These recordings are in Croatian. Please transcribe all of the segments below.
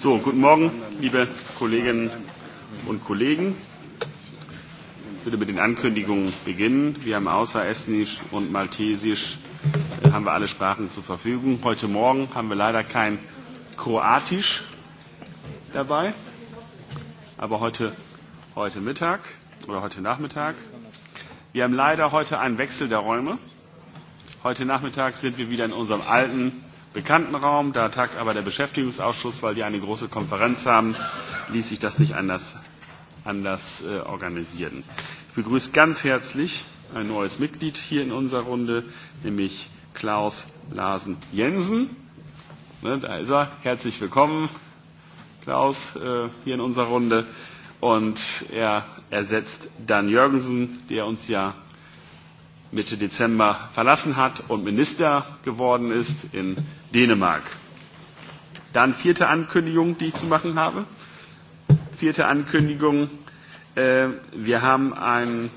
So, guten Morgen, liebe Kolleginnen und Kollegen. Ich würde mit den Ankündigungen beginnen. Wir haben außer Estnisch und Maltesisch äh, haben wir alle Sprachen zur Verfügung. Heute Morgen haben wir leider kein Kroatisch dabei, aber heute, heute Mittag oder heute Nachmittag. Wir haben leider heute einen Wechsel der Räume. Heute Nachmittag sind wir wieder in unserem alten bekannten Raum. Da tagt aber der Beschäftigungsausschuss, weil die eine große Konferenz haben, ließ sich das nicht anders, anders äh, organisieren. Ich begrüße ganz herzlich ein neues Mitglied hier in unserer Runde, nämlich Klaus Larsen Jensen. Ne, da ist er. Herzlich willkommen, Klaus, äh, hier in unserer Runde. Und er ersetzt Dan Jürgensen, der uns ja Mitte Dezember verlassen hat und Minister geworden ist in Dänemark. Dann vierte Ankündigung, die ich zu machen habe. Vierte Ankündigung. Äh, wir haben ein,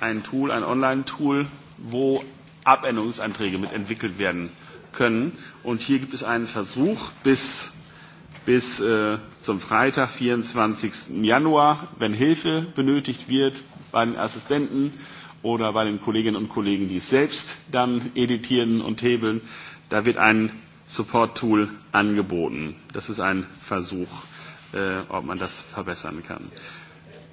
ein Tool, ein Online-Tool, wo Abänderungsanträge entwickelt werden können. Und hier gibt es einen Versuch bis, bis äh, zum Freitag, 24. Januar, wenn Hilfe benötigt wird bei den Assistenten, oder bei den Kolleginnen und Kollegen, die es selbst dann editieren und hebeln. Da wird ein Support-Tool angeboten. Das ist ein Versuch, äh, ob man das verbessern kann.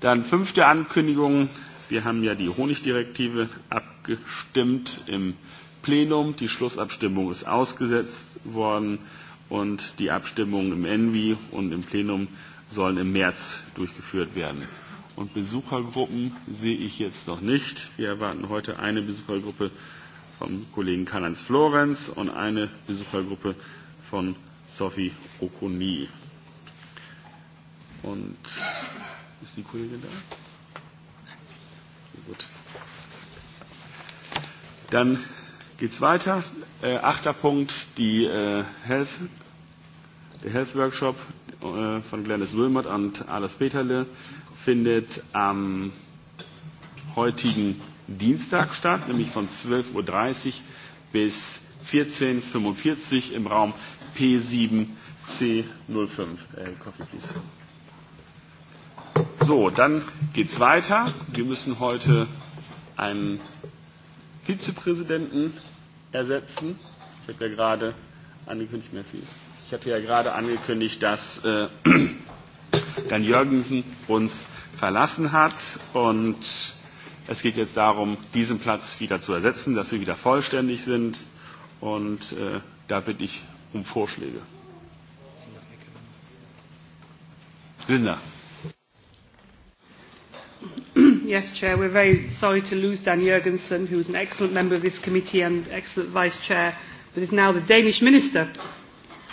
Dann fünfte Ankündigung. Wir haben ja die Honigdirektive abgestimmt im Plenum. Die Schlussabstimmung ist ausgesetzt worden und die Abstimmungen im Envi und im Plenum sollen im März durchgeführt werden und Besuchergruppen sehe ich jetzt noch nicht. Wir erwarten heute eine Besuchergruppe vom Kollegen Karl-Heinz Florenz und eine Besuchergruppe von Sophie Okoni. Und ist die Kollegin da? Gut. Dann es weiter. Äh, achter Punkt, die äh, Health, der Health Workshop äh, von Glennis Wilmot und Alice Peterle findet am heutigen Dienstag statt, nämlich von 12.30 Uhr bis 14.45 Uhr im Raum P7C05. Äh, Coffee, please. So, dann geht's weiter. Wir müssen heute einen Vizepräsidenten ersetzen. Ich habe ja gerade angekündigt, merci. Ich hatte ja gerade angekündigt, dass äh, Jan Jürgensen uns verlassen hat. Und es geht jetzt darum, diesen Platz wieder zu ersetzen, dass wir wieder vollständig sind. Und äh, da bitte ich um Vorschläge. Linda. Yes, Chair, we're very sorry to lose Dan Jurgensen, who is an excellent member of this committee and excellent Vice Chair, but is now the Danish Minister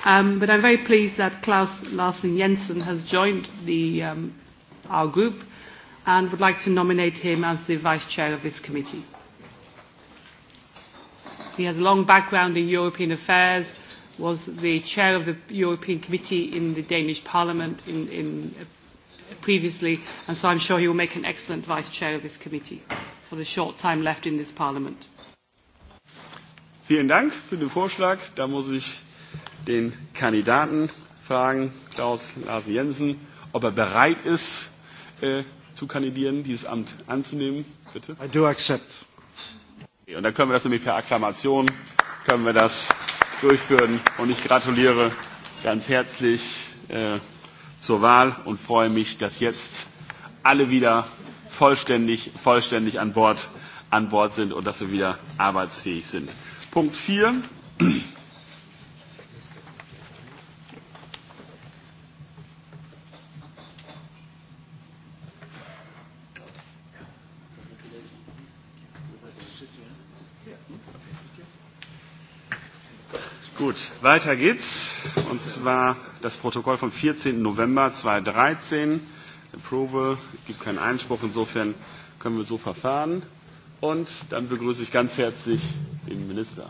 Um, but I'm very pleased that Klaus Larsen Jensen has joined the, um, our group and would like to nominate him as the Vice Chair of this committee. He has a long background in European affairs, was the Chair of the European Committee in the Danish Parliament in, in, uh, previously, and so I'm sure he will make an excellent Vice Chair of this committee for the short time left in this Parliament. Vielen Dank für den Vorschlag. Da muss ich den Kandidaten fragen, Klaus Larsen Jensen, ob er bereit ist, äh, zu kandidieren, dieses Amt anzunehmen. Bitte. I do accept. und dann können wir das nämlich per Akklamation können wir das durchführen. Und ich gratuliere ganz herzlich äh, zur Wahl und freue mich, dass jetzt alle wieder vollständig, vollständig an, Bord, an Bord sind und dass wir wieder arbeitsfähig sind. Punkt 4 Weiter geht's. Und zwar das Protokoll vom 14. November 2013. Approval. Gibt keinen Einspruch. Insofern können wir so verfahren. Und dann begrüße ich ganz herzlich den Minister.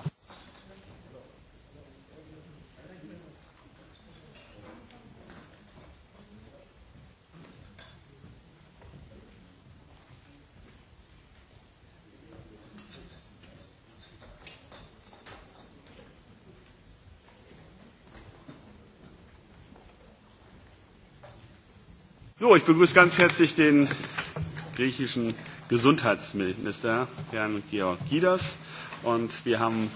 So, ich begrüße ganz herzlich den griechischen Gesundheitsminister, Herrn Georgidas. Und wir haben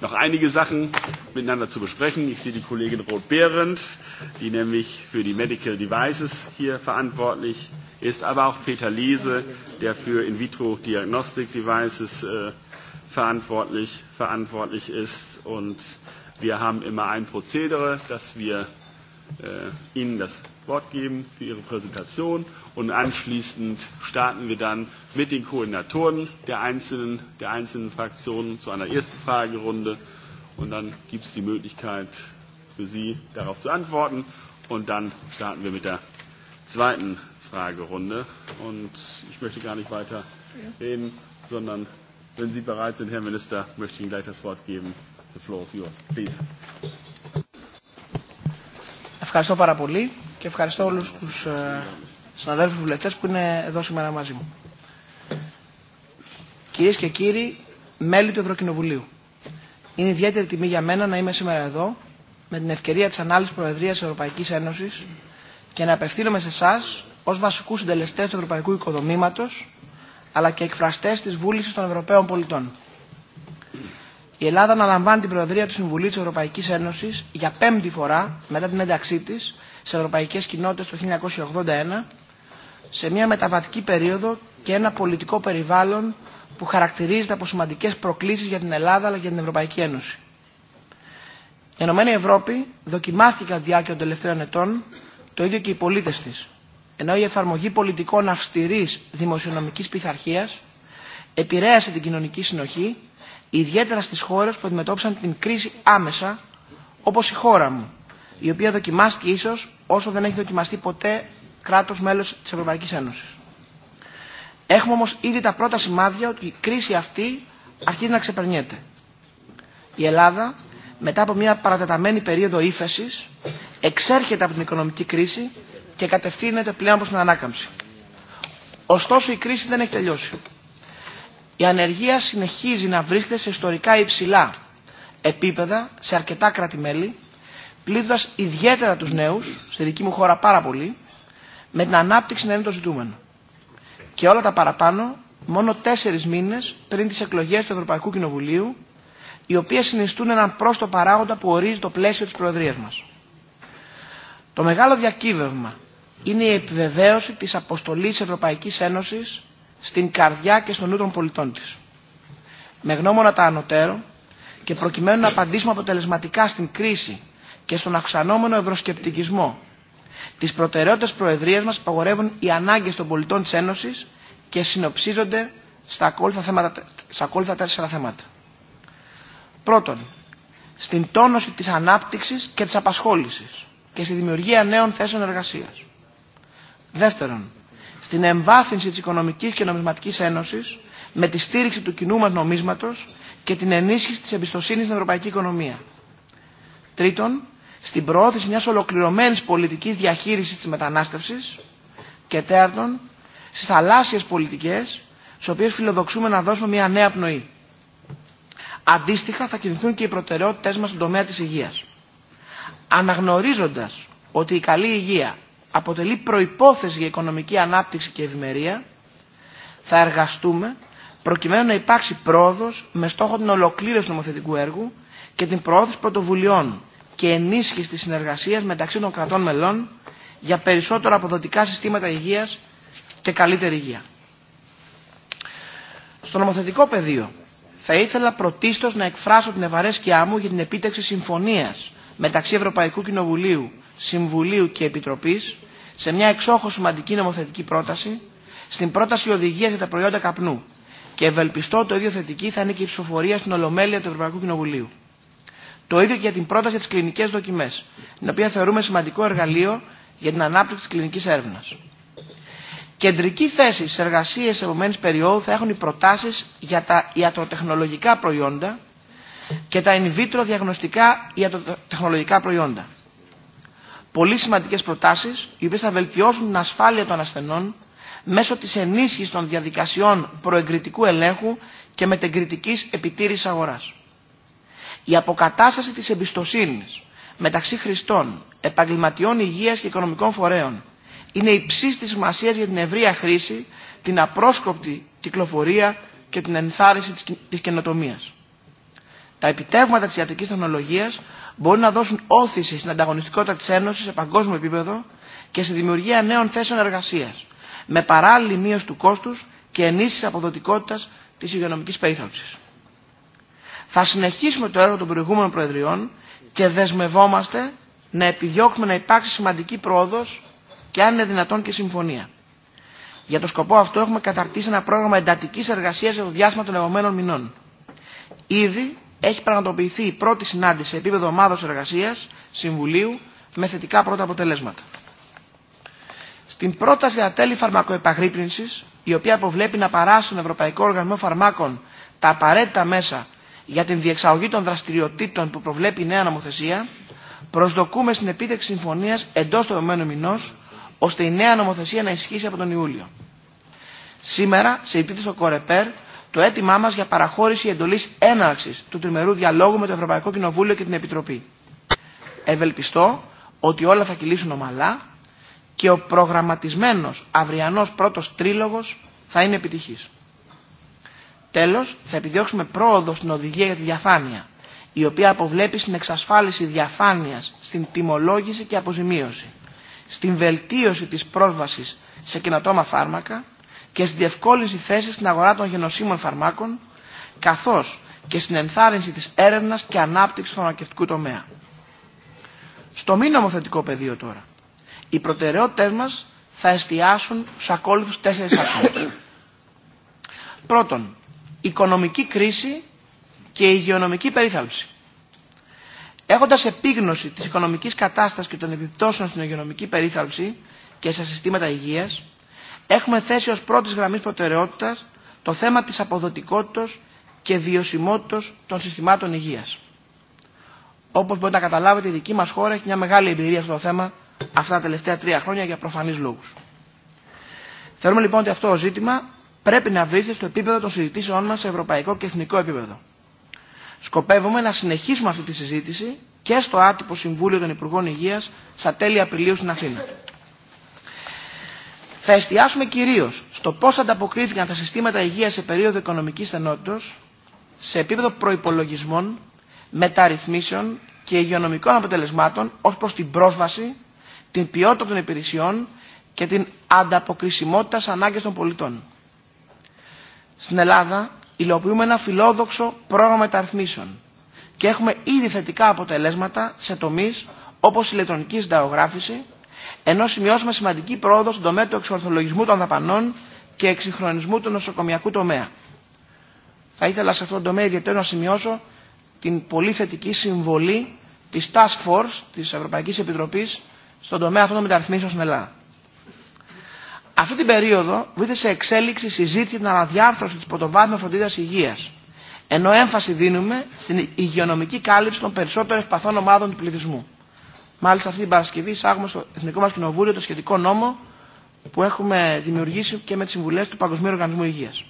noch einige Sachen miteinander zu besprechen. Ich sehe die Kollegin Roth-Behrendt, die nämlich für die Medical Devices hier verantwortlich ist, aber auch Peter Lese, der für In-vitro-Diagnostik-Devices äh, verantwortlich, verantwortlich ist. Und wir haben immer ein Prozedere, dass wir äh, Ihnen das Wort geben für Ihre Präsentation und anschließend starten wir dann mit den Koordinatoren der einzelnen, der einzelnen Fraktionen zu einer ersten Fragerunde und dann gibt es die Möglichkeit für Sie darauf zu antworten und dann starten wir mit der zweiten Fragerunde und ich möchte gar nicht weiter reden, sondern wenn Sie bereit sind, Herr Minister, möchte ich Ihnen gleich das Wort geben. The floor is yours, please. Ευχαριστώ πάρα πολύ και ευχαριστώ όλους τους συναδέλφους βουλευτές που είναι εδώ σήμερα μαζί μου. Κυρίες και κύριοι, μέλη του Ευρωκοινοβουλίου, είναι ιδιαίτερη τιμή για μένα να είμαι σήμερα εδώ με την ευκαιρία της ανάλυσης Προεδρίας Ευρωπαϊκής Ένωσης και να απευθύνομαι σε εσά ως βασικούς συντελεστές του Ευρωπαϊκού Οικοδομήματος αλλά και εκφραστές της Βούλησης των Ευρωπαίων Πολιτών η Ελλάδα αναλαμβάνει την Προεδρία του Συμβουλίου τη Ευρωπαϊκή Ένωση για πέμπτη φορά μετά την ένταξή τη, σε ευρωπαϊκές Κοινότητε το 1981 σε μια μεταβατική περίοδο και ένα πολιτικό περιβάλλον που χαρακτηρίζεται από σημαντικέ προκλήσει για την Ελλάδα αλλά και για την Ευρωπαϊκή Ένωση. Η Ενωμένη Ευρώπη δοκιμάστηκε κατά διάρκεια των τελευταίων ετών, το ίδιο και οι πολίτε τη. Ενώ η εφαρμογή πολιτικών αυστηρή δημοσιονομική πειθαρχία επηρέασε την κοινωνική συνοχή ιδιαίτερα στις χώρες που αντιμετώπισαν την κρίση άμεσα, όπως η χώρα μου, η οποία δοκιμάστηκε ίσως όσο δεν έχει δοκιμαστεί ποτέ κράτος μέλος της Ευρωπαϊκής Ένωσης. Έχουμε όμως ήδη τα πρώτα σημάδια ότι η κρίση αυτή αρχίζει να ξεπερνιέται. Η Ελλάδα, μετά από μια παρατεταμένη περίοδο ύφεση, εξέρχεται από την οικονομική κρίση και κατευθύνεται πλέον προς την ανάκαμψη. Ωστόσο η κρίση δεν έχει τελειώσει. Η ανεργία συνεχίζει να βρίσκεται σε ιστορικά υψηλά επίπεδα σε αρκετά κράτη-μέλη, ιδιαίτερα του νέου, στη δική μου χώρα πάρα πολύ, με την ανάπτυξη να είναι το ζητούμενο. Και όλα τα παραπάνω, μόνο τέσσερι μήνε πριν τι εκλογέ του Ευρωπαϊκού Κοινοβουλίου, οι οποίε συνιστούν έναν πρόστο παράγοντα που ορίζει το πλαίσιο τη Προεδρία μα. Το μεγάλο διακύβευμα είναι η επιβεβαίωση της αποστολής Ευρωπαϊκής Ένωσης στην καρδιά και στο νου των πολιτών της. Με γνώμονα τα ανωτέρω και προκειμένου να απαντήσουμε αποτελεσματικά στην κρίση και στον αυξανόμενο ευρωσκεπτικισμό, τις προτεραιότητες προεδρίας μας παγορεύουν οι ανάγκες των πολιτών της Ένωσης και συνοψίζονται στα ακόλουθα, θέματα, στα ακόλουθα τέσσερα θέματα. Πρώτον, στην τόνωση της ανάπτυξης και της απασχόλησης και στη δημιουργία νέων θέσεων εργασίας. Δεύτερον, στην εμβάθυνση της Οικονομικής και Νομισματικής Ένωσης με τη στήριξη του κοινού μας νομίσματος και την ενίσχυση της εμπιστοσύνης στην ευρωπαϊκή οικονομία. Τρίτον, στην προώθηση μιας ολοκληρωμένης πολιτικής διαχείρισης της μετανάστευσης και τέταρτον, στις θαλάσσιες πολιτικές, στις οποίες φιλοδοξούμε να δώσουμε μια νέα πνοή. Αντίστοιχα θα κινηθούν και οι προτεραιότητες μας στον τομέα της υγείας. Αναγνωρίζοντας ότι η καλή υγεία αποτελεί προϋπόθεση για οικονομική ανάπτυξη και ευημερία, θα εργαστούμε προκειμένου να υπάρξει πρόοδος με στόχο την ολοκλήρωση νομοθετικού έργου και την προώθηση πρωτοβουλειών και ενίσχυση της συνεργασίας μεταξύ των κρατών μελών για περισσότερα αποδοτικά συστήματα υγείας και καλύτερη υγεία. Στο νομοθετικό πεδίο θα ήθελα πρωτίστως να εκφράσω την ευαρέσκειά μου για την επίτευξη συμφωνίας μεταξύ Ευρωπαϊκού Κοινοβουλίου, Συμβουλίου και Επιτροπής σε μια εξόχω σημαντική νομοθετική πρόταση, στην πρόταση οδηγία για τα προϊόντα καπνού. Και ευελπιστώ το ίδιο θετική θα είναι και η ψηφοφορία στην Ολομέλεια του Ευρωπαϊκού Κοινοβουλίου. Το ίδιο και για την πρόταση για τι κλινικέ δοκιμέ, την οποία θεωρούμε σημαντικό εργαλείο για την ανάπτυξη τη κλινική έρευνα. Κεντρική θέση στι εργασίε επομένη περίοδου θα έχουν οι προτάσει για τα ιατροτεχνολογικά προϊόντα και τα in vitro διαγνωστικά ιατροτεχνολογικά προϊόντα πολύ σημαντικές προτάσεις, οι οποίες θα βελτιώσουν την ασφάλεια των ασθενών μέσω της ενίσχυσης των διαδικασιών προεγκριτικού ελέγχου και μετεγκριτικής επιτήρησης αγοράς. Η αποκατάσταση της εμπιστοσύνης μεταξύ χρηστών, επαγγελματιών υγείας και οικονομικών φορέων είναι υψή τη σημασία για την ευρεία χρήση, την απρόσκοπτη κυκλοφορία και την ενθάρρυνση της καινοτομίας. Τα επιτεύγματα της ιατρικής τεχνολογίας μπορούν να δώσουν όθηση στην ανταγωνιστικότητα της Ένωσης σε παγκόσμιο επίπεδο και στη δημιουργία νέων θέσεων εργασίας, με παράλληλη μείωση του κόστους και ενίσχυση αποδοτικότητας της υγειονομικής περίθαλψης. Θα συνεχίσουμε το έργο των προηγούμενων Προεδριών και δεσμευόμαστε να επιδιώκουμε να υπάρξει σημαντική πρόοδος και αν είναι δυνατόν και συμφωνία. Για το σκοπό αυτό έχουμε καταρτήσει ένα πρόγραμμα εντατικής εργασίας για το διάστημα των επόμενων μηνών. Ήδη έχει πραγματοποιηθεί η πρώτη συνάντηση σε επίπεδο ομάδος εργασίας, συμβουλίου, με θετικά πρώτα αποτελέσματα. Στην πρόταση για τέλη φαρμακοεπαγρύπνησης, η οποία αποβλέπει να παράσει στον Ευρωπαϊκό Οργανισμό Φαρμάκων τα απαραίτητα μέσα για την διεξαγωγή των δραστηριοτήτων που προβλέπει η νέα νομοθεσία, προσδοκούμε στην επίτευξη συμφωνίας εντός του επομένου μηνός, ώστε η νέα νομοθεσία να ισχύσει από τον Ιούλιο. Σήμερα, συζητείται στο Κορεπέρ το αίτημά μα για παραχώρηση εντολή έναρξη του τριμερού διαλόγου με το Ευρωπαϊκό Κοινοβούλιο και την Επιτροπή. Ευελπιστώ ότι όλα θα κυλήσουν ομαλά και ο προγραμματισμένο αυριανό πρώτο τρίλογος θα είναι επιτυχής. Τέλος, θα επιδιώξουμε πρόοδο στην οδηγία για τη διαφάνεια, η οποία αποβλέπει στην εξασφάλιση διαφάνεια στην τιμολόγηση και αποζημίωση, στην βελτίωση της πρόσβαση σε καινοτόμα φάρμακα, και στη διευκόλυνση θέση στην αγορά των γενοσύμων φαρμάκων, καθώς και στην ενθάρρυνση της έρευνας και ανάπτυξης του φαρμακευτικού τομέα. Στο μη νομοθετικό πεδίο τώρα, οι προτεραιότητες μας θα εστιάσουν στους ακόλουθους τέσσερις άξονες. Πρώτον, οικονομική κρίση και υγειονομική περίθαλψη. Έχοντας επίγνωση της οικονομικής κατάστασης και των επιπτώσεων στην υγειονομική περίθαλψη και στα συστήματα υγείας, Έχουμε θέσει ως πρώτης γραμμής προτεραιότητας το θέμα της αποδοτικότητας και βιωσιμότητας των συστημάτων υγείας. Όπως μπορείτε να καταλάβετε, η δική μας χώρα έχει μια μεγάλη εμπειρία στο θέμα αυτά τα τελευταία τρία χρόνια για προφανείς λόγους. Θεωρούμε λοιπόν ότι αυτό το ζήτημα πρέπει να βρίσκεται στο επίπεδο των συζητήσεών μας σε ευρωπαϊκό και εθνικό επίπεδο. Σκοπεύουμε να συνεχίσουμε αυτή τη συζήτηση και στο άτυπο Συμβούλιο των Υπουργών Υγείας στα τέλη Απριλίου στην Αθήνα. Θα εστιάσουμε κυρίω στο πώ ανταποκρίθηκαν τα συστήματα υγεία σε περίοδο οικονομική στενότητος, σε επίπεδο προπολογισμών, μεταρρυθμίσεων και υγειονομικών αποτελεσμάτων ω προ την πρόσβαση, την ποιότητα των υπηρεσιών και την ανταποκρισιμότητα στι ανάγκες των πολιτών. Στην Ελλάδα υλοποιούμε ένα φιλόδοξο πρόγραμμα μεταρρυθμίσεων και έχουμε ήδη θετικά αποτελέσματα σε τομεί, όπως η ηλεκτρονική συνταγογράφηση, ενώ σημειώσαμε σημαντική πρόοδο στον τομέα του εξορθολογισμού των δαπανών και εξυγχρονισμού του νοσοκομιακού τομέα. Θα ήθελα σε αυτόν τον τομέα ιδιαίτερα να σημειώσω την πολύ θετική συμβολή τη Task Force τη Ευρωπαϊκή Επιτροπή στον τομέα αυτών των μεταρρυθμίσεων στην Ελλάδα. Αυτή την περίοδο βρίσκεται σε εξέλιξη συζήτηση την αναδιάρθρωση τη πρωτοβάθμια φροντίδα υγεία, ενώ έμφαση δίνουμε στην υγειονομική κάλυψη των περισσότερων παθών ομάδων του πληθυσμού. Μάλιστα αυτή την Παρασκευή εισάγουμε στο Εθνικό μας Κοινοβούλιο το σχετικό νόμο που έχουμε δημιουργήσει και με τι συμβουλέ του Παγκοσμίου Οργανισμού Υγείας.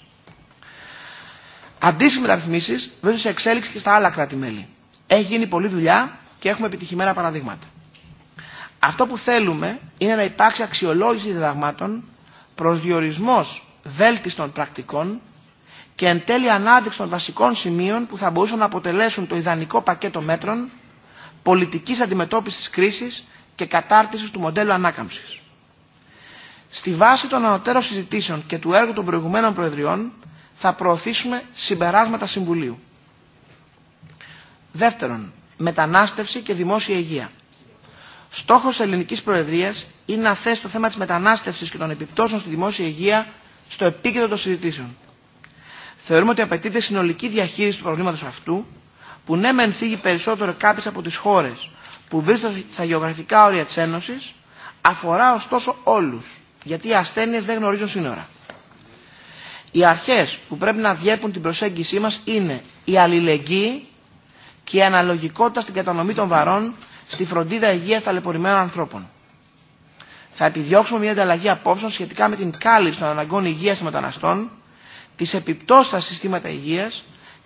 Αντίστοιχε μεταρρυθμίσει βρίσκονται σε εξέλιξη και στα άλλα κράτη-μέλη. Έχει γίνει πολλή δουλειά και έχουμε επιτυχημένα παραδείγματα. Αυτό που θέλουμε είναι να υπάρξει αξιολόγηση διδαγμάτων, προσδιορισμό βέλτιστων πρακτικών και εν τέλει ανάδειξη των βασικών σημείων που θα μπορούσαν να αποτελέσουν το ιδανικό πακέτο μέτρων πολιτικής αντιμετώπισης κρίσης και κατάρτισης του μοντέλου ανάκαμψης. Στη βάση των ανωτέρων συζητήσεων και του έργου των προηγουμένων προεδριών θα προωθήσουμε συμπεράσματα Συμβουλίου. Δεύτερον, μετανάστευση και δημόσια υγεία. Στόχος της ελληνικής προεδρίας είναι να θέσει το θέμα της μετανάστευσης και των επιπτώσεων στη δημόσια υγεία στο επίκεντρο των συζητήσεων. Θεωρούμε ότι απαιτείται συνολική διαχείριση του προβλήματος αυτού που ναι μεν φύγει περισσότερο κάποιες από τις χώρες που βρίσκονται στα γεωγραφικά όρια της Ένωσης, αφορά ωστόσο όλους, γιατί οι ασθένειες δεν γνωρίζουν σύνορα. Οι αρχές που πρέπει να διέπουν την προσέγγισή μας είναι η αλληλεγγύη και η αναλογικότητα στην κατανομή των βαρών στη φροντίδα υγεία ταλαιπωρημένων ανθρώπων. Θα επιδιώξουμε μια ανταλλαγή απόψεων σχετικά με την κάλυψη των αναγκών υγεία των μεταναστών, τι επιπτώσει στα συστήματα υγεία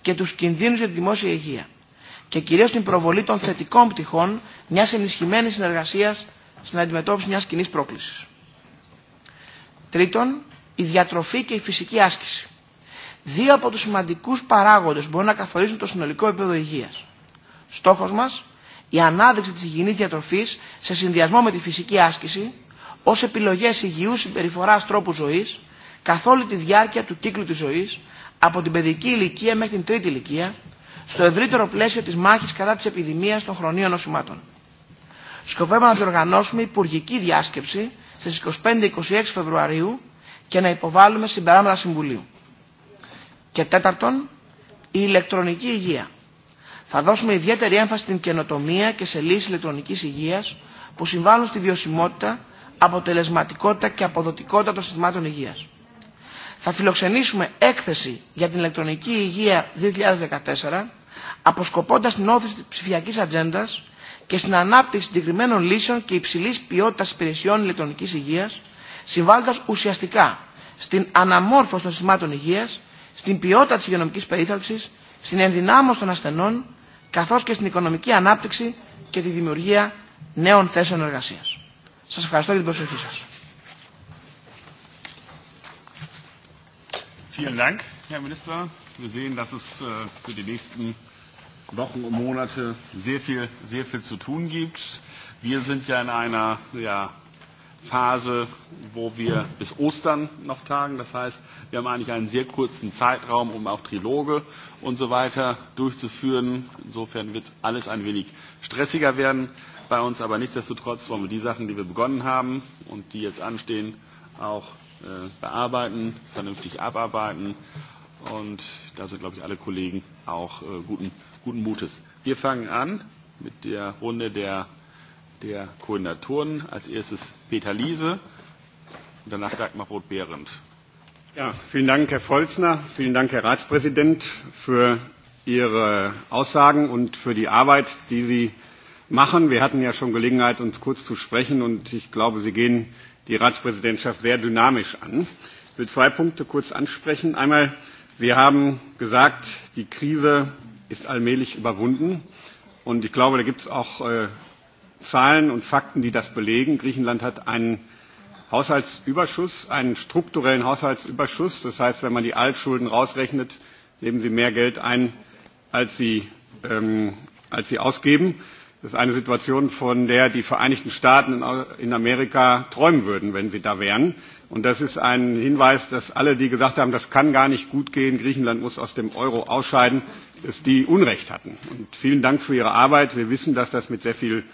και τους κινδύνους για τη δημόσια υγεία και κυρίως την προβολή των θετικών πτυχών μιας ενισχυμένης συνεργασίας στην αντιμετώπιση μιας κοινή πρόκλησης. Τρίτον, η διατροφή και η φυσική άσκηση. Δύο από τους σημαντικούς παράγοντες μπορούν να καθορίσουν το συνολικό επίπεδο υγείας. Στόχος μας, η ανάδειξη της υγιεινής διατροφής σε συνδυασμό με τη φυσική άσκηση ως επιλογές υγιούς συμπεριφοράς τρόπου ζωής καθ' όλη τη διάρκεια του κύκλου της ζωής από την παιδική ηλικία μέχρι την τρίτη ηλικία στο ευρύτερο πλαίσιο της μάχης κατά της επιδημίας των χρονίων νοσημάτων. Σκοπεύουμε να διοργανώσουμε υπουργική διάσκεψη στις 25-26 Φεβρουαρίου και να υποβάλουμε συμπεράματα Συμβουλίου. Και τέταρτον, η ηλεκτρονική υγεία. Θα δώσουμε ιδιαίτερη έμφαση στην καινοτομία και σε λύσεις ηλεκτρονικής υγείας που συμβάλλουν στη βιωσιμότητα, αποτελεσματικότητα και αποδοτικότητα των συστημάτων υγείας θα φιλοξενήσουμε έκθεση για την ηλεκτρονική υγεία 2014, αποσκοπώντας την όθηση της ψηφιακής ατζέντα και στην ανάπτυξη συγκεκριμένων λύσεων και υψηλής ποιότητας υπηρεσιών ηλεκτρονικής υγείας, συμβάλλοντας ουσιαστικά στην αναμόρφωση των συστημάτων υγείας, στην ποιότητα της υγειονομικής περίθαλψης, στην ενδυνάμωση των ασθενών, καθώς και στην οικονομική ανάπτυξη και τη δημιουργία νέων θέσεων εργασίας. Σας ευχαριστώ για την προσοχή σας. Vielen Dank, Herr Minister. Wir sehen, dass es äh, für die nächsten Wochen und Monate sehr viel, sehr viel zu tun gibt. Wir sind ja in einer ja, Phase, wo wir bis Ostern noch tagen. Das heißt, wir haben eigentlich einen sehr kurzen Zeitraum, um auch Triloge und so weiter durchzuführen. Insofern wird alles ein wenig stressiger werden bei uns. Aber nichtsdestotrotz wollen wir die Sachen, die wir begonnen haben und die jetzt anstehen, auch Äh, bearbeiten, vernünftig abarbeiten. Und da sind, glaube ich, alle Kollegen auch äh, guten, guten Mutes. Wir fangen an mit der Runde der, der Koordinatoren. Als erstes Peter Liese und danach Dagmar Roth-Behrendt. Ja, vielen Dank, Herr Volzner. Vielen Dank, Herr Ratspräsident, für Ihre Aussagen und für die Arbeit, die Sie machen. Wir hatten ja schon Gelegenheit, uns kurz zu sprechen. Und ich glaube, Sie gehen die Ratspräsidentschaft sehr dynamisch an. Ich will zwei Punkte kurz ansprechen. Einmal, Sie haben gesagt, die Krise ist allmählich überwunden. Und ich glaube, da gibt es auch äh, Zahlen und Fakten, die das belegen. Griechenland hat einen Haushaltsüberschuss, einen strukturellen Haushaltsüberschuss. Das heißt, wenn man die Altschulden rausrechnet, nehmen sie mehr Geld ein, als sie, ähm, als sie ausgeben. Das ist eine Situation, von der die Vereinigten Staaten in Amerika träumen würden, wenn sie da wären. Und das ist ein Hinweis, dass alle, die gesagt haben, das kann gar nicht gut gehen, Griechenland muss aus dem Euro ausscheiden, die Unrecht hatten. Und vielen Dank für Ihre Arbeit. Wir wissen, dass das mit sehr viel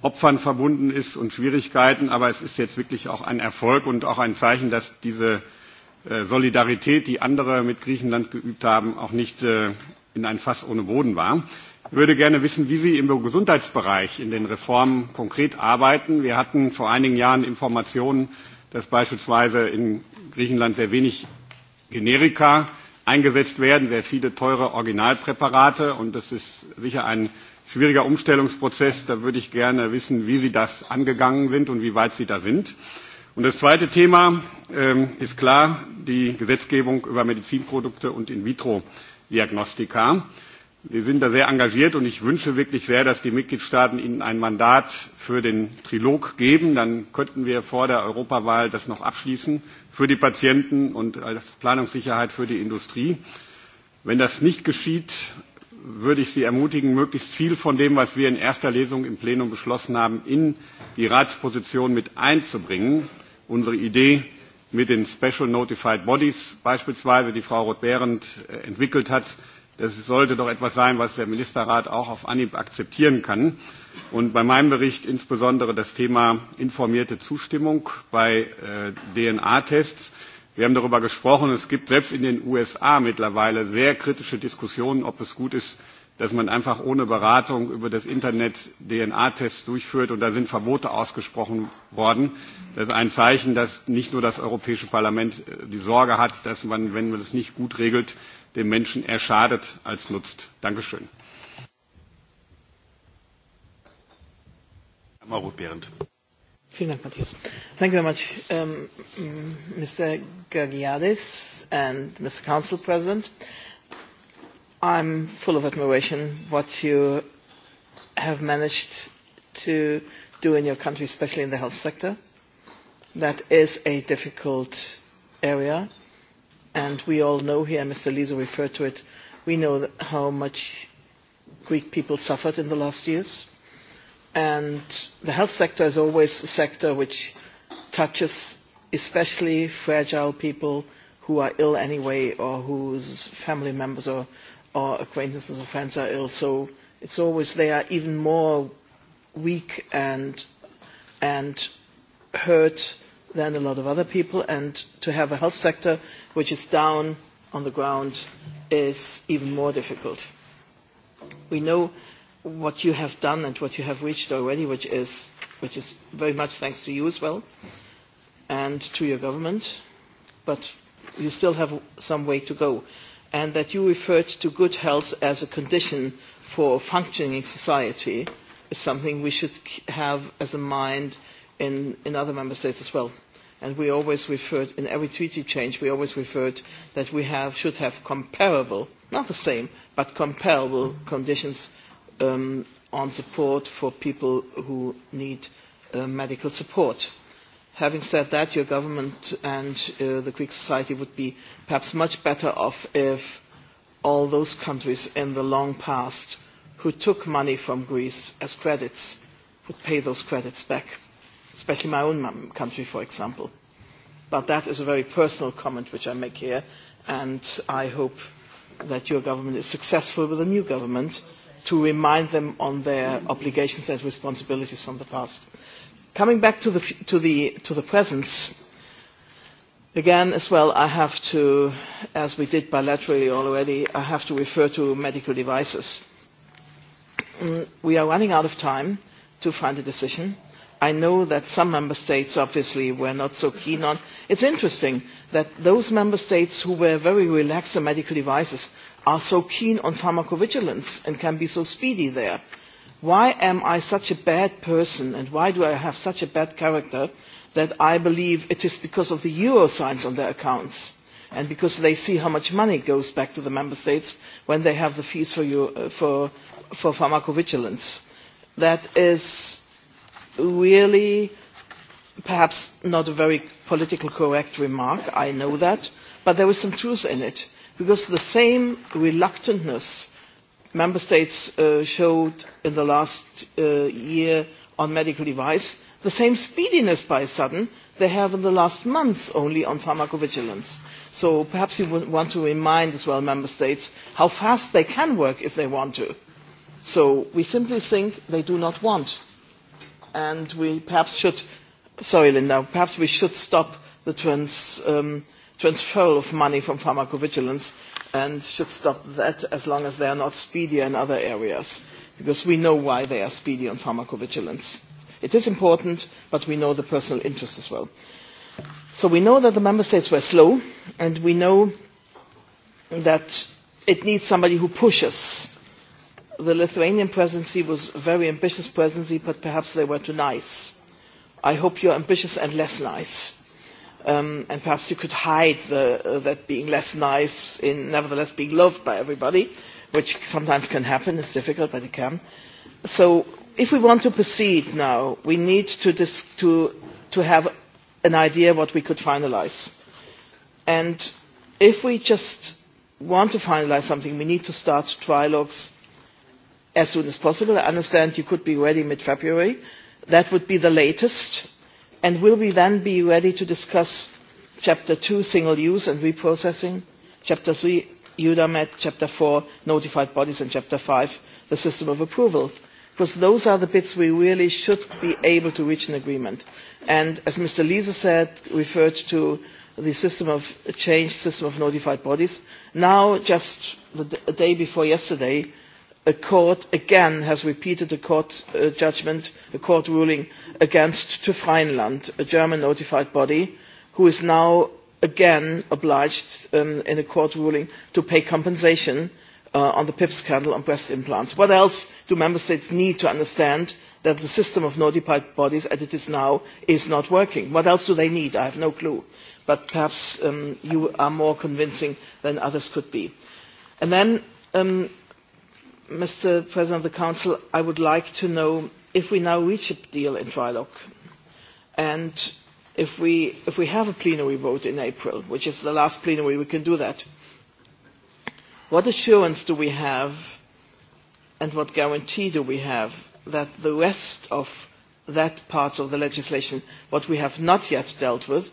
Opfern verbunden ist und Schwierigkeiten, aber es ist jetzt wirklich auch ein Erfolg und auch ein Zeichen, dass diese äh, Solidarität, die andere mit Griechenland geübt haben, auch nicht äh, in ein Fass ohne Boden war. Ich würde gerne wissen, wie Sie im Gesundheitsbereich in den Reformen konkret arbeiten. Wir hatten vor einigen Jahren Informationen, dass beispielsweise in Griechenland sehr wenig Generika eingesetzt werden, sehr viele teure Originalpräparate. Und das ist sicher ein schwieriger Umstellungsprozess. Da würde ich gerne wissen, wie Sie das angegangen sind und wie weit Sie da sind. Und das zweite Thema ähm, ist klar die Gesetzgebung über Medizinprodukte und In-vitro-Diagnostika wir sind da sehr engagiert und ich wünsche wirklich sehr dass die mitgliedstaaten ihnen ein mandat für den trilog geben dann könnten wir vor der europawahl das noch abschließen für die patienten und als planungssicherheit für die industrie. wenn das nicht geschieht würde ich sie ermutigen möglichst viel von dem was wir in erster lesung im plenum beschlossen haben in die ratsposition mit einzubringen unsere idee mit den special notified bodies beispielsweise die frau roth behrendt äh, entwickelt hat Das sollte doch etwas sein, was der Ministerrat auch auf Anhieb akzeptieren kann. Und bei meinem Bericht insbesondere das Thema informierte Zustimmung bei äh, DNA-Tests. Wir haben darüber gesprochen, es gibt selbst in den USA mittlerweile sehr kritische Diskussionen, ob es gut ist, dass man einfach ohne Beratung über das Internet DNA-Tests durchführt. Und da sind Verbote ausgesprochen worden. Das ist ein Zeichen, dass nicht nur das Europäische Parlament äh, die Sorge hat, dass man, wenn man das nicht gut regelt, dem Menschen eher schadet als nutzt. Dankeschön. Vielen Dank, Matthias. Thank you very much, um, Mr. Mm, Gergiadis and Mr. Council President. I'm full of admiration what you have managed to do in your country, especially in the health sector. That is a difficult area and we all know here, Mr. Lisa referred to it, we know how much Greek people suffered in the last years. And the health sector is always a sector which touches especially fragile people who are ill anyway or whose family members or, or acquaintances or friends are ill. So it's always they are even more weak and, and hurt than a lot of other people and to have a health sector which is down on the ground is even more difficult. We know what you have done and what you have reached already, which is, which is very much thanks to you as well and to your government, but you still have some way to go. And that you referred to good health as a condition for functioning society is something we should have as a mind in, in other member states as well. And we always referred, in every treaty change, we always referred that we have, should have comparable, not the same, but comparable conditions um, on support for people who need uh, medical support. Having said that, your government and uh, the Greek society would be perhaps much better off if all those countries in the long past who took money from Greece as credits would pay those credits back especially my own country, for example. But that is a very personal comment which I make here, and I hope that your government is successful with the new government to remind them on their obligations and responsibilities from the past. Coming back to the, to the, to the presence, again as well I have to, as we did bilaterally already, I have to refer to medical devices. Mm, we are running out of time to find a decision i know that some member states obviously were not so keen on it is interesting that those member states who were very relaxed on medical devices are so keen on pharmacovigilance and can be so speedy there. why am i such a bad person and why do i have such a bad character that i believe it is because of the euro signs on their accounts and because they see how much money goes back to the member states when they have the fees for, uh, for, for pharmacovigilance? that is really perhaps not a very politically correct remark i know that but there was some truth in it because the same reluctantness member states uh, showed in the last uh, year on medical device the same speediness by sudden they have in the last months only on pharmacovigilance. So perhaps you would want to remind as well member states how fast they can work if they want to. So we simply think they do not want and we perhaps should sorry linda perhaps we should stop the trans, um, transfer of money from pharmacovigilance and should stop that as long as they are not speedier in other areas because we know why they are speedy on pharmacovigilance. It is important, but we know the personal interest as well. So we know that the member states were slow, and we know that it needs somebody who pushes the Lithuanian presidency was a very ambitious presidency, but perhaps they were too nice. I hope you are ambitious and less nice. Um, and perhaps you could hide uh, that being less nice in nevertheless being loved by everybody, which sometimes can happen. is difficult, but it can. So if we want to proceed now, we need to, have an idea what we could finalize. And if we just want to finalize something, we need to start trilogues as soon as possible. I understand you could be ready mid February. That would be the latest, and will we then be ready to discuss chapter two single use and reprocessing, chapter three UDAMET, chapter four notified bodies and chapter five the system of approval? Because those are the bits we really should be able to reach an agreement. And as Mr Lisa said referred to the system of change system of notified bodies. Now just the day before yesterday a court again has repeated a court uh, judgment a court ruling against to Rheinland a German notified body who is now again obliged um, in a court ruling to pay compensation uh, on the PIP scandal on breast implants what else do member states need to understand that the system of notified bodies as it is now is not working what else do they need i have no clue but perhaps um, you are more convincing than others could be and then um, Mr President of the Council, I would like to know if we now reach a deal in trilogue and if we, if we have a plenary vote in April, which is the last plenary we can do that, what assurance do we have and what guarantee do we have that the rest of that part of the legislation, what we have not yet dealt with,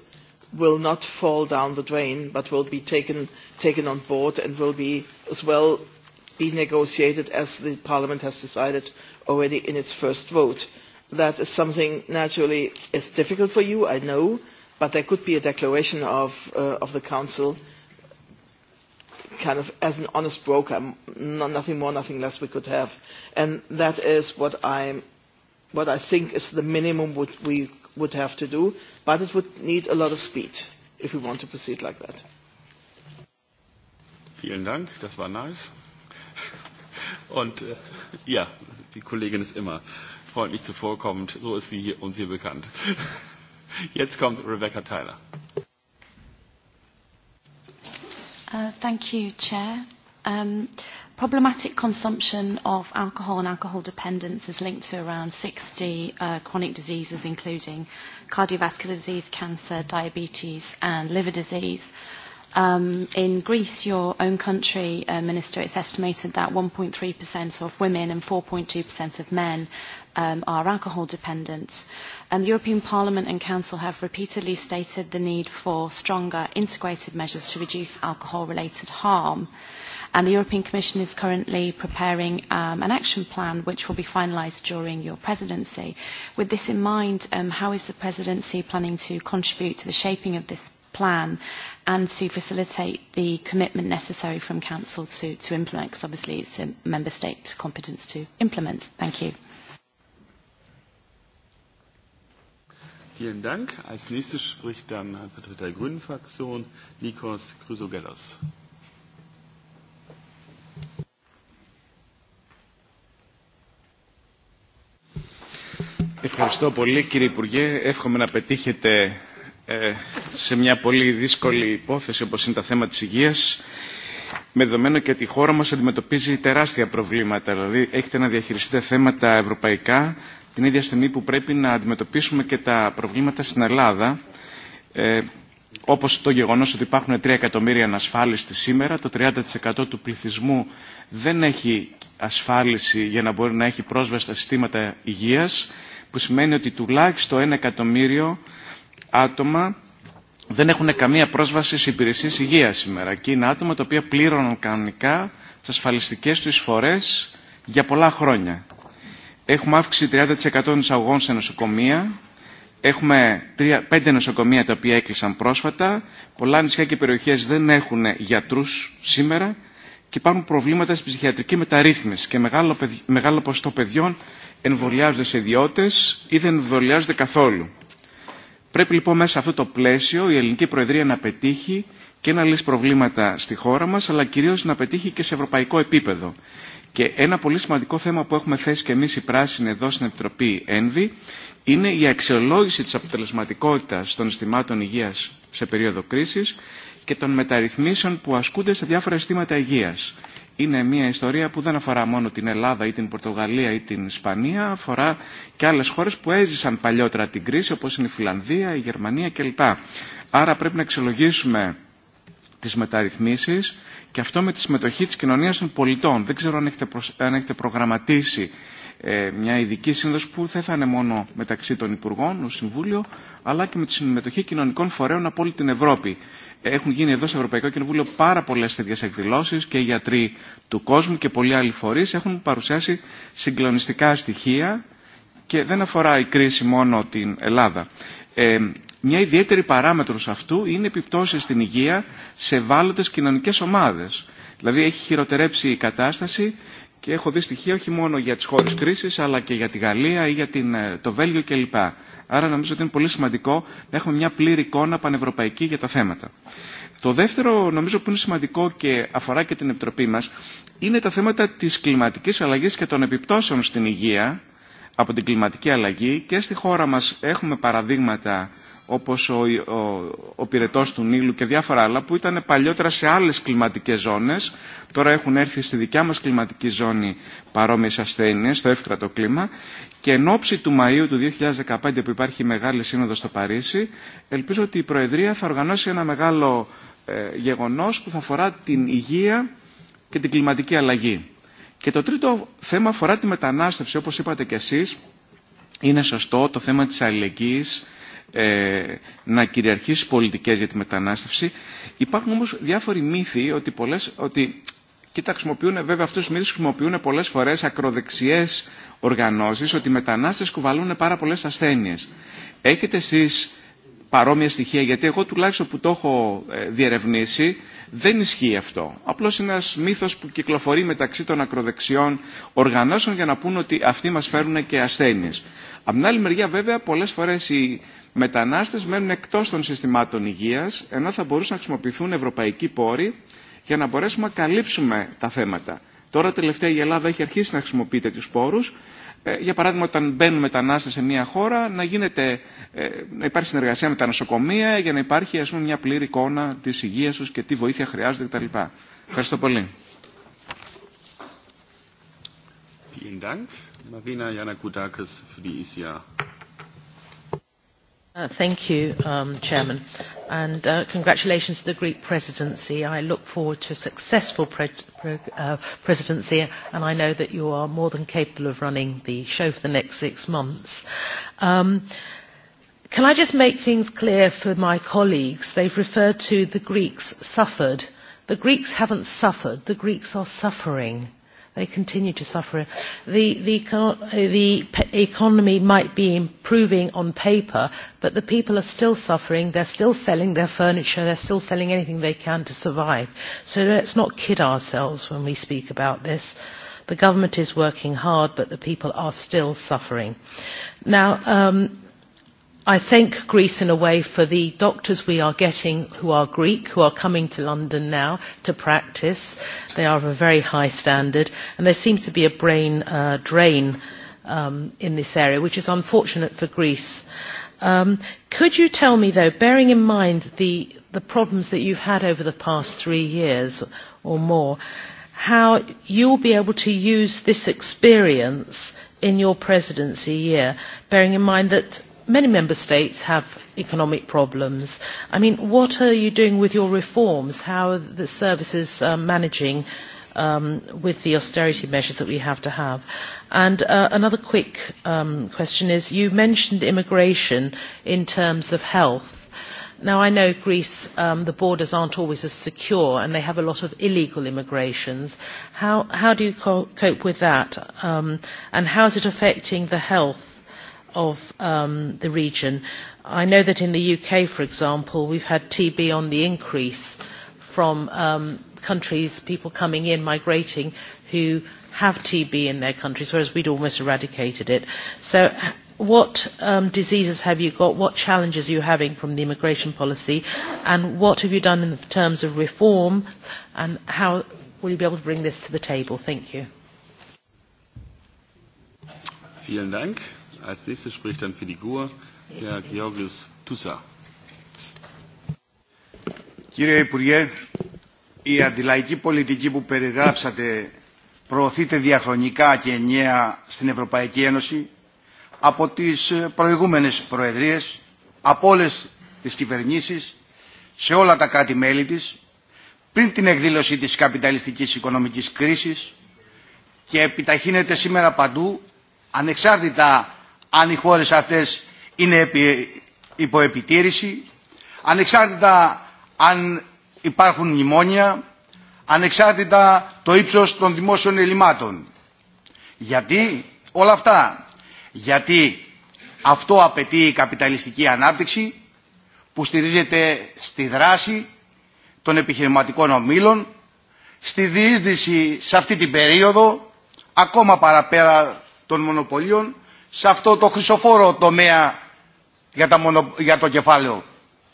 will not fall down the drain but will be taken, taken on board and will be as well be negotiated as the parliament has decided already in its first vote. that is something naturally is difficult for you i know but there could be a declaration of, uh, of the council kind of as an honest broker nothing more nothing less we could have and that is what i what i think is the minimum we would have to do but it would need a lot of speed if we want to proceed like that. Vielen Dank, das war nice. Und äh, ja, die Kollegin ist immer freundlich zuvorkommend. So ist sie hier, uns hier bekannt. Jetzt kommt Rebecca Tyler. Uh, thank you, Chair. Um, problematic consumption of alcohol and alcohol dependence is linked to around 60 uh, chronic diseases, including cardiovascular disease, cancer, diabetes, and liver disease. Um, in Greece, your own country, uh, Minister, it's estimated that 1.3% of women and 4.2% of men um, are alcohol dependent. And um, the European Parliament and Council have repeatedly stated the need for stronger integrated measures to reduce alcohol-related harm. And the European Commission is currently preparing um, an action plan which will be finalised during your presidency. With this in mind, um, how is the presidency planning to contribute to the shaping of this plan and to facilitate the commitment necessary from Council to, to implement, because obviously it's a member state competence to implement. Thank you. Vielen Dank. Als nächstes spricht dann Vertreter der Grünen Fraktion, Nikos Chrysogelos. Ευχαριστώ πολύ κύριε Υπουργέ. Εύχομαι να πετύχετε σε μια πολύ δύσκολη υπόθεση όπως είναι τα θέματα της υγείας με δεδομένο και ότι η χώρα μας αντιμετωπίζει τεράστια προβλήματα. Δηλαδή έχετε να διαχειριστείτε θέματα ευρωπαϊκά την ίδια στιγμή που πρέπει να αντιμετωπίσουμε και τα προβλήματα στην Ελλάδα ε, όπως το γεγονός ότι υπάρχουν 3 εκατομμύρια ανασφάλιστοι σήμερα, το 30% του πληθυσμού δεν έχει ασφάλιση για να μπορεί να έχει πρόσβαση στα συστήματα υγείας, που σημαίνει ότι τουλάχιστον 1 εκατομμύριο άτομα δεν έχουν καμία πρόσβαση σε υπηρεσίες υγείας σήμερα και είναι άτομα τα οποία πλήρωναν κανονικά τις ασφαλιστικές του εισφορές για πολλά χρόνια. Έχουμε αύξηση 30% των εισαγωγών σε νοσοκομεία, έχουμε 3, 5 νοσοκομεία τα οποία έκλεισαν πρόσφατα, πολλά νησιά και περιοχές δεν έχουν γιατρούς σήμερα και υπάρχουν προβλήματα στην ψυχιατρική μεταρρύθμιση και μεγάλο, μεγάλο το παιδιών εμβολιάζονται σε ιδιώτες ή δεν εμβολιάζονται καθόλου. Πρέπει λοιπόν μέσα σε αυτό το πλαίσιο η ελληνική προεδρία να πετύχει και να λύσει προβλήματα στη χώρα μας, αλλά κυρίως να πετύχει και σε ευρωπαϊκό επίπεδο. Και ένα πολύ σημαντικό θέμα που έχουμε θέσει και εμείς οι πράσινοι εδώ στην Επιτροπή ΕΝΒΗ είναι η αξιολόγηση της αποτελεσματικότητας των συστημάτων υγείας σε περίοδο κρίσης και των μεταρρυθμίσεων που ασκούνται σε διάφορα αισθήματα υγείας είναι μια ιστορία που δεν αφορά μόνο την Ελλάδα ή την Πορτογαλία ή την Ισπανία, αφορά και άλλες χώρες που έζησαν παλιότερα την κρίση, όπως είναι η Φιλανδία, η Γερμανία κλπ. Άρα πρέπει να αξιολογήσουμε τις μεταρρυθμίσεις και αυτό με τη συμμετοχή της κοινωνίας των πολιτών. Δεν ξέρω αν έχετε, προσ... αν έχετε προγραμματίσει ε, μια ειδική σύνδεση που δεν θα είναι μόνο μεταξύ των Υπουργών, ο Συμβούλιο, αλλά και με τη συμμετοχή κοινωνικών φορέων από όλη την Ευρώπη έχουν γίνει εδώ στο Ευρωπαϊκό Κοινοβούλιο πάρα πολλέ τέτοιε εκδηλώσει και οι γιατροί του κόσμου και πολλοί άλλοι φορεί έχουν παρουσιάσει συγκλονιστικά στοιχεία και δεν αφορά η κρίση μόνο την Ελλάδα. Ε, μια ιδιαίτερη παράμετρο αυτού είναι επιπτώσει στην υγεία σε ευάλωτε κοινωνικέ ομάδε. Δηλαδή έχει χειροτερέψει η κατάσταση και έχω δει στοιχεία όχι μόνο για τις χώρες κρίσης αλλά και για τη Γαλλία ή για την, το Βέλγιο κλπ. Άρα νομίζω ότι είναι πολύ σημαντικό να έχουμε μια πλήρη εικόνα πανευρωπαϊκή για τα θέματα. Το δεύτερο νομίζω που είναι σημαντικό και αφορά και την Επιτροπή μας είναι τα θέματα της κλιματικής αλλαγής και των επιπτώσεων στην υγεία από την κλιματική αλλαγή και στη χώρα μας έχουμε παραδείγματα όπως ο, ο, ο πυρετός του Νείλου και διάφορα άλλα που ήταν παλιότερα σε άλλες κλιματικές ζώνες τώρα έχουν έρθει στη δικιά μας κλιματική ζώνη παρόμοιες ασθένειες στο εύκρατο κλίμα και εν ώψη του Μαΐου του 2015 που υπάρχει μεγάλη σύνοδος στο Παρίσι ελπίζω ότι η Προεδρία θα οργανώσει ένα μεγάλο ε, γεγονός που θα αφορά την υγεία και την κλιματική αλλαγή. Και το τρίτο θέμα αφορά τη μετανάστευση όπως είπατε κι εσείς είναι σωστό το θέμα της αλληλεγγύης να κυριαρχήσει πολιτικές για τη μετανάστευση. Υπάρχουν όμως διάφοροι μύθοι ότι, πολλές, ότι και τα χρησιμοποιούν, βέβαια αυτούς τους μύθους χρησιμοποιούν πολλές φορές ακροδεξιές οργανώσεις, ότι οι μετανάστες κουβαλούν πάρα πολλές ασθένειες. Έχετε εσείς παρόμοια στοιχεία, γιατί εγώ τουλάχιστον που το έχω διερευνήσει, δεν ισχύει αυτό. Απλώ είναι ένα μύθο που κυκλοφορεί μεταξύ των ακροδεξιών οργανώσεων για να πούν ότι αυτοί μα φέρουν και ασθένειε. Απ' την άλλη μεριά βέβαια πολλέ φορέ οι μετανάστες μένουν εκτός των συστημάτων υγείας, ενώ θα μπορούσαν να χρησιμοποιηθούν ευρωπαϊκοί πόροι για να μπορέσουμε να καλύψουμε τα θέματα. Τώρα τελευταία η Ελλάδα έχει αρχίσει να χρησιμοποιεί τέτοιου πόρους, για παράδειγμα, όταν μπαίνουν μετανάστε σε μια χώρα, να, γίνεται, να υπάρχει συνεργασία με τα νοσοκομεία για να υπάρχει ας πούμε, μια πλήρη εικόνα τη υγεία του και τι βοήθεια χρειάζονται κτλ. Ευχαριστώ πολύ. Vielen Dank. Marina Janakutakis für die ICA. Uh, thank you, um, Chairman, and uh, congratulations to the Greek presidency. I look forward to a successful pre pre uh, presidency, and I know that you are more than capable of running the show for the next six months. Um, can I just make things clear for my colleagues? They've referred to the Greeks suffered. The Greeks haven't suffered. The Greeks are suffering They continue to suffer. The, the, the economy might be improving on paper, but the people are still suffering. They're still selling their furniture. They're still selling anything they can to survive. So let's not kid ourselves when we speak about this. The government is working hard, but the people are still suffering. Now, um, i thank Greece in a way for the doctors we are getting who are Greek, who are coming to London now to practice. They are of a very high standard, and there seems to be a brain uh, drain um, in this area, which is unfortunate for Greece. Um, could you tell me, though, bearing in mind the, the problems that you've had over the past three years or more, how you'll be able to use this experience in your presidency year, bearing in mind that many member states have economic problems. I mean, what are you doing with your reforms? How are the services uh, managing um, with the austerity measures that we have to have? And uh, another quick um, question is, you mentioned immigration in terms of health. Now, I know Greece, um, the borders aren't always as secure and they have a lot of illegal immigrations. How, how do you co cope with that? Um, and how is it affecting the health of um, the region. I know that in the UK, for example, we've had TB on the increase from um, countries, people coming in, migrating, who have TB in their countries, whereas we'd almost eradicated it. So what um, diseases have you got, what challenges are you having from the immigration policy, and what have you done in terms of reform, and how will you be able to bring this to the table? Thank you. Vielen Dank. Als nächstes spricht dann für die GUR Herr Georgios Tussa. Κύριε Υπουργέ, η αντιλαϊκή πολιτική που περιγράψατε προωθείται διαχρονικά και ενιαία στην Ευρωπαϊκή Ένωση από τις προηγούμενες προεδρίες, από όλες τις κυβερνήσεις, σε όλα τα κράτη-μέλη της, πριν την εκδήλωση της καπιταλιστικής οικονομικής κρίσης και επιταχύνεται σήμερα παντού, ανεξάρτητα αν οι χώρες αυτές είναι υπό επιτήρηση, ανεξάρτητα αν υπάρχουν μνημόνια, ανεξάρτητα το ύψος των δημόσιων ελλημάτων. Γιατί όλα αυτά. Γιατί αυτό απαιτεί η καπιταλιστική ανάπτυξη που στηρίζεται στη δράση των επιχειρηματικών ομίλων, στη διείσδυση σε αυτή την περίοδο, ακόμα παραπέρα των μονοπωλίων, σε αυτό το χρυσοφόρο τομέα για, τα μονο... για το κεφάλαιο,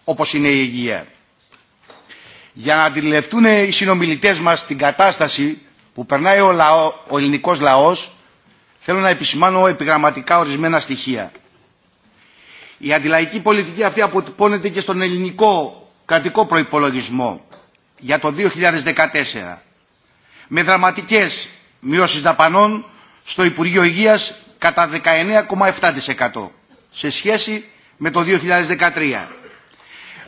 όπως είναι η υγεία. Για να αντιληφθούν οι συνομιλητές μας την κατάσταση που περνάει ο, λαό... ο ελληνικός λαός, θέλω να επισημάνω επιγραμματικά ορισμένα στοιχεία. Η αντιλαϊκή πολιτική αυτή αποτυπώνεται και στον ελληνικό κρατικό προϋπολογισμό για το 2014 με δραματικές μειώσεις δαπανών στο Υπουργείο Υγείας κατά 19,7% σε σχέση με το 2013.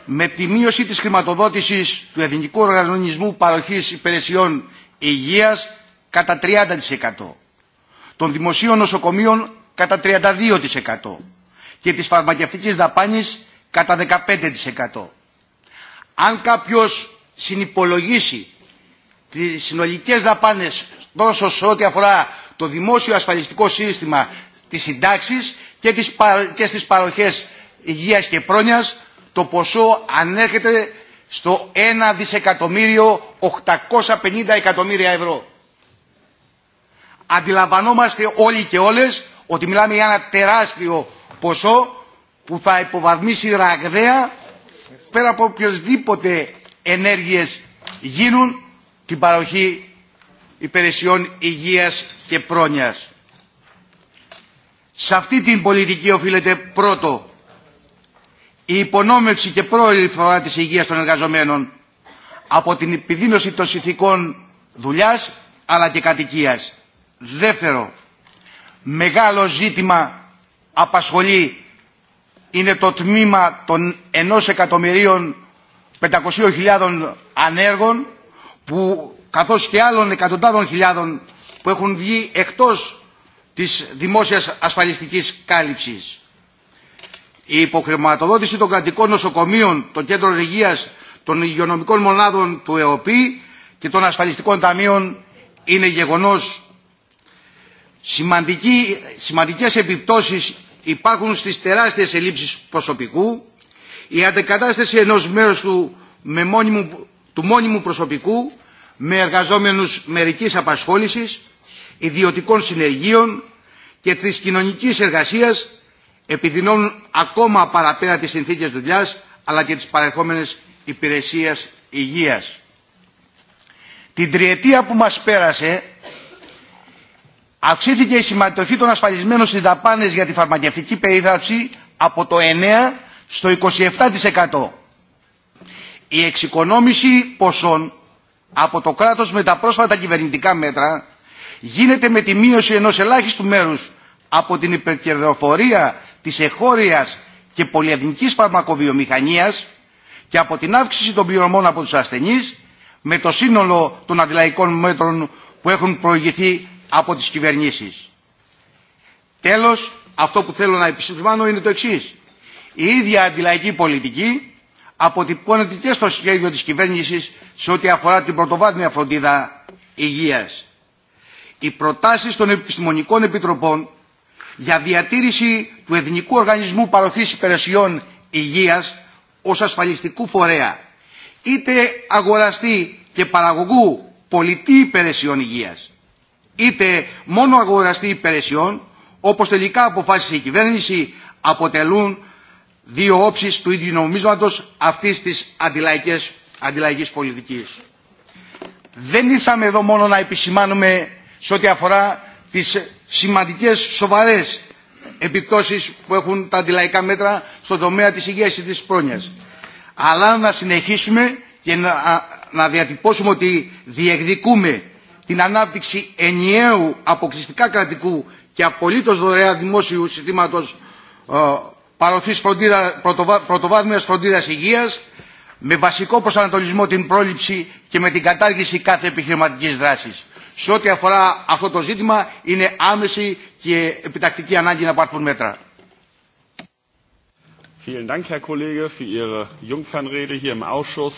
Με τη μείωση της χρηματοδότησης του Εθνικού Οργανισμού Παροχής Υπηρεσιών Υγείας κατά 30%, των δημοσίων νοσοκομείων κατά 32% και της φαρμακευτικής δαπάνης κατά 15%. Αν κάποιος συνυπολογίσει τις συνολικές δαπάνες τόσο σε ό,τι αφορά το δημόσιο ασφαλιστικό σύστημα της συντάξης και, τις, και στις παροχές υγείας και πρόνοιας το ποσό ανέρχεται στο 1 δισεκατομμύριο 850 εκατομμύρια ευρώ. Αντιλαμβανόμαστε όλοι και όλες ότι μιλάμε για ένα τεράστιο ποσό που θα υποβαθμίσει ραγδαία πέρα από οποιοδήποτε ενέργειες γίνουν την παροχή υπηρεσιών υγείας και πρόνοιας. Σε αυτή την πολιτική οφείλεται πρώτο η υπονόμευση και φορά της υγείας των εργαζομένων από την επιδείνωση των συνθηκών δουλειάς αλλά και κατοικίας. Δεύτερο, μεγάλο ζήτημα απασχολεί είναι το τμήμα των ενός εκατομμυρίων 500.000 ανέργων που καθώς και άλλων εκατοντάδων χιλιάδων που έχουν βγει εκτός της δημόσιας ασφαλιστικής κάλυψης. Η υποχρηματοδότηση των κρατικών νοσοκομείων, των κέντρων υγείας, των υγειονομικών μονάδων του ΕΟΠΗ και των ασφαλιστικών ταμείων είναι γεγονός. Σημαντική, σημαντικές επιπτώσεις υπάρχουν στις τεράστιες ελλείψεις προσωπικού, η αντεκατάσταση ενός μέρους του, με μόνιμου, του μόνιμου προσωπικού με εργαζόμενους μερικής απασχόλησης, ιδιωτικών συνεργείων και θρησκοινωνικής εργασίας επιδεινώνουν ακόμα παραπέρα τις συνθήκες δουλειάς αλλά και τις παρεχόμενες υπηρεσίες υγείας. Την τριετία που μας πέρασε αυξήθηκε η συμμετοχή των ασφαλισμένων στις δαπάνες για τη φαρμακευτική περίθαψη από το 9% στο 27%. Η εξοικονόμηση ποσών από το κράτος με τα πρόσφατα κυβερνητικά μέτρα γίνεται με τη μείωση ενός ελάχιστου μέρους από την υπερκερδοφορία της εχώριας και πολυεθνικής φαρμακοβιομηχανίας και από την αύξηση των πληρωμών από τους ασθενείς με το σύνολο των αντιλαϊκών μέτρων που έχουν προηγηθεί από τις κυβερνήσεις. Τέλος, αυτό που θέλω να επισημάνω είναι το εξής. Η ίδια αντιλαϊκή πολιτική αποτυπώνεται και στο σχέδιο της κυβέρνησης σε ό,τι αφορά την πρωτοβάθμια φροντίδα υγείας. Οι προτάσεις των επιστημονικών επιτροπών για διατήρηση του Εθνικού Οργανισμού Παροχής Υπηρεσιών Υγείας ως ασφαλιστικού φορέα, είτε αγοραστή και παραγωγού πολιτή υπηρεσιών υγείας, είτε μόνο αγοραστή υπηρεσιών, όπως τελικά αποφάσισε η κυβέρνηση, αποτελούν δύο όψεις του ίδιου νομίσματος αυτής της αντιλαϊκής, αντιλαϊκής πολιτικής. Δεν ήρθαμε εδώ μόνο να επισημάνουμε σε ό,τι αφορά τις σημαντικές σοβαρές επιπτώσεις που έχουν τα αντιλαϊκά μέτρα στον τομέα της υγείας και της πρόνοιας. Αλλά να συνεχίσουμε και να, να διατυπώσουμε ότι διεκδικούμε την ανάπτυξη ενιαίου αποκλειστικά κρατικού και απολύτως δωρεά δημόσιου συστήματος παροχής φροντίδα, πρωτοβα, πρωτοβάθμιας φροντίδας υγείας με βασικό προσανατολισμό την πρόληψη και με την κατάργηση κάθε επιχειρηματικής δράσης. Σε ό,τι αφορά αυτό το ζήτημα είναι άμεση και επιτακτική ανάγκη να πάρθουν μέτρα. Vielen Dank, Herr Kollege, für Ihre Jungfernrede hier im Ausschuss.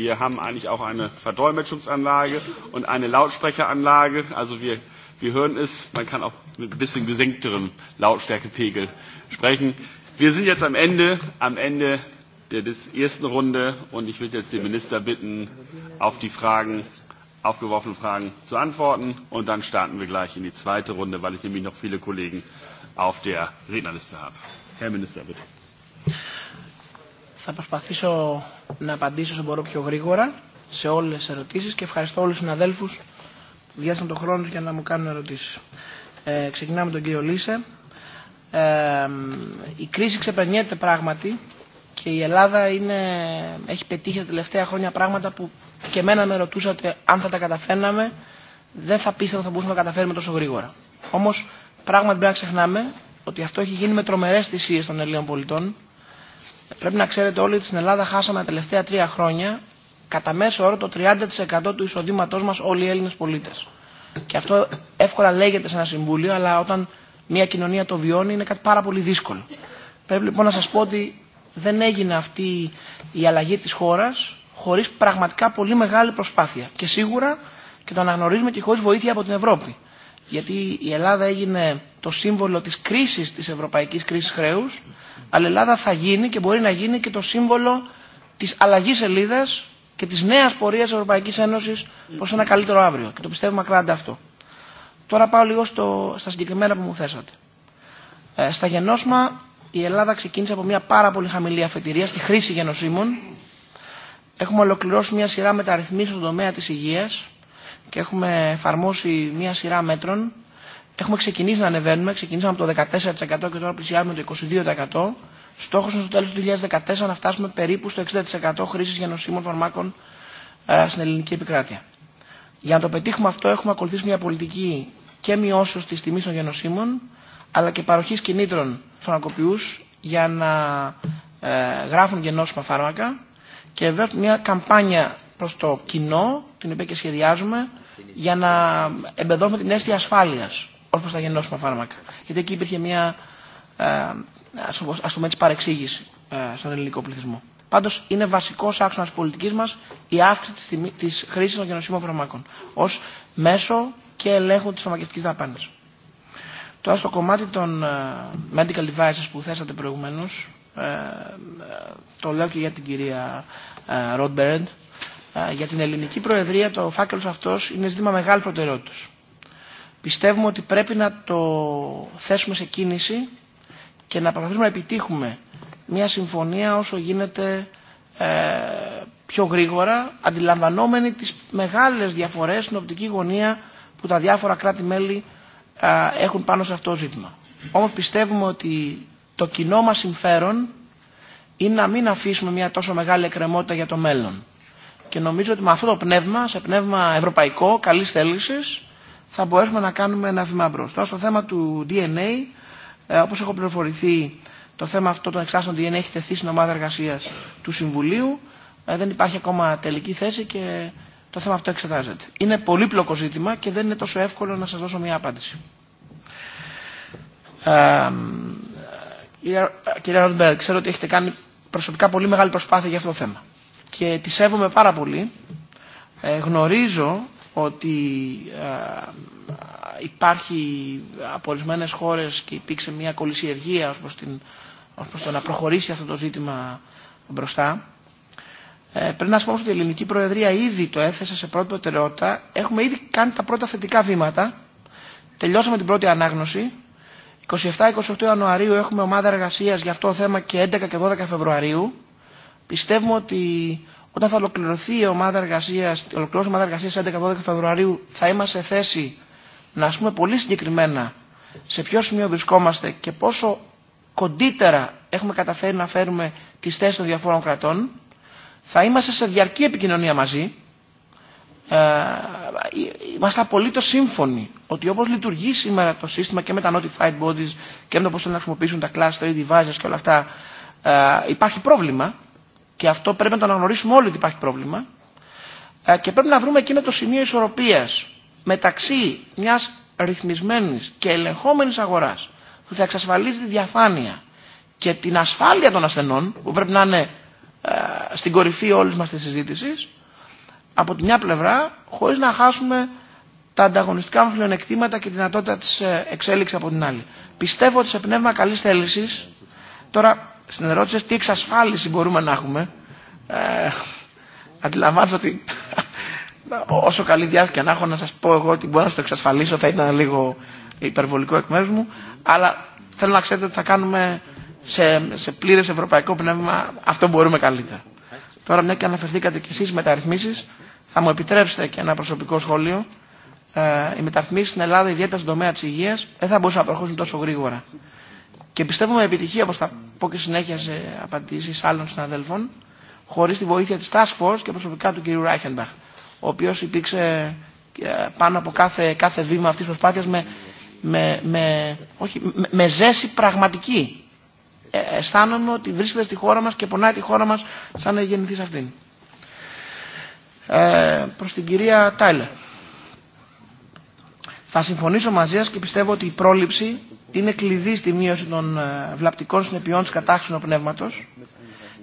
Wir haben eigentlich auch eine Verdolmetschungsanlage und eine Lautsprecheranlage. Also wir, wir hören es, man kann auch mit ein bisschen gesenkterem Lautstärkepegel sprechen. Wir sind jetzt am Ende, am Ende der ersten Runde und ich will jetzt den Minister bitten, auf die Fragen, aufgeworfenen Fragen zu antworten und dann starten wir gleich in die zweite Runde, weil ich nämlich noch viele Kollegen auf der Rednerliste habe. Herr Minister, bitte. Θα προσπαθήσω να απαντήσω όσο μπορώ πιο γρήγορα σε όλες τις ερωτήσεις και ευχαριστώ όλους τους συναδέλφους που διάθεσαν τον χρόνο για να μου κάνουν ερωτήσεις. Ε, ξεκινάμε τον κύριο Λίσε η κρίση ξεπερνιέται πράγματι και η Ελλάδα είναι, έχει πετύχει τα τελευταία χρόνια πράγματα που και εμένα με ρωτούσατε αν θα τα καταφέρναμε, δεν θα πίστευα θα μπορούσαμε να καταφέρουμε τόσο γρήγορα. Όμω πράγματι πρέπει να ξεχνάμε ότι αυτό έχει γίνει με τρομερέ θυσίε των Ελλήνων πολιτών. Πρέπει να ξέρετε όλοι ότι στην Ελλάδα χάσαμε τα τελευταία τρία χρόνια κατά μέσο όρο το 30% του εισοδήματό μα όλοι οι Έλληνε πολίτε. Και αυτό εύκολα λέγεται σε ένα συμβούλιο, αλλά όταν μια κοινωνία το βιώνει είναι κάτι πάρα πολύ δύσκολο. Πρέπει λοιπόν να σας πω ότι δεν έγινε αυτή η αλλαγή της χώρας χωρίς πραγματικά πολύ μεγάλη προσπάθεια. Και σίγουρα και το αναγνωρίζουμε και χωρίς βοήθεια από την Ευρώπη. Γιατί η Ελλάδα έγινε το σύμβολο της κρίσης, της ευρωπαϊκής κρίσης χρέους, αλλά η Ελλάδα θα γίνει και μπορεί να γίνει και το σύμβολο της αλλαγής σελίδα και της νέας πορείας Ευρωπαϊκής Ένωσης προς ένα καλύτερο αύριο. Και το πιστεύουμε ακράντα αυτό. Τώρα πάω λίγο στο, στα συγκεκριμένα που μου θέσατε. Ε, στα γενώσμα η Ελλάδα ξεκίνησε από μια πάρα πολύ χαμηλή αφετηρία στη χρήση γενοσύμων. Έχουμε ολοκληρώσει μια σειρά μεταρρυθμίσεων στον τομέα της υγείας και έχουμε εφαρμόσει μια σειρά μέτρων. Έχουμε ξεκινήσει να ανεβαίνουμε, ξεκινήσαμε από το 14% και τώρα πλησιάζουμε το 22%. Στόχος είναι στο τέλος του 2014 να φτάσουμε περίπου στο 60% χρήσης γενοσύμων φαρμάκων στην ελληνική επικράτεια. Για να το πετύχουμε αυτό έχουμε ακολουθήσει μια πολιτική και μειώσεως της τιμής των γενοσύμων αλλά και παροχής κινήτρων στους για να ε, γράφουν γενώσιμα φάρμακα και βέβαια μια καμπάνια προς το κοινό, την οποία και σχεδιάζουμε, για να εμπεδώσουμε την αίσθηση ασφάλειας ως προς τα γενώσιμα φάρμακα. Γιατί εκεί υπήρχε μια, ε, ας πούμε, παρεξήγηση ε, στον ελληνικό πληθυσμό. Πάντω είναι βασικό άξονα πολιτική μα η αύξηση τη χρήση των γενοσύμων φαρμάκων Ω μέσο και ελέγχου τη φαρμακευτικής δαπάνης. Τώρα στο κομμάτι των medical devices που θέσατε uh, το λέω και για την κυρία uh, για την ελληνική προεδρία το φάκελο αυτό είναι ζήτημα μεγάλη προτεραιότητα. Πιστεύουμε ότι πρέπει να το θέσουμε σε κίνηση και να προσπαθήσουμε να επιτύχουμε μια συμφωνία όσο γίνεται ε, πιο γρήγορα, αντιλαμβανόμενοι τις μεγάλες διαφορές στην οπτική γωνία που τα διάφορα κράτη-μέλη ε, έχουν πάνω σε αυτό το ζήτημα. Όμως πιστεύουμε ότι το κοινό μας συμφέρον είναι να μην αφήσουμε μια τόσο μεγάλη εκκρεμότητα για το μέλλον. Και νομίζω ότι με αυτό το πνεύμα, σε πνεύμα ευρωπαϊκό, καλή θέληση, θα μπορέσουμε να κάνουμε ένα βήμα μπρο. Τώρα στο θέμα του DNA, ε, όπω έχω πληροφορηθεί, Το θέμα αυτό των εξάσεων DNA έχει τεθεί στην ομάδα εργασία του Συμβουλίου. Δεν υπάρχει ακόμα τελική θέση και το θέμα αυτό εξετάζεται. Είναι πολύπλοκο ζήτημα και δεν είναι τόσο εύκολο να σα δώσω μια απάντηση. Ε, κύριε Ροντμπέρ, ξέρω ότι έχετε κάνει προσωπικά πολύ μεγάλη προσπάθεια για αυτό το θέμα. Και τη σέβομαι πάρα πολύ. Ε, γνωρίζω ότι ε, υπάρχει από ορισμένε χώρες και υπήρξε μια κολυσιεργία ω προ την ως προς το να προχωρήσει αυτό το ζήτημα μπροστά. Ε, πρέπει να σας πω ότι η ελληνική προεδρία ήδη το έθεσε σε πρώτη προτεραιότητα. Έχουμε ήδη κάνει τα πρώτα θετικά βήματα. Τελειώσαμε την πρώτη ανάγνωση. 27-28 Ιανουαρίου έχουμε ομάδα εργασία για αυτό το θέμα και 11 και 12 Φεβρουαρίου. Πιστεύουμε ότι όταν θα ολοκληρωθεί η ομάδα εργασία, ολοκληρώσει η ομάδα εργασία 11-12 Φεβρουαρίου θα είμαστε σε θέση να πούμε πολύ συγκεκριμένα σε ποιο σημείο βρισκόμαστε και πόσο κοντύτερα έχουμε καταφέρει να φέρουμε τις θέσεις των διαφόρων κρατών, θα είμαστε σε διαρκή επικοινωνία μαζί. Ε, είμαστε απολύτω σύμφωνοι ότι όπω λειτουργεί σήμερα το σύστημα και με τα notified bodies και με το πώ θέλουν να χρησιμοποιήσουν τα cluster, devices και όλα αυτά, ε, υπάρχει πρόβλημα. Και αυτό πρέπει να το αναγνωρίσουμε όλοι ότι υπάρχει πρόβλημα. Ε, και πρέπει να βρούμε εκείνο το σημείο ισορροπία μεταξύ μια ρυθμισμένη και ελεγχόμενης αγορά που θα εξασφαλίζει τη διαφάνεια και την ασφάλεια των ασθενών που πρέπει να είναι ε, στην κορυφή όλης μας της συζήτησης από τη μια πλευρά χωρίς να χάσουμε τα ανταγωνιστικά μας πλεονεκτήματα και τη δυνατότητα της εξέλιξης από την άλλη. Πιστεύω ότι σε πνεύμα καλής θέλησης τώρα στην ερώτηση τι εξασφάλιση μπορούμε να έχουμε ε, αντιλαμβάνω ότι όσο καλή διάθεση να έχω να σας πω εγώ ότι μπορώ να σας το εξασφαλίσω θα ήταν λίγο υπερβολικό εκ μέρου μου, αλλά θέλω να ξέρετε ότι θα κάνουμε σε, σε πλήρε ευρωπαϊκό πνεύμα αυτό μπορούμε καλύτερα. Τώρα μια και αναφερθήκατε και εσεί μεταρρυθμίσει, θα μου επιτρέψετε και ένα προσωπικό σχόλιο. Ε, οι μεταρρυθμίσει στην Ελλάδα, ιδιαίτερα στον τομέα τη υγεία δεν θα μπορούσαν να προχωρήσουν τόσο γρήγορα. Και πιστεύω με επιτυχία, όπω θα πω και συνέχεια σε απαντήσει άλλων συναδέλφων, χωρί τη βοήθεια τη Task Force και προσωπικά του κ. Ράιχενμπαχ, ο οποίο υπήρξε πάνω από κάθε, κάθε βήμα αυτή τη προσπάθεια. με με, με, όχι, με, με ζέση πραγματική. Ε, αισθάνομαι ότι βρίσκεται στη χώρα μας και πονάει τη χώρα μας σαν να γεννηθεί σε αυτήν. Ε, προς την κυρία Τάιλερ. Θα συμφωνήσω μαζί σας και πιστεύω ότι η πρόληψη είναι κλειδί στη μείωση των βλαπτικών συνεπειών της κατάξυνου πνεύματος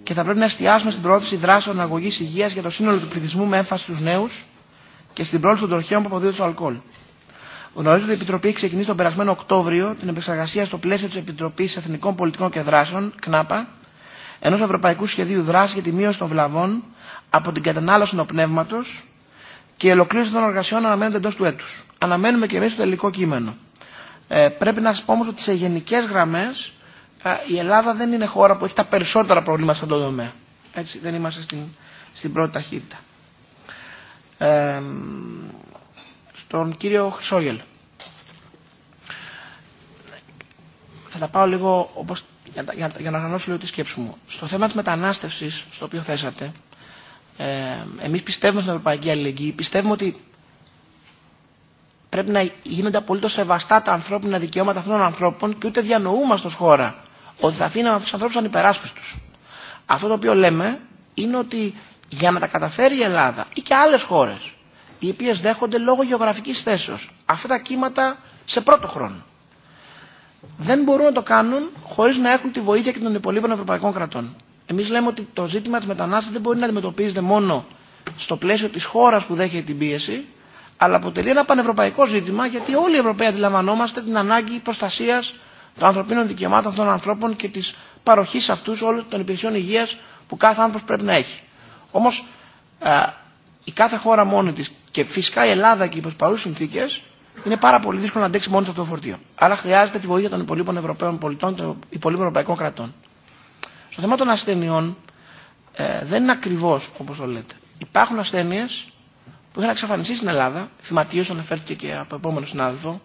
και θα πρέπει να εστιάσουμε στην πρόθεση δράσεων αγωγής υγείας για το σύνολο του πληθυσμού με έμφαση στους νέους και στην πρόληψη των τροχαίων που αποδίδουν στο αλκοόλ. Γνωρίζω ότι η Επιτροπή ξεκινήσει τον περασμένο Οκτώβριο την επεξεργασία στο πλαίσιο τη Επιτροπή Εθνικών Πολιτικών και Δράσεων, ΚΝΑΠΑ, ενό Ευρωπαϊκού Σχεδίου Δράση για τη μείωση των βλαβών από την κατανάλωση νοπνεύματο και η ολοκλήρωση των εργασιών αναμένεται εντό του έτου. Αναμένουμε και εμεί το τελικό κείμενο. Ε, πρέπει να σα πω όμω ότι σε γενικέ γραμμέ η Ελλάδα δεν είναι χώρα που έχει τα περισσότερα προβλήματα στον τομέα. Έτσι, δεν είμαστε στην, στην πρώτη ταχύτητα. Ε, τον κύριο Χρυσόγελ. Θα τα πάω λίγο όπως, για, για, για να οργανώσω λίγο τη σκέψη μου. Στο θέμα της μετανάστευσης, στο οποίο θέσατε, ε, εμείς πιστεύουμε στην Ευρωπαϊκή Αλληλεγγύη, πιστεύουμε ότι πρέπει να γίνονται απολύτω σεβαστά τα ανθρώπινα δικαιώματα αυτών των ανθρώπων και ούτε διανοούμαστε ως χώρα ότι θα αφήναμε αυτού του ανθρώπου ανυπεράσπιστου. Αυτό το οποίο λέμε είναι ότι για να τα καταφέρει η Ελλάδα ή και άλλε χώρε οι οποίες δέχονται λόγω γεωγραφικής θέσεως. Αυτά τα κύματα σε πρώτο χρόνο. Δεν μπορούν να το κάνουν χωρίς να έχουν τη βοήθεια και των υπολείπων ευρωπαϊκών κρατών. Εμείς λέμε ότι το ζήτημα της μετανάστευσης δεν μπορεί να αντιμετωπίζεται μόνο στο πλαίσιο της χώρας που δέχεται την πίεση, αλλά αποτελεί ένα πανευρωπαϊκό ζήτημα γιατί όλοι οι Ευρωπαίοι αντιλαμβανόμαστε την ανάγκη προστασίας των ανθρωπίνων δικαιωμάτων των ανθρώπων και της παροχής αυτούς όλων των υπηρεσιών υγείας που κάθε άνθρωπο πρέπει να έχει. Όμω η κάθε χώρα μόνη της Και φυσικά η Ελλάδα και οι παρούσε συνθήκε είναι πάρα πολύ δύσκολο να αντέξει μόνο σε αυτό το φορτίο. Άρα χρειάζεται τη βοήθεια των υπολείπων Ευρωπαίων πολιτών, των υπολείπων Ευρωπαϊκών κρατών. Στο θέμα των ασθενειών ε, δεν είναι ακριβώ όπω το λέτε. Υπάρχουν ασθένειε που είχαν εξαφανιστεί στην Ελλάδα, θυματίω αναφέρθηκε και από επόμενο συνάδελφο,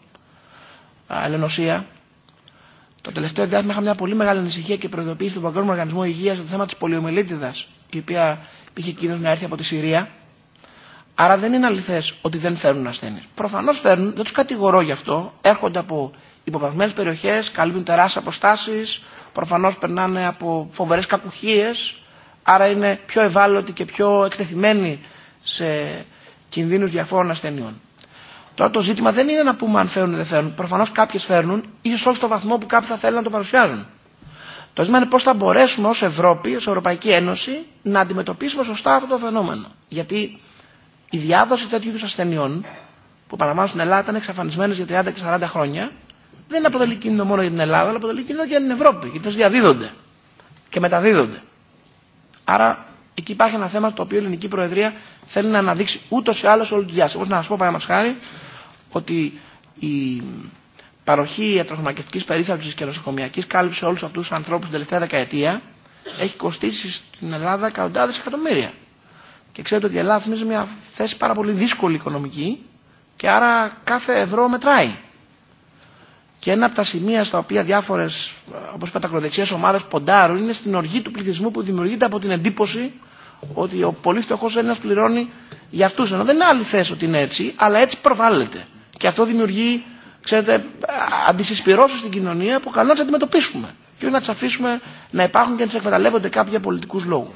ελενοσία. Το τελευταίο διάστημα είχα μια πολύ μεγάλη ανησυχία και προειδοποίηση του Παγκόσμιου Οργανισμού Υγεία στο θέμα τη πολιομελίτιδα, η οποία υπήρχε κίνδυνο να έρθει από τη Συρία Άρα δεν είναι αληθέ ότι δεν φέρνουν ασθένειε. Προφανώ φέρνουν, δεν του κατηγορώ γι' αυτό. Έρχονται από υποβαθμένε περιοχέ, καλύπτουν τεράστιε αποστάσει, προφανώ περνάνε από φοβερέ κακουχίε, άρα είναι πιο ευάλωτοι και πιο εκτεθειμένοι σε κινδύνου διαφόρων ασθενειών. Τώρα το ζήτημα δεν είναι να πούμε αν φέρνουν ή δεν φέρνουν. Προφανώ κάποιε φέρνουν, ίσω όχι στο βαθμό που κάποιοι θα θέλουν να το παρουσιάζουν. Το ζήτημα είναι πώ θα μπορέσουμε ω Ευρώπη, ω Ευρωπαϊκή Ένωση, να αντιμετωπίσουμε σωστά αυτό το φαινόμενο. Γιατί η διάδοση τέτοιου είδου ασθενειών που παραμάζουν στην Ελλάδα ήταν εξαφανισμένε για 30 και 40 χρόνια, δεν αποτελεί κίνδυνο μόνο για την Ελλάδα, αλλά αποτελεί κίνδυνο και για την Ευρώπη. Γιατί διαδίδονται και μεταδίδονται. Άρα εκεί υπάρχει ένα θέμα το οποίο η ελληνική προεδρία θέλει να αναδείξει ούτω ή άλλω όλη τη διάσταση. Όπω να σα πω, παραδείγματο χάρη, ότι η παροχή ιατροφυμακευτική περίθαλψη και νοσοκομιακή κάλυψη όλου αυτού του ανθρώπου την τελευταία δεκαετία έχει κοστίσει στην Ελλάδα εκατοντάδε εκατομμύρια. Και ξέρετε ότι η Ελλάδα θυμίζει μια θέση πάρα πολύ δύσκολη οικονομική και άρα κάθε ευρώ μετράει. Και ένα από τα σημεία στα οποία διάφορε όπω κροδεξιέ ομάδε ποντάρουν είναι στην οργή του πληθυσμού που δημιουργείται από την εντύπωση ότι ο πολύ φτωχό Έλληνα πληρώνει για αυτού. Ενώ δεν είναι άλλη θέση ότι είναι έτσι, αλλά έτσι προβάλλεται. Και αυτό δημιουργεί, ξέρετε, αντισυσπυρώσει στην κοινωνία που καλό να τι αντιμετωπίσουμε. Και όχι να τι αφήσουμε να υπάρχουν και να τι εκμεταλλεύονται κάποιοι για πολιτικού λόγου.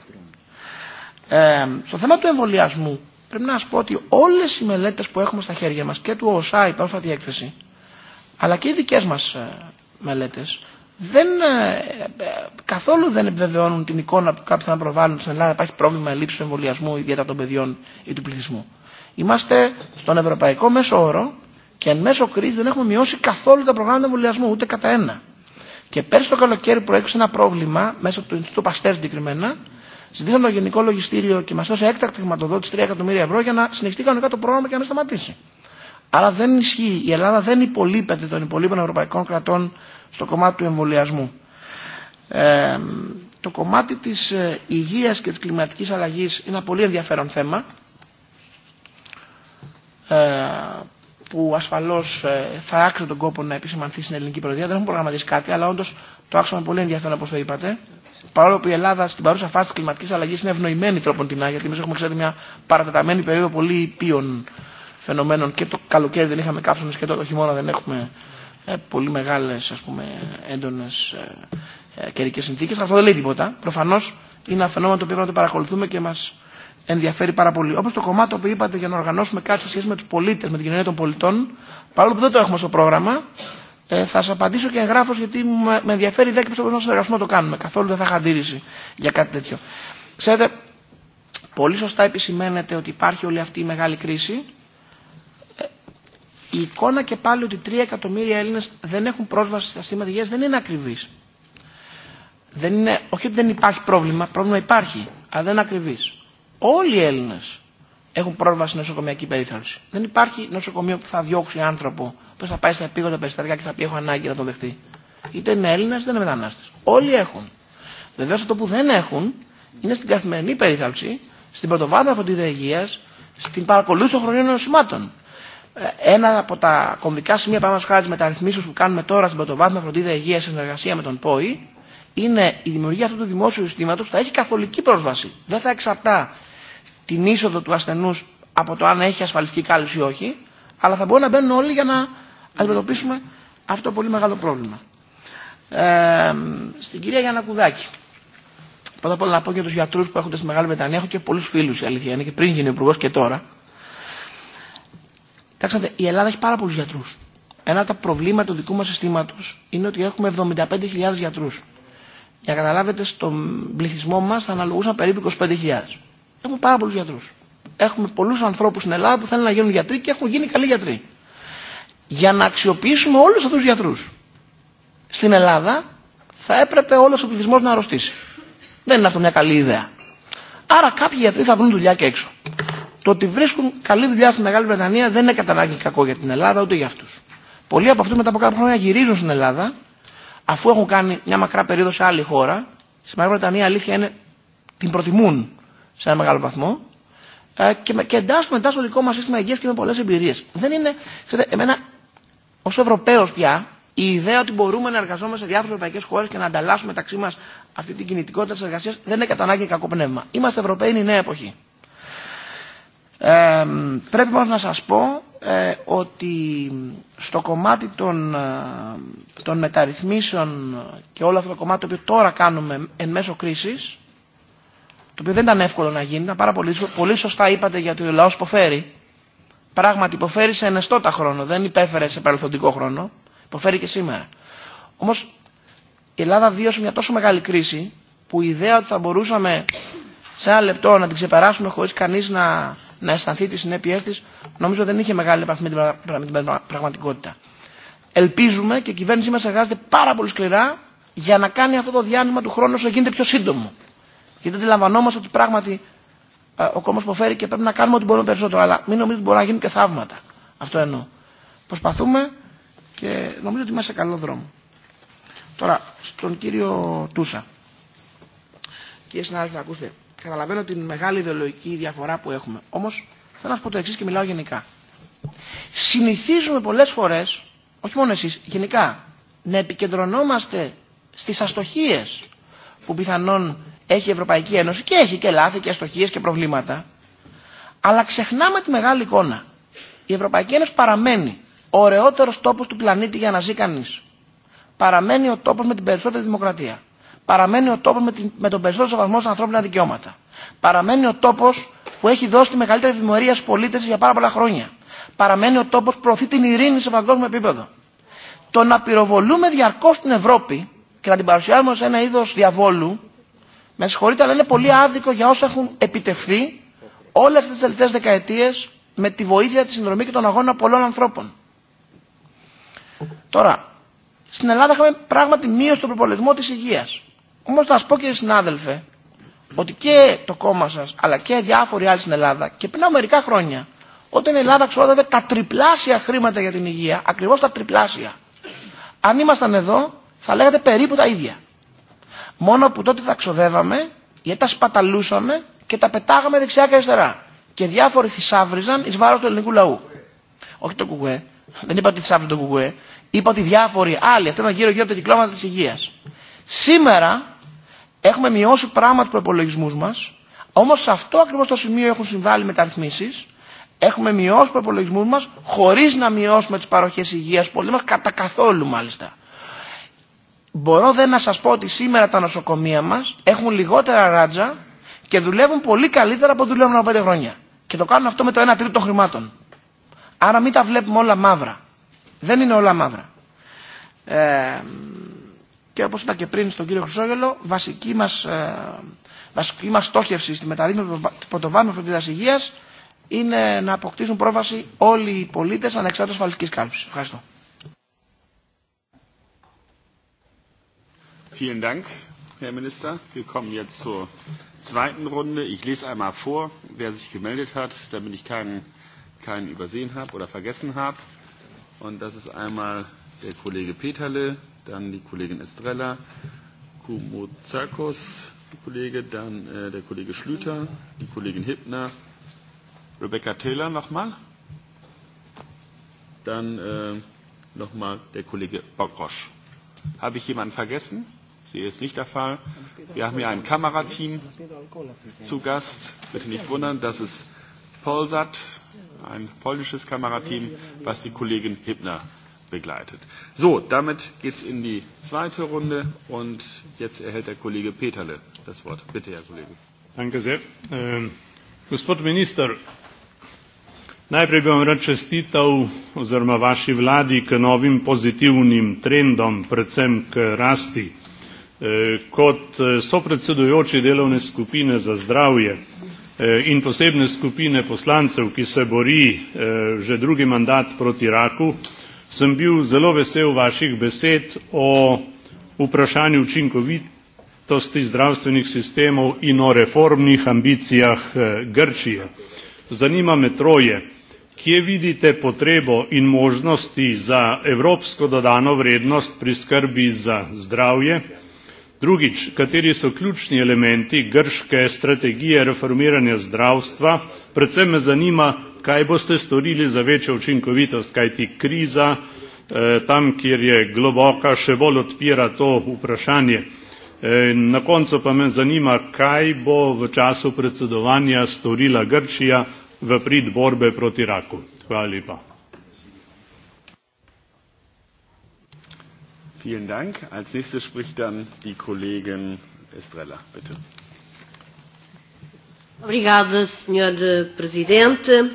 Ε, στο θέμα του εμβολιασμού πρέπει να σα πω ότι όλε οι μελέτε που έχουμε στα χέρια μα και του ΟΣΑ η πρόσφατη έκθεση αλλά και οι δικέ μας μελέτε, δεν, καθόλου δεν επιβεβαιώνουν την εικόνα που κάποιοι θα προβάλλουν στην Ελλάδα υπάρχει πρόβλημα λήψη του εμβολιασμού ιδιαίτερα των παιδιών ή του πληθυσμού. Είμαστε στον ευρωπαϊκό μέσο όρο και εν μέσω κρίση δεν έχουμε μειώσει καθόλου τα προγράμματα εμβολιασμού, ούτε κατά ένα. Και πέρσι το καλοκαίρι προέκυψε ένα πρόβλημα, μέσα του Ινστιτούτου Παστέρ συγκεκριμένα, ζητήσαμε το Γενικό Λογιστήριο και μα έδωσε έκτακτη χρηματοδότηση 3 εκατομμύρια ευρώ για να συνεχιστεί κανονικά το πρόγραμμα και να σταματήσει. Αλλά δεν ισχύει. Η Ελλάδα δεν υπολείπεται των υπολείπων ευρωπαϊκών κρατών στο κομμάτι του εμβολιασμού. Ε, το κομμάτι τη υγεία και τη κλιματική αλλαγή είναι ένα πολύ ενδιαφέρον θέμα που ασφαλώ θα άξιζε τον κόπο να επισημανθεί στην ελληνική προεδρία. Δεν έχουμε προγραμματίσει κάτι, αλλά όντω το άξιζε πολύ ενδιαφέρον όπω το είπατε. Παρόλο που η Ελλάδα στην παρούσα φάση κλιματική αλλαγή είναι ευνοημένη τρόπον την γιατί εμεί έχουμε ξέρει μια παρατεταμένη περίοδο πολύ ήπιων φαινομένων και το καλοκαίρι δεν είχαμε καύσονες και τώρα το χειμώνα δεν έχουμε ε, πολύ μεγάλε έντονε ε, ε, καιρικέ συνθήκε. Αυτό δεν λέει τίποτα. Προφανώ είναι ένα φαινόμενο το οποίο πρέπει να το παρακολουθούμε και μα ενδιαφέρει πάρα πολύ. Όπω το κομμάτι που είπατε για να οργανώσουμε κάτι σε σχέση με του πολίτε, με την κοινωνία των πολιτών, παρόλο που δεν το έχουμε στο πρόγραμμα, Ε, θα σα απαντήσω και εγγράφω γιατί με, με ενδιαφέρει δέκα πιστεύω να συνεργαστούμε να το κάνουμε. Καθόλου δεν θα είχα αντίρρηση για κάτι τέτοιο. Ξέρετε, πολύ σωστά επισημαίνεται ότι υπάρχει όλη αυτή η μεγάλη κρίση. Η εικόνα και πάλι ότι 3 εκατομμύρια Έλληνε δεν έχουν πρόσβαση στα σύστημα υγεία δεν είναι ακριβή. Δεν είναι, όχι ότι δεν υπάρχει πρόβλημα, πρόβλημα υπάρχει, αλλά δεν είναι ακριβή. Όλοι οι Έλληνες έχουν πρόσβαση στην νοσοκομιακή περίθαλψη. Δεν υπάρχει νοσοκομείο που θα διώξει άνθρωπο που θα πάει στα επίγοντα περιστατικά και θα πει: Έχω ανάγκη να τον δεχτεί. Είτε είναι Έλληνα είτε είναι μετανάστε. Όλοι έχουν. Βεβαίω αυτό που δεν έχουν είναι στην καθημερινή περίθαλψη, στην πρωτοβάθμια φροντίδα υγεία, στην παρακολούθηση των χρονίων νοσημάτων. Ένα από τα κομβικά σημεία πάνω χάρη τη μεταρρυθμίσεω που κάνουμε τώρα στην πρωτοβάθμια φροντίδα υγεία σε συνεργασία με τον ΠΟΗ είναι η δημιουργία αυτού του δημόσιου συστήματο που θα έχει καθολική πρόσβαση. Δεν θα εξαρτά την είσοδο του ασθενού από το αν έχει ασφαλιστική κάλυψη ή όχι, αλλά θα μπορούν να μπαίνουν όλοι για να αντιμετωπίσουμε αυτό το πολύ μεγάλο πρόβλημα. Ε, στην κυρία Γιάννα Κουδάκη. Πρώτα απ' όλα να πω για του γιατρού που έρχονται στη Μεγάλη Βρετανία. Έχω και πολλού φίλου, η αλήθεια είναι, και πριν γίνει υπουργό και τώρα. Κοιτάξτε, η Ελλάδα έχει πάρα πολλού γιατρού. Ένα από τα προβλήματα του δικού μα συστήματο είναι ότι έχουμε 75.000 γιατρού. Για να καταλάβετε, στον πληθυσμό μα θα αναλογούσαν περίπου 25.000. Έχουμε πάρα πολλού γιατρού. Έχουμε πολλού ανθρώπου στην Ελλάδα που θέλουν να γίνουν γιατροί και έχουν γίνει καλοί γιατροί. Για να αξιοποιήσουμε όλου αυτού του γιατρού στην Ελλάδα, θα έπρεπε όλο ο πληθυσμό να αρρωστήσει. Δεν είναι αυτό μια καλή ιδέα. Άρα κάποιοι γιατροί θα βρουν δουλειά και έξω. Το ότι βρίσκουν καλή δουλειά στη Μεγάλη Βρετανία δεν είναι κατά ανάγκη κακό για την Ελλάδα ούτε για αυτού. Πολλοί από αυτού μετά από κάποια χρόνια γυρίζουν στην Ελλάδα, αφού έχουν κάνει μια μακρά περίοδο σε άλλη χώρα. Στη Μεγάλη Βρετανία αλήθεια είναι την προτιμούν σε ένα μεγάλο βαθμό και, και εντάσσουμε μετά στο δικό μα σύστημα υγεία και με πολλέ εμπειρίε. Δεν είναι, ξέρετε, εμένα ω Ευρωπαίο πια, η ιδέα ότι μπορούμε να εργαζόμαστε σε διάφορε ευρωπαϊκέ χώρε και να ανταλλάσσουμε μεταξύ μα αυτή την κινητικότητα τη εργασία δεν είναι κατά ανάγκη κακό πνεύμα. Είμαστε Ευρωπαίοι, είναι η νέα εποχή. Ε, πρέπει όμω να σα πω ε, ότι στο κομμάτι των, των μεταρρυθμίσεων και όλο αυτό το κομμάτι το οποίο τώρα κάνουμε εν μέσω κρίσης το οποίο δεν ήταν εύκολο να γίνει, ήταν πάρα πολύ, πολύ σωστά είπατε γιατί ο λαός υποφέρει. Πράγματι υποφέρει σε ενεστώτα χρόνο, δεν υπέφερε σε παρελθοντικό χρόνο, υποφέρει και σήμερα. Όμω, η Ελλάδα βίωσε μια τόσο μεγάλη κρίση που η ιδέα ότι θα μπορούσαμε σε ένα λεπτό να την ξεπεράσουμε χωρί κανεί να, να αισθανθεί τι συνέπειέ τη, νομίζω δεν είχε μεγάλη επαφή με την, πραγματικότητα. Ελπίζουμε και η κυβέρνησή μα εργάζεται πάρα πολύ σκληρά για να κάνει αυτό το διάνυμα του χρόνου όσο γίνεται πιο σύντομο. Γιατί αντιλαμβανόμαστε ότι πράγματι ο κόμμα υποφέρει και πρέπει να κάνουμε ό,τι μπορούμε περισσότερο. Αλλά μην νομίζετε ότι μπορεί να γίνουν και θαύματα. Αυτό εννοώ. Προσπαθούμε και νομίζω ότι είμαστε σε καλό δρόμο. Τώρα, στον κύριο Τούσα. Κύριε συνάδελφε, ακούστε. Καταλαβαίνω την μεγάλη ιδεολογική διαφορά που έχουμε. Όμω θέλω να σα πω το εξή και μιλάω γενικά. Συνηθίζουμε πολλέ φορέ, όχι μόνο εσεί, γενικά, να επικεντρωνόμαστε στι αστοχίε που πιθανόν Έχει η Ευρωπαϊκή Ένωση και έχει και λάθη και αστοχίες και προβλήματα. Αλλά ξεχνάμε τη μεγάλη εικόνα. Η Ευρωπαϊκή Ένωση παραμένει ο ωραιότερος τόπος του πλανήτη για να ζει κανεί. Παραμένει ο τόπος με την περισσότερη δημοκρατία. Παραμένει ο τόπος με, την, με τον περισσότερο σεβασμό στα ανθρώπινα δικαιώματα. Παραμένει ο τόπος που έχει δώσει τη μεγαλύτερη δημορία στους πολίτες για πάρα πολλά χρόνια. Παραμένει ο τόπος που προωθεί την ειρήνη σε παγκόσμιο επίπεδο. Το να πυροβολούμε διαρκώς την Ευρώπη και να την παρουσιάζουμε σε ένα είδος διαβόλου με συγχωρείτε, αλλά είναι πολύ άδικο για όσα έχουν επιτευχθεί όλε αυτέ τι τελευταίε δεκαετίε με τη βοήθεια τη συνδρομή και των αγώνων πολλών ανθρώπων. Τώρα, στην Ελλάδα είχαμε πράγματι μείωση στον προπολογισμό τη υγεία. Όμω θα σα πω και συνάδελφε, ότι και το κόμμα σα, αλλά και διάφοροι άλλοι στην Ελλάδα, και πριν από μερικά χρόνια, όταν η Ελλάδα ξόδευε τα τριπλάσια χρήματα για την υγεία, ακριβώ τα τριπλάσια, αν ήμασταν εδώ, θα λέγατε περίπου τα ίδια. Μόνο που τότε τα ξοδεύαμε γιατί τα σπαταλούσαμε και τα πετάγαμε δεξιά και αριστερά. Και διάφοροι θησάβριζαν ει βάρο του ελληνικού λαού. Όχι το κουκουέ. Δεν είπα ότι θησάβριζαν το κουκουέ. Είπα ότι διάφοροι άλλοι, αυτό ήταν γύρω-γύρω από τα κυκλώματα τη υγεία. Σήμερα έχουμε μειώσει πράγματι του προπολογισμού μα, όμω σε αυτό ακριβώ το σημείο έχουν συμβάλει μεταρρυθμίσει. Έχουμε μειώσει προπολογισμού μα χωρί να μειώσουμε τι παροχέ υγεία πολύ μα κατά καθόλου μάλιστα. Μπορώ δεν να σας πω ότι σήμερα τα νοσοκομεία μας έχουν λιγότερα ράτζα και δουλεύουν πολύ καλύτερα από δουλεύουν από πέντε χρόνια. Και το κάνουν αυτό με το 1 τρίτο των χρημάτων. Άρα μην τα βλέπουμε όλα μαύρα. Δεν είναι όλα μαύρα. Ε, και όπως είπα και πριν στον κύριο Χρυσόγελο, βασική μας, ε, βασική μας στόχευση στη μεταρρύθμιση του πρωτοβάθμιου φροντίδας υγείας είναι να αποκτήσουν πρόβαση όλοι οι πολίτες ανεξάρτητα ασφαλιστικής κάλυψης. Ευχαριστώ. Vielen Dank, Herr Minister. Wir kommen jetzt zur zweiten Runde. Ich lese einmal vor, wer sich gemeldet hat, damit ich keinen, keinen übersehen habe oder vergessen habe. Und das ist einmal der Kollege Peterle, dann die Kollegin Estrella, Kumo die Kollege, dann äh, der Kollege Schlüter, die Kollegin Hippner, Rebecca Taylor nochmal, dann äh, noch nochmal der Kollege Bockrosch. Habe ich jemanden vergessen? Sie ist nicht der Fall. Wir haben hier ein Kamerateam zu Gast. Bitte nicht wundern, das ist Polsat, ein polnisches Kamerateam, was die Kollegin Hibner begleitet. So, damit geht es in die zweite Runde und jetzt erhält der Kollege Peterle das Wort. Bitte, Herr Kollege. Danke sehr. Ähm, gospod minister, najprej bi vam vaši vladi k novim pozitivnim trendom, predvsem k rasti kot e, sopredsedujoči delovne skupine za zdravje e, in posebne skupine poslancev, ki se bori e, že drugi mandat proti raku, sem bil zelo vesel vaših besed o vprašanju učinkovitosti zdravstvenih sistemov in o reformnih ambicijah Grčije. Zanima me troje. Kje vidite potrebo in možnosti za evropsko dodano vrednost pri skrbi za zdravje? drugič kateri so ključni elementi grške strategije reformiranja zdravstva predvsem me zanima kaj boste storili za večjo učinkovitost kaj ti kriza eh, tam kjer je globoka še bolj odpira to vprašanje eh, na koncu pa me zanima kaj bo v času predsedovanja storila grčija v prid borbe proti raku hvala lepa Vielen Dank. Als nächstes spricht dann die Kollegin Estrella, bitte. Obrigada, Sr. Presidente.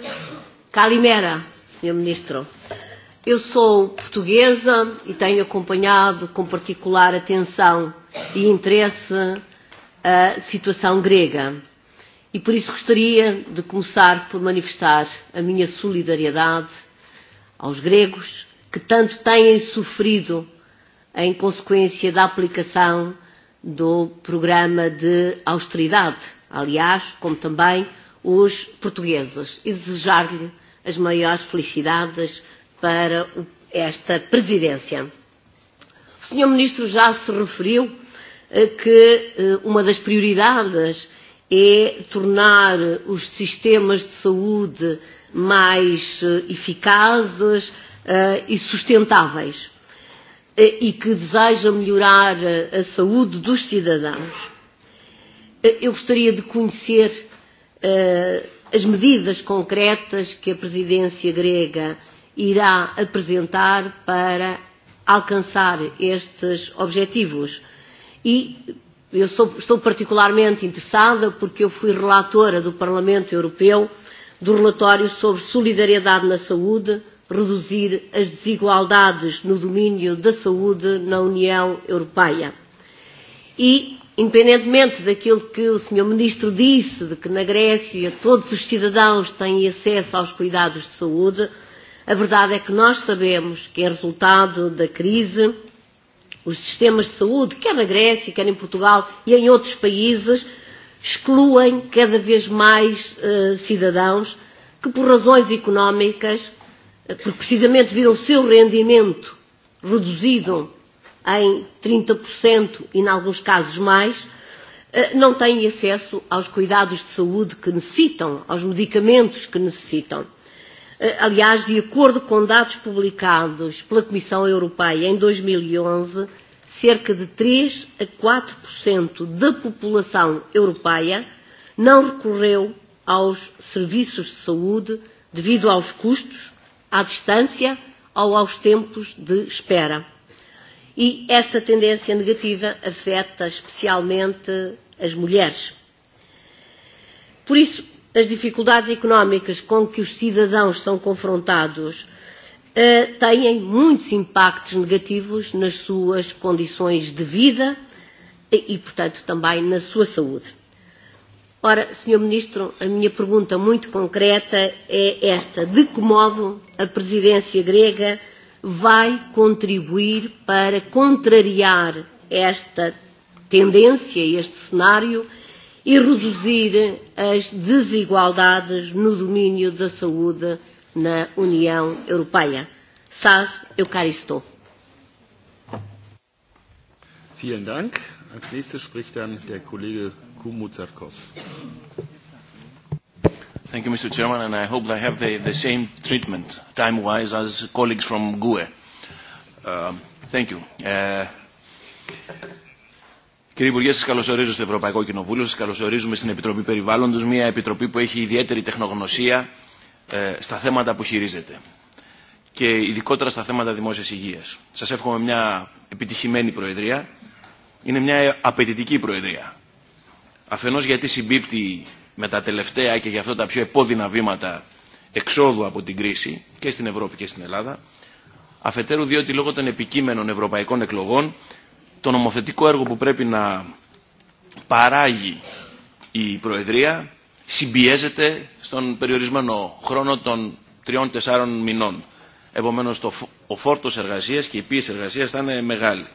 Calimera, Sr. Ministro. Eu sou portuguesa e tenho acompanhado com particular atenção e interesse a situação grega. E por isso gostaria de começar por manifestar a minha solidariedade aos gregos que tanto têm sofrido em consequência da aplicação do programa de austeridade, aliás, como também os portugueses. E desejar-lhe as maiores felicidades para esta presidência. O Sr. Ministro já se referiu a eh, que eh, uma das prioridades é tornar os sistemas de saúde mais eh, eficazes e sustentáveis. E, e que deseja melhorar a saúde dos cidadãos. E, eu gostaria de conhecer eh, as medidas concretas que a presidência grega irá apresentar para alcançar estes objetivos. E eu sou, estou particularmente interessada porque eu fui relatora do Parlamento Europeu do relatório sobre solidariedade na saúde reduzir as desigualdades no domínio da saúde na União Europeia. E, independentemente daquilo que o Sr. Ministro disse, de que na Grécia todos os cidadãos têm acesso aos cuidados de saúde, a verdade é que nós sabemos que, é resultado da crise, os sistemas de saúde, quer na Grécia, quer em Portugal e em outros países, excluem cada vez mais eh, cidadãos que, por razões económicas, porque precisamente viram o seu rendimento reduzido em 30% e, em alguns casos, mais, eh, não têm acesso aos cuidados de saúde que necessitam, aos medicamentos que necessitam. Eh, aliás, de acordo com dados publicados pela Comissão Europeia em 2011, e cerca de 3 a 4% da população europeia não recorreu aos serviços de saúde devido aos custos à distância ou aos tempos de espera. E esta tendência negativa afeta especialmente as mulheres. Por isso, as dificuldades económicas com que os cidadãos são confrontados eh, têm muitos impactos negativos nas suas condições de vida e, portanto, também na sua saúde. Ora, Sr. Ministro, a minha pergunta muito concreta é esta. De que modo a presidência grega vai contribuir para contrariar esta tendência, este cenário, e reduzir as desigualdades no domínio da saúde na União Europeia? Saz, eu cá estou. Vielen Dank. Als nächstes spricht dann der Kollege Kumuzarkos. Thank you, Mr. Chairman, and I hope I have the, the same treatment, time-wise, as colleagues from GUE. Uh, thank you. Uh, Κύριε Υπουργέ, σα καλωσορίζω στο Ευρωπαϊκό Κοινοβούλιο, σα καλωσορίζουμε στην Επιτροπή Περιβάλλοντος, μια επιτροπή που έχει ιδιαίτερη τεχνογνωσία ε, στα θέματα που χειρίζεται και ειδικότερα στα θέματα δημόσιας υγείας. Σας εύχομαι μια επιτυχημένη Προεδρία είναι μια απαιτητική προεδρία. Αφενός γιατί συμπίπτει με τα τελευταία και γι' αυτό τα πιο επώδυνα βήματα εξόδου από την κρίση και στην Ευρώπη και στην Ελλάδα, αφετέρου διότι λόγω των επικείμενων ευρωπαϊκών εκλογών το νομοθετικό έργο που πρέπει να παράγει η Προεδρία συμπιέζεται στον περιορισμένο χρόνο των τριών-τεσσάρων μηνών. Επομένως ο φόρτος εργασίας και η πίεση εργασίας θα είναι μεγάλη.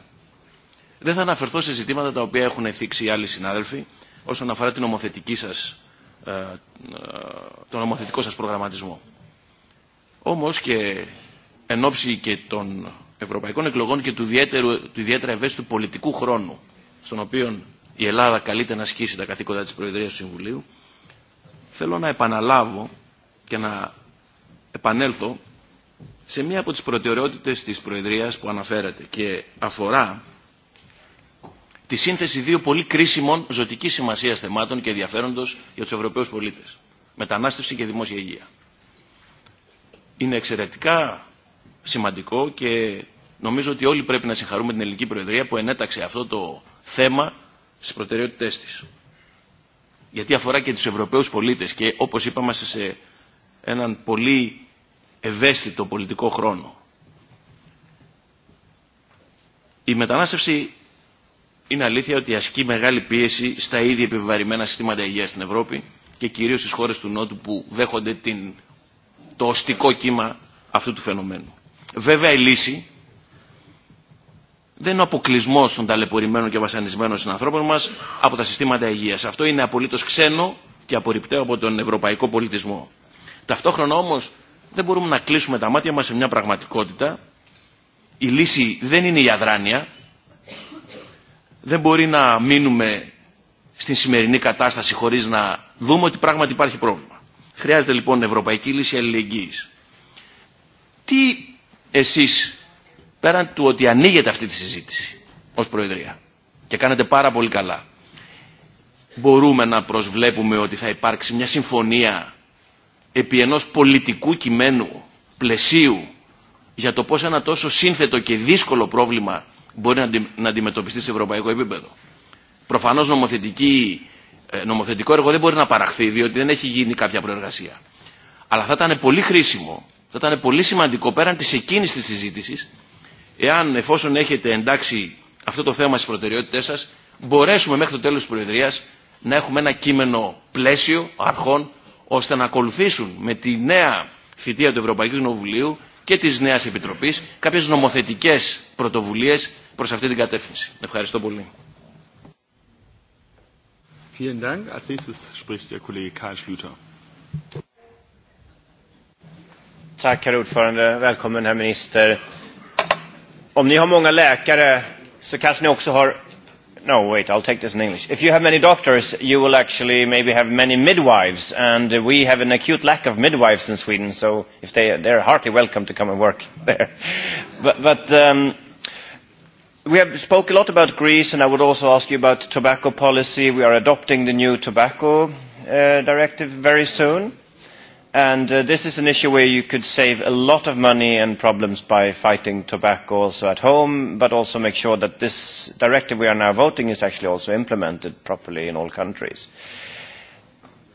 Δεν θα αναφερθώ σε ζητήματα τα οποία έχουν εθίξει οι άλλοι συνάδελφοι όσον αφορά την ομοθετική σας, τον ομοθετικό σας προγραμματισμό. Όμως και εν ώψη και των ευρωπαϊκών εκλογών και του, του ιδιαίτερα ευαίσθητου πολιτικού χρόνου στον οποίο η Ελλάδα καλείται να ασκήσει τα καθήκοντα της Προεδρίας του Συμβουλίου θέλω να επαναλάβω και να επανέλθω σε μία από τις προτεραιότητες της Προεδρίας που αναφέρατε και αφορά τη σύνθεση δύο πολύ κρίσιμων ζωτική σημασία θεμάτων και ενδιαφέροντο για του Ευρωπαίου πολίτε. Μετανάστευση και δημόσια υγεία. Είναι εξαιρετικά σημαντικό και νομίζω ότι όλοι πρέπει να συγχαρούμε την Ελληνική Προεδρία που ενέταξε αυτό το θέμα στι προτεραιότητέ τη. Γιατί αφορά και του Ευρωπαίου πολίτε και όπω είπαμε σε έναν πολύ ευαίσθητο πολιτικό χρόνο. Η μετανάστευση είναι αλήθεια ότι ασκεί μεγάλη πίεση στα ίδια επιβαρημένα συστήματα υγείας στην Ευρώπη και κυρίως στις χώρες του Νότου που δέχονται την, το οστικό κύμα αυτού του φαινομένου. Βέβαια η λύση δεν είναι ο αποκλεισμό των ταλαιπωρημένων και βασανισμένων συνανθρώπων μα από τα συστήματα υγεία. Αυτό είναι απολύτω ξένο και απορριπταίο από τον ευρωπαϊκό πολιτισμό. Ταυτόχρονα όμω δεν μπορούμε να κλείσουμε τα μάτια μα σε μια πραγματικότητα. Η λύση δεν είναι η αδράνεια, Δεν μπορεί να μείνουμε στην σημερινή κατάσταση χωρίς να δούμε ότι πράγματι υπάρχει πρόβλημα. Χρειάζεται λοιπόν ευρωπαϊκή λύση αλληλεγγύης. Τι εσείς, πέραν του ότι ανοίγετε αυτή τη συζήτηση ως Προεδρία και κάνετε πάρα πολύ καλά, μπορούμε να προσβλέπουμε ότι θα υπάρξει μια συμφωνία επί ενός πολιτικού κειμένου, πλαισίου, για το πώς ένα τόσο σύνθετο και δύσκολο πρόβλημα μπορεί να αντιμετωπιστεί σε ευρωπαϊκό επίπεδο. Προφανώ νομοθετικό έργο δεν μπορεί να παραχθεί διότι δεν έχει γίνει κάποια προεργασία. Αλλά θα ήταν πολύ χρήσιμο, θα ήταν πολύ σημαντικό πέραν τη εκείνη τη συζήτηση, εάν εφόσον έχετε εντάξει αυτό το θέμα στι προτεραιότητέ σα, μπορέσουμε μέχρι το τέλο τη Προεδρία να έχουμε ένα κείμενο πλαίσιο αρχών ώστε να ακολουθήσουν με τη νέα θητεία του Ευρωπαϊκού Κοινοβουλίου και τη νέα Επιτροπή κάποιε νομοθετικέ πρωτοβουλίε προς αυτή την κατεύθυνση. Ευχαριστώ πολύ. Vielen Dank. Als nächstes spricht der Kollege Karl Schlüter. Tack, herr ordförande. Välkommen, herr minister. Om ni har många läkare så kanske ni också har... No, wait, I'll take this in English. If you have many doctors, you will actually maybe have many midwives, and we have an acute lack of midwives in Sweden, so if they, they're heartily welcome to come and work there. But, but um, we have spoke a lot about greece and i would also ask you about tobacco policy we are adopting the new tobacco uh, directive very soon and uh, this is an issue where you could save a lot of money and problems by fighting tobacco also at home but also make sure that this directive we are now voting is actually also implemented properly in all countries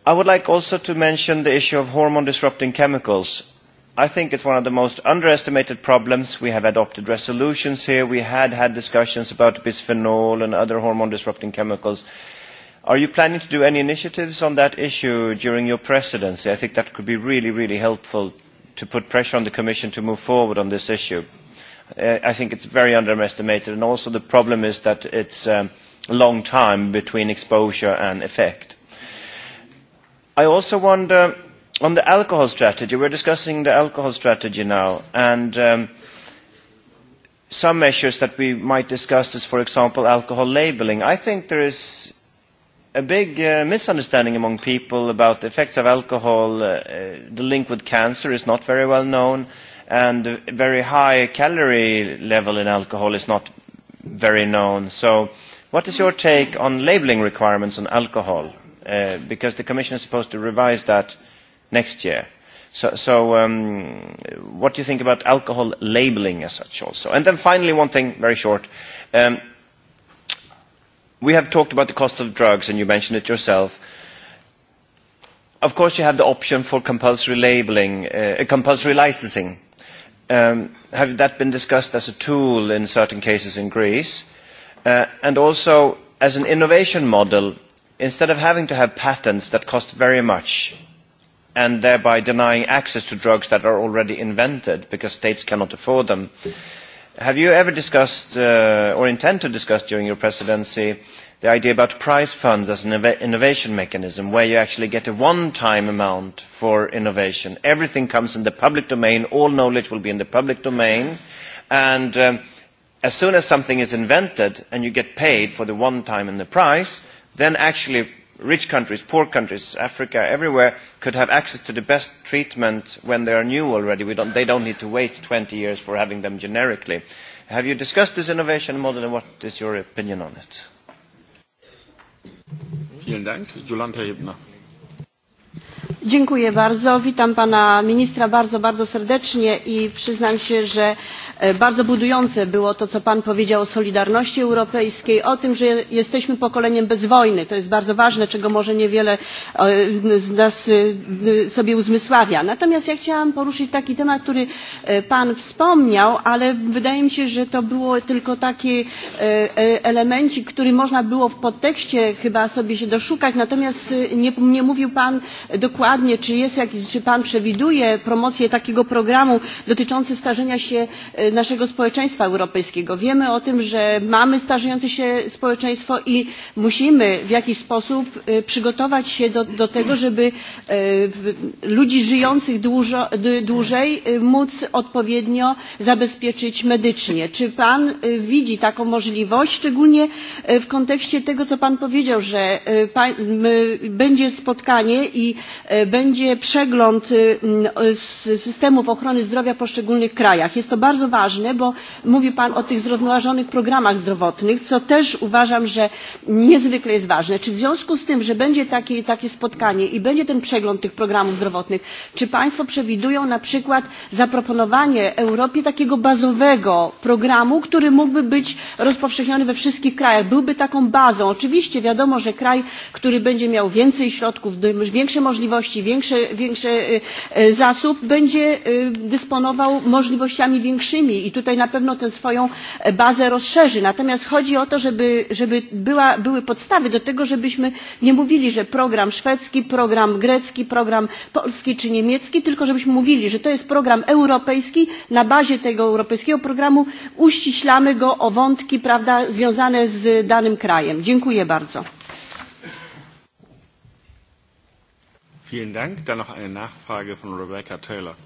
i would like also to mention the issue of hormone disrupting chemicals i think it's one of the most underestimated problems we have adopted resolutions here we had had discussions about bisphenol and other hormone disrupting chemicals are you planning to do any initiatives on that issue during your presidency i think that could be really really helpful to put pressure on the commission to move forward on this issue uh, i think it's very underestimated and also the problem is that it's um, a long time between exposure and effect i also wonder on the alcohol strategy, we're discussing the alcohol strategy now, and um, some measures that we might discuss is, for example, alcohol labelling. I think there is a big uh, misunderstanding among people about the effects of alcohol. Uh, uh the link with cancer is not very well known, and the very high calorie level in alcohol is not very known. So what is your take on labelling requirements on alcohol? Uh, because the Commission is supposed to revise that next year. So, so um, what do you think about alcohol labeling as such also? And then finally, one thing, very short. Um, we have talked about the cost of drugs, and you mentioned it yourself. Of course, you have the option for compulsory labeling, uh, compulsory licensing. Um, have that been discussed as a tool in certain cases in Greece? Uh, and also, as an innovation model, instead of having to have patents that cost very much, and thereby denying access to drugs that are already invented because states cannot afford them. Have you ever discussed uh, or intend to discuss during your presidency the idea about prize funds as an innovation mechanism where you actually get a one-time amount for innovation? Everything comes in the public domain, all knowledge will be in the public domain, and um, as soon as something is invented and you get paid for the one time and the price, then actually rich countries, poor countries, Africa, everywhere, could have access to the best treatment when they are new already. they don't need to wait 20 years for having them generically. Have you discussed this innovation model and what is your opinion on it? Vielen Dziękuję bardzo. Witam pana ministra bardzo, bardzo serdecznie i przyznam się, że e, bardzo budujące było to, co pan powiedział o Solidarności Europejskiej, o tym, że jesteśmy pokoleniem bez wojny. To jest bardzo ważne, czego może niewiele e, z nas e, sobie uzmysławia. Natomiast ja chciałam poruszyć taki temat, który pan wspomniał, ale wydaje mi się, że to było tylko taki elemencik, który można było w podtekście chyba sobie się doszukać, natomiast nie, nie mówił pan dokładnie dokładnie, czy jest, czy Pan przewiduje promocję takiego programu dotyczący starzenia się e, naszego społeczeństwa europejskiego? Wiemy o tym, że mamy starzejące się społeczeństwo i musimy w jakiś sposób e, przygotować się do, tego, żeby e, ludzi żyjących dłużej móc odpowiednio zabezpieczyć medycznie. Czy Pan widzi taką możliwość, szczególnie w kontekście tego, co Pan powiedział, że będzie spotkanie i E, będzie przegląd systemów ochrony zdrowia w poszczególnych krajach. jest to bardzo ważne bo mówi pan o tych zrównoważonych programach zdrowotnych co też uważam że niezwykle jest ważne. czy w związku z tym że będzie takie, takie spotkanie i będzie ten przegląd tych programów zdrowotnych czy państwo przewidują na przykład zaproponowanie europie takiego bazowego programu który mógłby być rozpowszechniony we wszystkich krajach byłby taką bazą? oczywiście wiadomo że kraj który będzie miał więcej środków większe możliwości możliwości, większy, większy e, e, zasób będzie e, dysponował możliwościami większymi i tutaj na pewno tę swoją bazę rozszerzy. Natomiast chodzi o to, żeby, żeby była, były podstawy do tego, żebyśmy nie mówili, że program szwedzki, program grecki, program polski czy niemiecki, tylko żebyśmy mówili, że to jest program europejski, na bazie tego europejskiego programu uściślamy go o wątki prawda, związane z danym krajem. Dziękuję bardzo. Vielen Dank. Dann noch eine Nachfrage von Rebecca Taylor.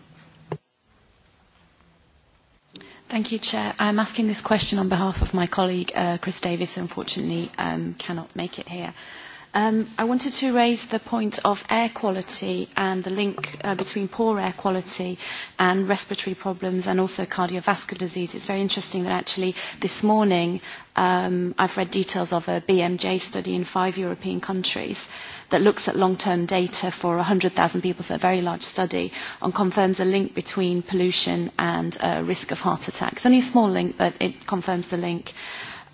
Thank you, Chair. I'm asking this question on behalf of my colleague, uh, Chris Davis, who unfortunately um, cannot make it here. Um, I wanted to raise the point of air quality and the link uh, between poor air quality and respiratory problems and also cardiovascular disease. It's very interesting that actually this morning um, I've read details of a BMJ study in five European countries that looks at long-term data for 100,000 people, so a very large study, and confirms a link between pollution and uh, risk of heart attacks. Only a small link, but it confirms the link.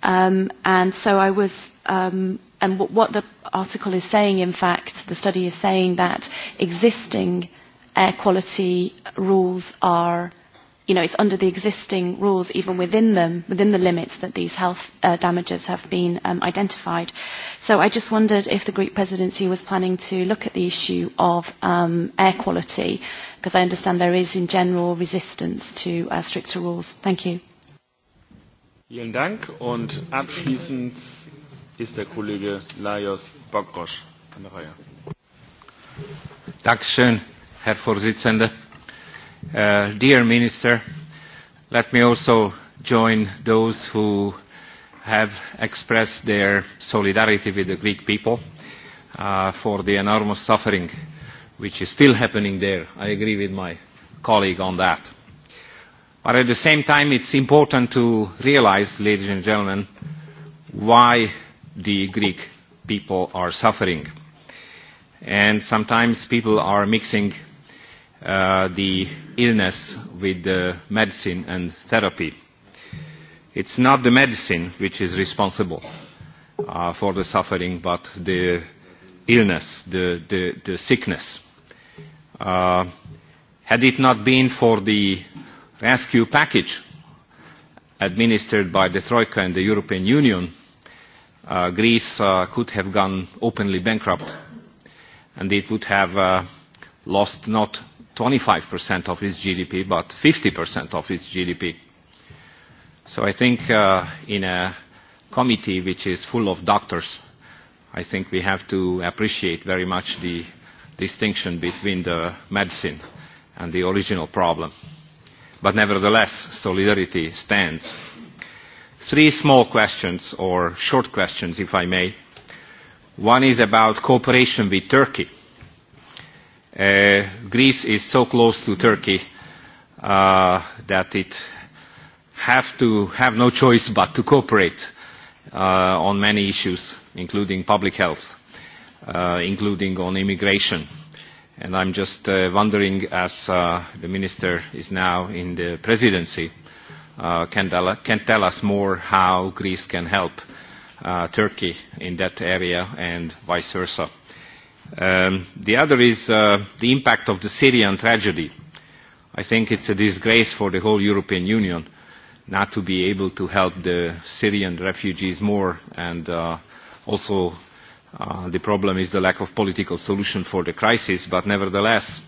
Um, and so I was, um, and what the article is saying, in fact, the study is saying that existing air quality rules are you know, it's under the existing rules, even within them, within the limits that these health uh, damages have been um, identified. So I just wondered if the Greek presidency was planning to look at the issue of um, air quality, because I understand there is, in general, resistance to uh, stricter rules. Thank you. Vielen Dank. Und abschließend ist der Kollege Lajos Bokros an der Reihe. Dankeschön, Herr Vorsitzender. Uh, dear Minister, let me also join those who have expressed their solidarity with the Greek people uh, for the enormous suffering which is still happening there. I agree with my colleague on that. But at the same time, it's important to realize, ladies and gentlemen, why the Greek people are suffering. And sometimes people are mixing uh, the illness with the medicine and therapy. It's not the medicine which is responsible uh, for the suffering, but the illness, the, the, the sickness. Uh, had it not been for the rescue package administered by the Troika and the European Union, uh, Greece uh, could have gone openly bankrupt and it would have uh, lost not 25% of its GDP, but 50% of its GDP. So I think uh, in a committee which is full of doctors, I think we have to appreciate very much the distinction between the medicine and the original problem. But nevertheless, solidarity stands. Three small questions, or short questions, if I may. One is about cooperation with Turkey Uh, Greece is so close to Turkey uh, that it have to have no choice but to cooperate uh, on many issues, including public health, uh, including on immigration. And I'm just uh, wondering, as the minister is now in the presidency, can, can tell us more how Greece can help Turkey in that area and vice versa. Um, the other is uh, the impact of the Syrian tragedy. I think it's a disgrace for the whole European Union not to be able to help the Syrian refugees more and uh, also uh, the problem is the lack of political solution for the crisis but nevertheless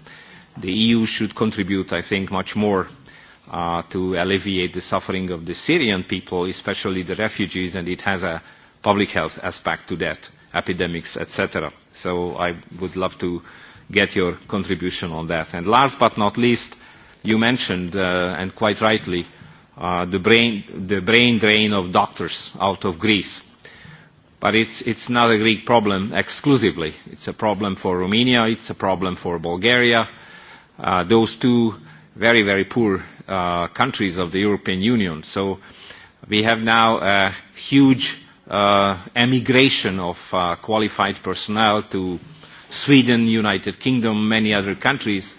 the EU should contribute I think much more uh, to alleviate the suffering of the Syrian people especially the refugees and it has a public health aspect to that epidemics etc So I would love to get your contribution on that. And last but not least, you mentioned, uh, and quite rightly, uh, the, brain, the brain drain of doctors out of Greece. But it's, it's not a Greek problem exclusively. It's a problem for Romania. It's a problem for Bulgaria. Uh, those two very, very poor countries of the European Union. So we have now a huge uh, emigration of uh, qualified personnel to Sweden, United Kingdom, many other countries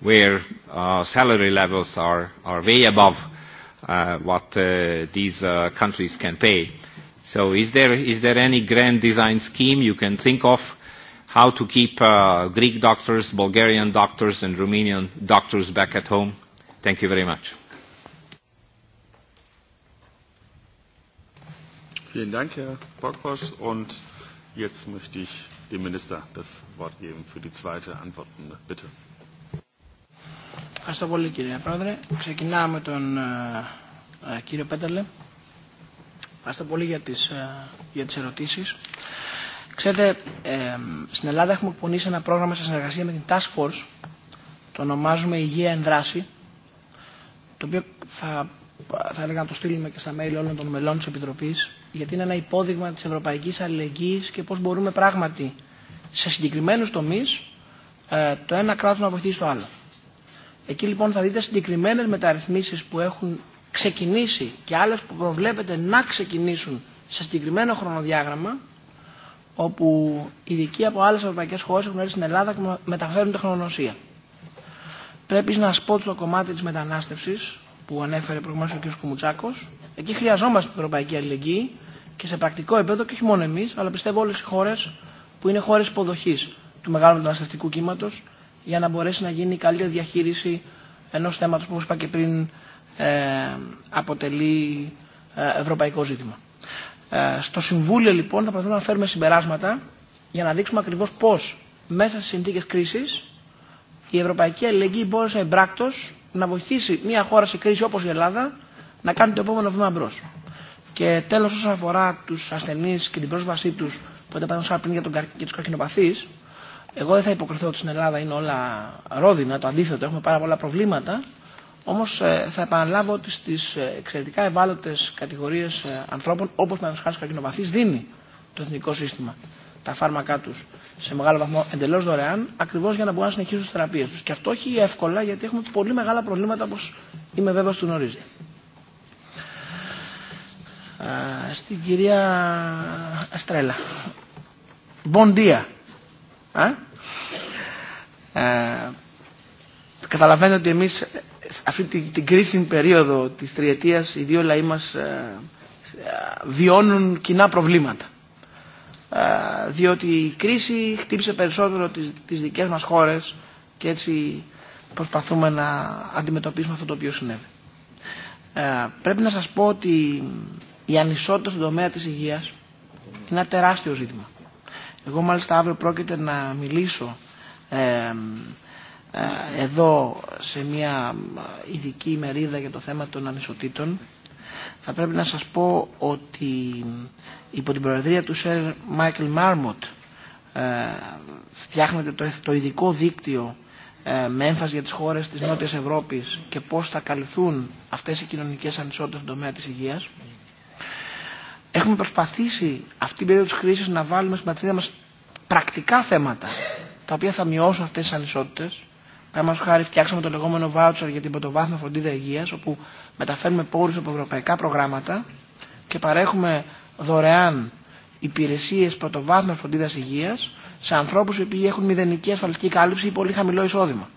where uh, salary levels are, are way above uh, what uh, these uh, countries can pay. So is there, is there any grand design scheme you can think of how to keep uh, Greek doctors, Bulgarian doctors, and Romanian doctors back at home? Thank you very much. Vielen Dank, Herr Bockbosch. Und jetzt möchte ich dem Minister das Wort geben für die zweite Antwort. Bitte. Ευχαριστώ πολύ κύριε Ξεκινάμε τον κύριο πολύ για Task Force, το ονομάζουμε Υγεία δράση, γιατί είναι ένα υπόδειγμα της ευρωπαϊκής αλληλεγγύης και πώς μπορούμε πράγματι σε συγκεκριμένους τομείς το ένα κράτος να βοηθήσει το άλλο. Εκεί λοιπόν θα δείτε συγκεκριμένες μεταρρυθμίσεις που έχουν ξεκινήσει και άλλες που προβλέπεται να ξεκινήσουν σε συγκεκριμένο χρονοδιάγραμμα όπου ειδικοί από άλλες ευρωπαϊκές χώρες έχουν έρθει στην Ελλάδα και μεταφέρουν τεχνογνωσία. Πρέπει να σπώ το κομμάτι της μετανάστευσης που ανέφερε προηγουμένω ο κ. Κουμουτσάκο. Εκεί χρειαζόμαστε την ευρωπαϊκή αλληλεγγύη και σε πρακτικό επίπεδο και όχι μόνο εμείς, αλλά πιστεύω όλε οι χώρε που είναι χώρε υποδοχή του μεγάλου μεταναστευτικού κύματο για να μπορέσει να γίνει η καλύτερη διαχείριση ενό θέματο που όπω είπα και πριν ε, αποτελεί ευρωπαϊκό ζήτημα. Ε, στο Συμβούλιο λοιπόν θα προσπαθούμε να φέρουμε συμπεράσματα για να δείξουμε ακριβώ πώ μέσα στι συνθήκε κρίση η ευρωπαϊκή αλληλεγγύη μπόρεσε εμπράκτος να βοηθήσει μια χώρα σε κρίση όπως η Ελλάδα να κάνει το επόμενο βήμα μπρο. Και τέλος όσον αφορά τους ασθενείς και την πρόσβασή τους που τα πάνω πριν για, τον, για τους καρκινοπαθείς, εγώ δεν θα υποκριθώ ότι στην Ελλάδα είναι όλα ρόδινα, το αντίθετο, έχουμε πάρα πολλά προβλήματα. Όμω θα επαναλάβω ότι στι εξαιρετικά ευάλωτε κατηγορίε ανθρώπων, όπω με χάρη καρκινοπαθεί, δίνει το εθνικό σύστημα τα φάρμακά του σε μεγάλο βαθμό εντελώ δωρεάν, ακριβώ για να μπορούν να συνεχίσουν τι θεραπείε του. Και αυτό όχι εύκολα, γιατί έχουμε πολύ μεγάλα προβλήματα, όπω είμαι βέβαιο του γνωρίζετε. Στην κυρία Αστρέλα. Μποντία. Καταλαβαίνετε ότι εμεί αυτή την κρίσιμη περίοδο τη τριετία οι δύο λαοί μα βιώνουν κοινά προβλήματα διότι η κρίση χτύπησε περισσότερο τις, τις δικές μας χώρες και έτσι προσπαθούμε να αντιμετωπίσουμε αυτό το οποίο συνέβη. Ε, πρέπει να σας πω ότι η ανισότητα στον τομέα της υγείας είναι ένα τεράστιο ζήτημα. Εγώ μάλιστα αύριο πρόκειται να μιλήσω ε, εδώ σε μια ειδική μερίδα για το θέμα των ανισοτήτων θα πρέπει να σας πω ότι υπό την προεδρία του Σερ Μάικλ Μάρμοτ φτιάχνεται το, το ειδικό δίκτυο με έμφαση για τις χώρες της Νότιας Ευρώπης και πώς θα καλυφθούν αυτές οι κοινωνικές ανισότητες στον τομέα της υγείας. Έχουμε προσπαθήσει αυτή την περίοδο της κρίσης να βάλουμε στην πατρίδα μας πρακτικά θέματα τα οποία θα μειώσουν αυτές τις ανισότητες Παραδείγματο χάρη, φτιάξαμε το λεγόμενο voucher για την πρωτοβάθμια φροντίδα υγεία, όπου μεταφέρουμε πόρου από ευρωπαϊκά προγράμματα και παρέχουμε δωρεάν υπηρεσίε πρωτοβάθμια φροντίδα υγεία σε ανθρώπου οι οποίοι έχουν μηδενική ασφαλιστική κάλυψη ή πολύ χαμηλό εισόδημα.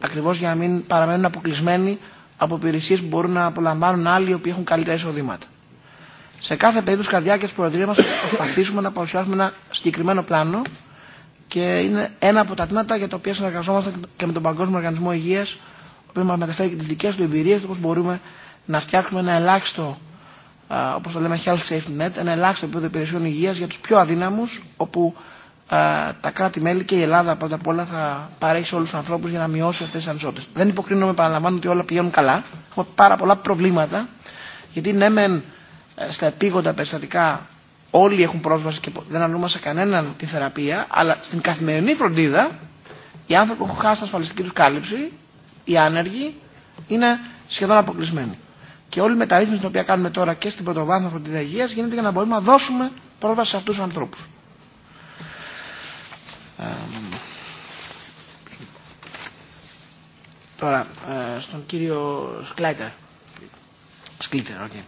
Ακριβώ για να μην παραμένουν αποκλεισμένοι από υπηρεσίε που μπορούν να απολαμβάνουν άλλοι οι οποίοι έχουν καλύτερα εισοδήματα. Σε κάθε περίπτωση, κατά διάρκεια τη Προεδρία μα, προσπαθήσουμε να παρουσιάσουμε ένα συγκεκριμένο πλάνο και είναι ένα από τα τμήματα για τα οποία συνεργαζόμαστε και με τον Παγκόσμιο Οργανισμό Υγεία, ο οποίο μα μεταφέρει και τι δικέ του εμπειρίε, το πώ μπορούμε να φτιάξουμε ένα ελάχιστο όπω το λέμε health safe net, ένα ελάχιστο επίπεδο υπηρεσιών υγεία για του πιο αδύναμου, όπου τα κράτη-μέλη και η Ελλάδα πρώτα απ' όλα θα παρέχει όλου του ανθρώπου για να μειώσει αυτέ τι ανισότητε. Δεν υποκρίνομαι, παραλαμβάνω ότι όλα πηγαίνουν καλά. Έχουμε πάρα πολλά προβλήματα, γιατί ναι, μεν στα επίγοντα περιστατικά όλοι έχουν πρόσβαση και δεν αρνούμε σε κανέναν τη θεραπεία, αλλά στην καθημερινή φροντίδα οι άνθρωποι που έχουν χάσει ασφαλιστική του κάλυψη, οι άνεργοι, είναι σχεδόν αποκλεισμένοι. Και όλη η μεταρρύθμιση την οποία κάνουμε τώρα και στην πρωτοβάθμια φροντίδα υγεία γίνεται για να μπορούμε να δώσουμε πρόσβαση σε αυτού του ανθρώπου. τώρα, στον κύριο Σκλάιτερ. Σκλίτερ, okay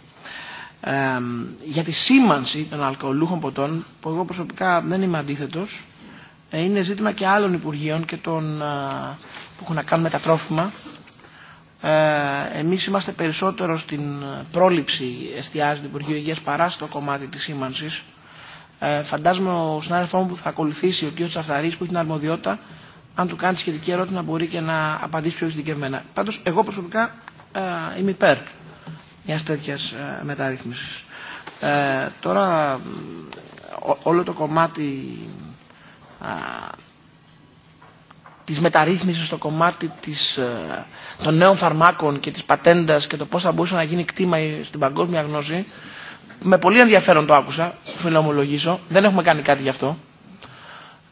για τη σήμανση των αλκοολούχων ποτών που εγώ προσωπικά δεν είμαι αντίθετος είναι ζήτημα και άλλων Υπουργείων και των, που έχουν να κάνουν με τα τρόφιμα εμείς είμαστε περισσότερο στην πρόληψη εστιάζει το Υπουργείο Υγείας παρά στο κομμάτι της σήμανσης φαντάζομαι ο συνάδελφό μου που θα ακολουθήσει ο κ. Τσαφταρής που έχει την αρμοδιότητα αν του κάνει σχετική ερώτηση να μπορεί και να απαντήσει πιο ειδικευμένα. Πάντως εγώ προσωπικά είμαι υπέρ μια τέτοια μεταρρύθμιση. Ε, τώρα ό, όλο το κομμάτι α, της μεταρρύθμισης στο κομμάτι της, των νέων φαρμάκων και της πατέντας και το πώς θα μπορούσε να γίνει κτήμα στην παγκόσμια γνώση με πολύ ενδιαφέρον το άκουσα, φιλομολογήσω. Δεν έχουμε κάνει κάτι γι' αυτό.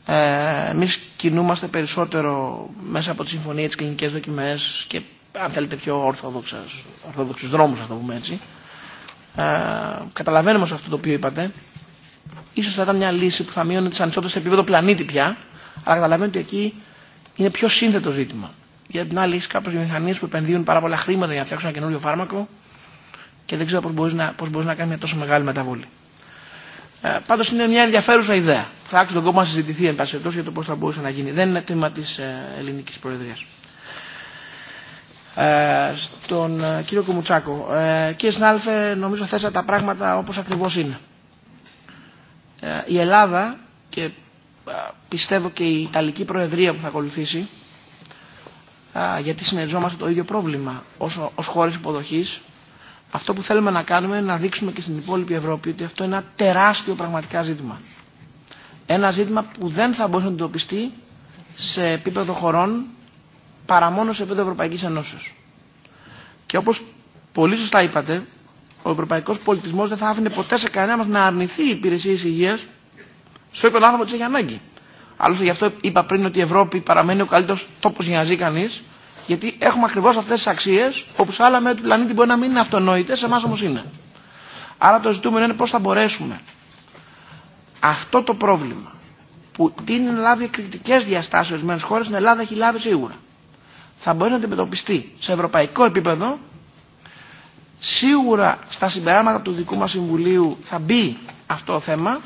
Ε, Εμεί κινούμαστε περισσότερο μέσα από τη συμφωνία της κλινικές δοκιμές και αν θέλετε πιο ορθόδοξους, ορθόδοξους δρόμους να το πούμε έτσι ε, καταλαβαίνουμε σε αυτό το οποίο είπατε ίσως θα ήταν μια λύση που θα μείωνε τις ανισότητες σε επίπεδο πλανήτη πια αλλά καταλαβαίνετε ότι εκεί είναι πιο σύνθετο ζήτημα για την άλλη έχει κάποιες μηχανίες που επενδύουν πάρα πολλά χρήματα για να φτιάξουν ένα καινούριο φάρμακο και δεν ξέρω πώς μπορεί να, πώς μπορείς να κάνει μια τόσο μεγάλη μεταβολή. Ε, Πάντω είναι μια ενδιαφέρουσα ιδέα. Θα άξιζε τον κόμμα να συζητηθεί εν για το πώ θα μπορούσε να γίνει. Δεν είναι θέμα τη ελληνική προεδρία στον κύριο Ε, Κύριε Σνάλφε, νομίζω θέσα τα πράγματα όπως ακριβώς είναι. Η Ελλάδα και πιστεύω και η Ιταλική Προεδρία που θα ακολουθήσει γιατί συνεργαζόμαστε το ίδιο πρόβλημα ως, ως χώρες υποδοχής αυτό που θέλουμε να κάνουμε είναι να δείξουμε και στην υπόλοιπη Ευρώπη ότι αυτό είναι ένα τεράστιο πραγματικά ζήτημα. Ένα ζήτημα που δεν θα μπορούσε να αντιμετωπιστεί σε επίπεδο χωρών παρά μόνο σε επίπεδο Ευρωπαϊκή Ενώσεω. Και όπω πολύ σωστά είπατε, ο Ευρωπαϊκό Πολιτισμό δεν θα άφηνε ποτέ σε κανένα μα να αρνηθεί οι υπηρεσίες υγεία σε όποιον άνθρωπο τι έχει ανάγκη. Άλλωστε γι' αυτό είπα πριν ότι η Ευρώπη παραμένει ο καλύτερο τόπο για να ζει κανεί, γιατί έχουμε ακριβώ αυτέ τι αξίε, όπου σε άλλα μέρη του πλανήτη μπορεί να μην είναι αυτονόητε, σε εμά όμω είναι. Άρα το ζητούμενο είναι πώ θα μπορέσουμε αυτό το πρόβλημα που να λάβει εκρηκτικέ διαστάσει ορισμένε χώρε στην Ελλάδα έχει λάβει σίγουρα θα μπορεί να αντιμετωπιστεί σε ευρωπαϊκό επίπεδο. Σίγουρα στα συμπεράματα του δικού μας Συμβουλίου θα μπει αυτό το θέμα,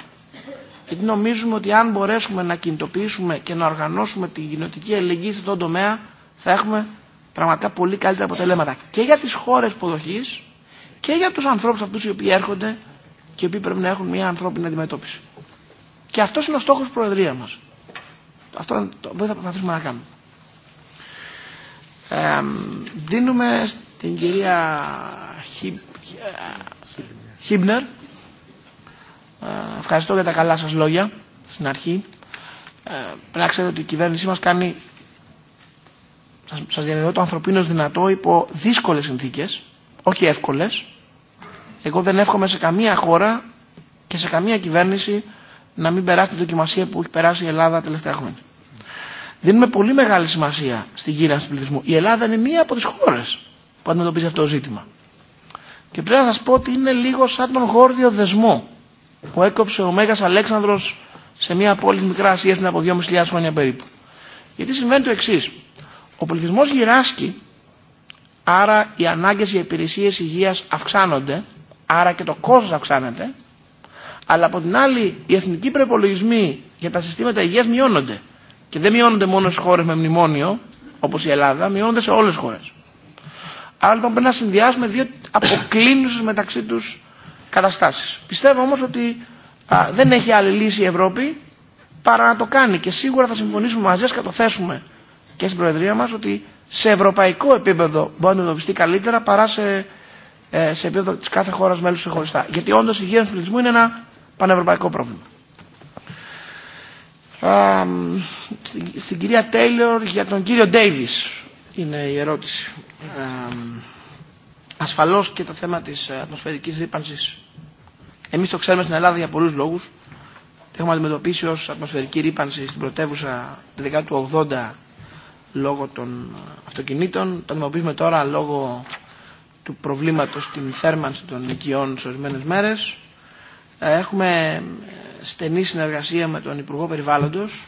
γιατί νομίζουμε ότι αν μπορέσουμε να κινητοποιήσουμε και να οργανώσουμε την κοινωτική ελεγγύη σε αυτό το τομέα, θα έχουμε πραγματικά πολύ καλύτερα αποτελέματα. και για τις χώρες υποδοχής και για τους ανθρώπους αυτούς οι οποίοι έρχονται και οι οποίοι πρέπει να έχουν μια ανθρώπινη αντιμετώπιση. Και αυτός είναι ο στόχος της Προεδρίας μας. Αυτό θα προσπαθήσουμε να κάνουμε. Ε, δίνουμε στην κυρία Χι... Χίμπνερ. Ε, ευχαριστώ για τα καλά σας λόγια στην αρχή. Ε, πρέπει να ξέρετε ότι η κυβέρνησή μας κάνει, σας, σας διαβεβαιώ, το ανθρωπίνο δυνατό υπό δύσκολες συνθήκες, όχι εύκολες. Εγώ δεν εύχομαι σε καμία χώρα και σε καμία κυβέρνηση να μην περάσει τη δοκιμασία που έχει περάσει η Ελλάδα τελευταία χρόνια δίνουμε πολύ μεγάλη σημασία στη γύρανση του πληθυσμού. Η Ελλάδα είναι μία από τι χώρε που αντιμετωπίζει αυτό το ζήτημα. Και πρέπει να σα πω ότι είναι λίγο σαν τον γόρδιο δεσμό που έκοψε ο μέγα Αλέξανδρος σε μια πόλη μικρά Ασία πριν από 2.500 χρόνια περίπου. Γιατί συμβαίνει το εξή. Ο πληθυσμό γυράσκει, άρα οι ανάγκε για υπηρεσίε υγεία αυξάνονται, άρα και το κόστο αυξάνεται, αλλά από την άλλη οι εθνικοί προπολογισμοί για τα συστήματα υγεία μειώνονται. Και δεν μειώνονται μόνο στι χώρε με μνημόνιο, όπω η Ελλάδα, μειώνονται σε όλε τι χώρε. Άρα λοιπόν πρέπει να συνδυάσουμε δύο αποκλίνουσε μεταξύ του καταστάσει. Πιστεύω όμω ότι α, δεν έχει άλλη λύση η Ευρώπη παρά να το κάνει και σίγουρα θα συμφωνήσουμε μαζί, και το θέσουμε και στην Προεδρία μα, ότι σε ευρωπαϊκό επίπεδο μπορεί να αντιμετωπιστεί καλύτερα παρά σε, ε, σε επίπεδο τη κάθε χώρα μέλου ξεχωριστά. Γιατί όντω η υγεία του πληθυσμού είναι ένα πανευρωπαϊκό πρόβλημα. Στην κυρία Τέιλορ για τον κύριο Ντέιβις είναι η ερώτηση. Ασφαλώς και το θέμα της ατμοσφαιρικής ρήπανσης. Εμείς το ξέρουμε στην Ελλάδα για πολλούς λόγους. Έχουμε αντιμετωπίσει ως ατμοσφαιρική ρήπανση στην πρωτεύουσα τη δεκάτου 80 λόγω των αυτοκινήτων. Το αντιμετωπίζουμε τώρα λόγω του προβλήματος στην θέρμανση των οικειών σε ορισμένες μέρες. Έχουμε στενή συνεργασία με τον Υπουργό Περιβάλλοντος.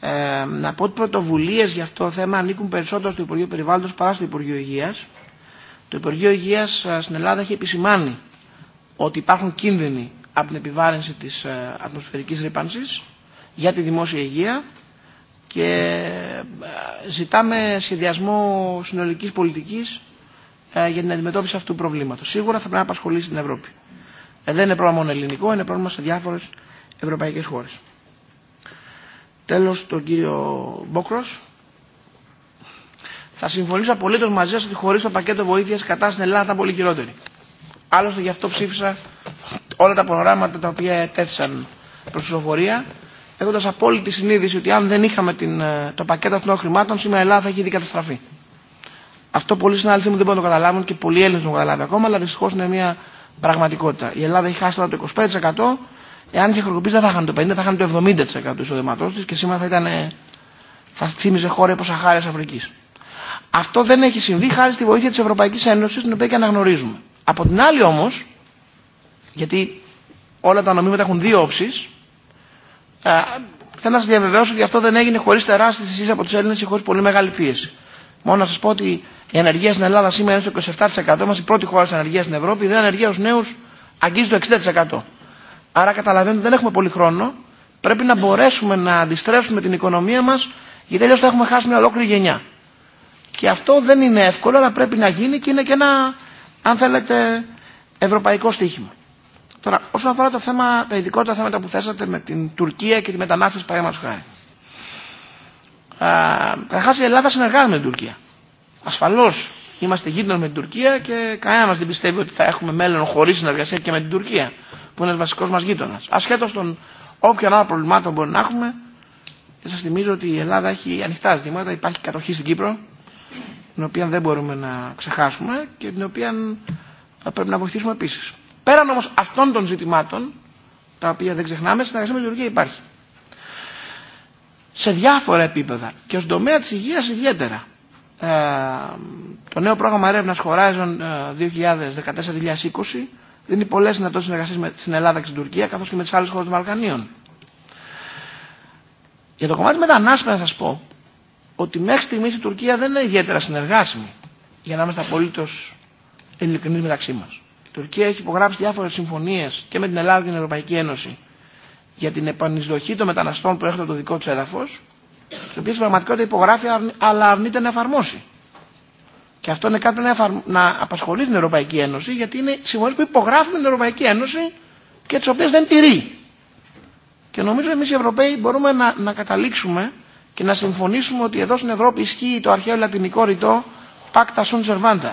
Ε, να πω ότι πρωτοβουλίε για αυτό το θέμα ανήκουν περισσότερο στο Υπουργείο Περιβάλλοντος παρά στο Υπουργείο Υγείας. Το Υπουργείο Υγείας στην Ελλάδα έχει επισημάνει ότι υπάρχουν κίνδυνοι από την επιβάρυνση της ατμοσφαιρικής ρήπανσης για τη δημόσια υγεία και ζητάμε σχεδιασμό συνολικής πολιτικής για την αντιμετώπιση αυτού του προβλήματος. Σίγουρα θα πρέπει να απασχολήσει την Ευρώπη. Ε, δεν είναι πρόβλημα μόνο ελληνικό, είναι πρόβλημα σε διάφορες ευρωπαϊκές χώρες. Τέλος, τον κύριο Μπόκρος. Θα συμφωνήσω απολύτω μαζί σα ότι χωρί το πακέτο βοήθεια κατά στην Ελλάδα ήταν πολύ χειρότερη. Άλλωστε γι' αυτό ψήφισα όλα τα προγράμματα τα οποία τέθησαν προ ψηφοφορία, έχοντα απόλυτη συνείδηση ότι αν δεν είχαμε την, το πακέτο αυτών χρημάτων, σήμερα η Ελλάδα θα είχε ήδη καταστραφεί. Αυτό πολλοί συνάδελφοι μου δεν μπορούν να το καταλάβουν και πολλοί Έλληνε δεν το καταλάβουν ακόμα, αλλά δυστυχώ είναι μια πραγματικότητα. Η Ελλάδα έχει χάσει τώρα το 25%. Εάν είχε χρεοκοπήσει δεν θα είχαν το 50%, θα είχαν το 70% του εισοδήματό τη και σήμερα θα, ήταν, θα θύμιζε χώρα όπω Αχάρη Αφρική. Αυτό δεν έχει συμβεί χάρη στη βοήθεια τη Ευρωπαϊκή Ένωση, την οποία και αναγνωρίζουμε. Από την άλλη όμω, γιατί όλα τα νομίματα έχουν δύο όψει, θέλω να σα διαβεβαιώσω ότι αυτό δεν έγινε χωρί τεράστιε θυσίε από του Έλληνε και χωρί πολύ μεγάλη πίεση. Μόνο να σα πω ότι Η ανεργία στην Ελλάδα σήμερα είναι στο 27%. Είμαστε η πρώτη χώρα τη ανεργία στην Ευρώπη. Η δε ανεργία στου νέου αγγίζει το 60%. Άρα καταλαβαίνετε δεν έχουμε πολύ χρόνο. Πρέπει να μπορέσουμε να αντιστρέψουμε την οικονομία μα γιατί αλλιώ θα έχουμε χάσει μια ολόκληρη γενιά. Και αυτό δεν είναι εύκολο αλλά πρέπει να γίνει και είναι και ένα αν θέλετε ευρωπαϊκό στοίχημα. Τώρα, όσον αφορά το θέμα, τα ειδικότερα θέματα που θέσατε με την Τουρκία και τη μετανάστευση, παραδείγματο χάρη. Καταρχά, η Ελλάδα συνεργάζεται με την Τουρκία. Ασφαλώς είμαστε γείτονε με την Τουρκία και κανένα μα δεν πιστεύει ότι θα έχουμε μέλλον χωρί συνεργασία και με την Τουρκία που είναι ένα βασικός μας γείτονας. Ασχέτω των όποιων άλλων προβλημάτων μπορεί να έχουμε και θυμίζω ότι η Ελλάδα έχει ανοιχτά ζητήματα, υπάρχει κατοχή στην Κύπρο την οποία δεν μπορούμε να ξεχάσουμε και την οποία πρέπει να βοηθήσουμε επίση. Πέραν όμω αυτών των ζητημάτων τα οποία δεν ξεχνάμε, συνεργασία με την Τουρκία υπάρχει. Σε διάφορα επίπεδα και ω τομέα τη υγεία ιδιαίτερα το νέο πρόγραμμα έρευνα Horizon 2014-2020 δίνει πολλέ δυνατότητε συνεργασία στην Ελλάδα και στην Τουρκία καθώ και με τι άλλε χώρε των Βαλκανίων. Για το κομμάτι μετανάστευση να σα πω ότι μέχρι στιγμή η Τουρκία δεν είναι ιδιαίτερα συνεργάσιμη. Για να είμαστε απολύτω ειλικρινεί μεταξύ μα. Η Τουρκία έχει υπογράψει διάφορε συμφωνίε και με την Ελλάδα και την Ευρωπαϊκή Ένωση για την επανεισδοχή των μεταναστών που έρχονται από το δικό του έδαφο τις οποίες πραγματικότητα υπογράφει αλλά αρνείται να εφαρμόσει. Και αυτό είναι κάτι που να, να απασχολεί την Ευρωπαϊκή Ένωση γιατί είναι συμφωνίες που υπογράφουμε την Ευρωπαϊκή Ένωση και τι οποίε δεν τηρεί. Και νομίζω εμεί, οι Ευρωπαίοι μπορούμε να, να καταλήξουμε και να συμφωνήσουμε ότι εδώ στην Ευρώπη ισχύει το αρχαίο λατινικό ρητό pacta sunt servanda.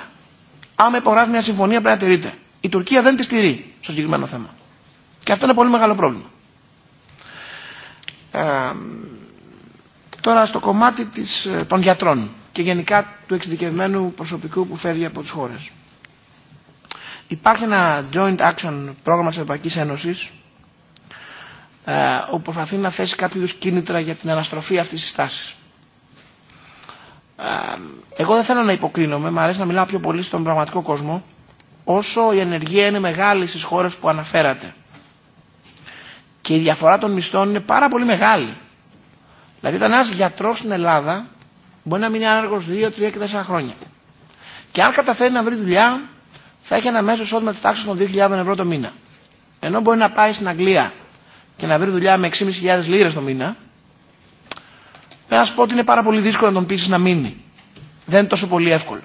Άμα υπογράφει μια συμφωνία πρέπει να τηρείται. Η Τουρκία δεν τη στηρεί στο συγκεκριμένο θέμα. Και αυτό είναι πολύ μεγάλο πρόβλημα. Τώρα στο κομμάτι της, των γιατρών και γενικά του εξειδικευμένου προσωπικού που φεύγει από τις χώρες. Υπάρχει ένα joint action πρόγραμμα της Ευρωπαϊκής Ένωσης όπου προσπαθεί να θέσει κάποιους κίνητρα για την αναστροφή αυτής της τάσης. Εγώ δεν θέλω να υποκρίνομαι, μου αρέσει να μιλάω πιο πολύ στον πραγματικό κόσμο, όσο η ενεργεία είναι μεγάλη στις χώρες που αναφέρατε. Και η διαφορά των μισθών είναι πάρα πολύ μεγάλη. Δηλαδή ήταν ένα γιατρό στην Ελλάδα μπορεί να μείνει άνεργος 2, 3 και 4 χρόνια. Και αν καταφέρει να βρει δουλειά θα έχει ένα μέσο εισόδημα τη τάξη των 2.000 ευρώ το μήνα. Ενώ μπορεί να πάει στην Αγγλία και να βρει δουλειά με 6.500 λίρε το μήνα πρέπει να σου πω ότι είναι πάρα πολύ δύσκολο να τον πείσει να μείνει. Δεν είναι τόσο πολύ εύκολο.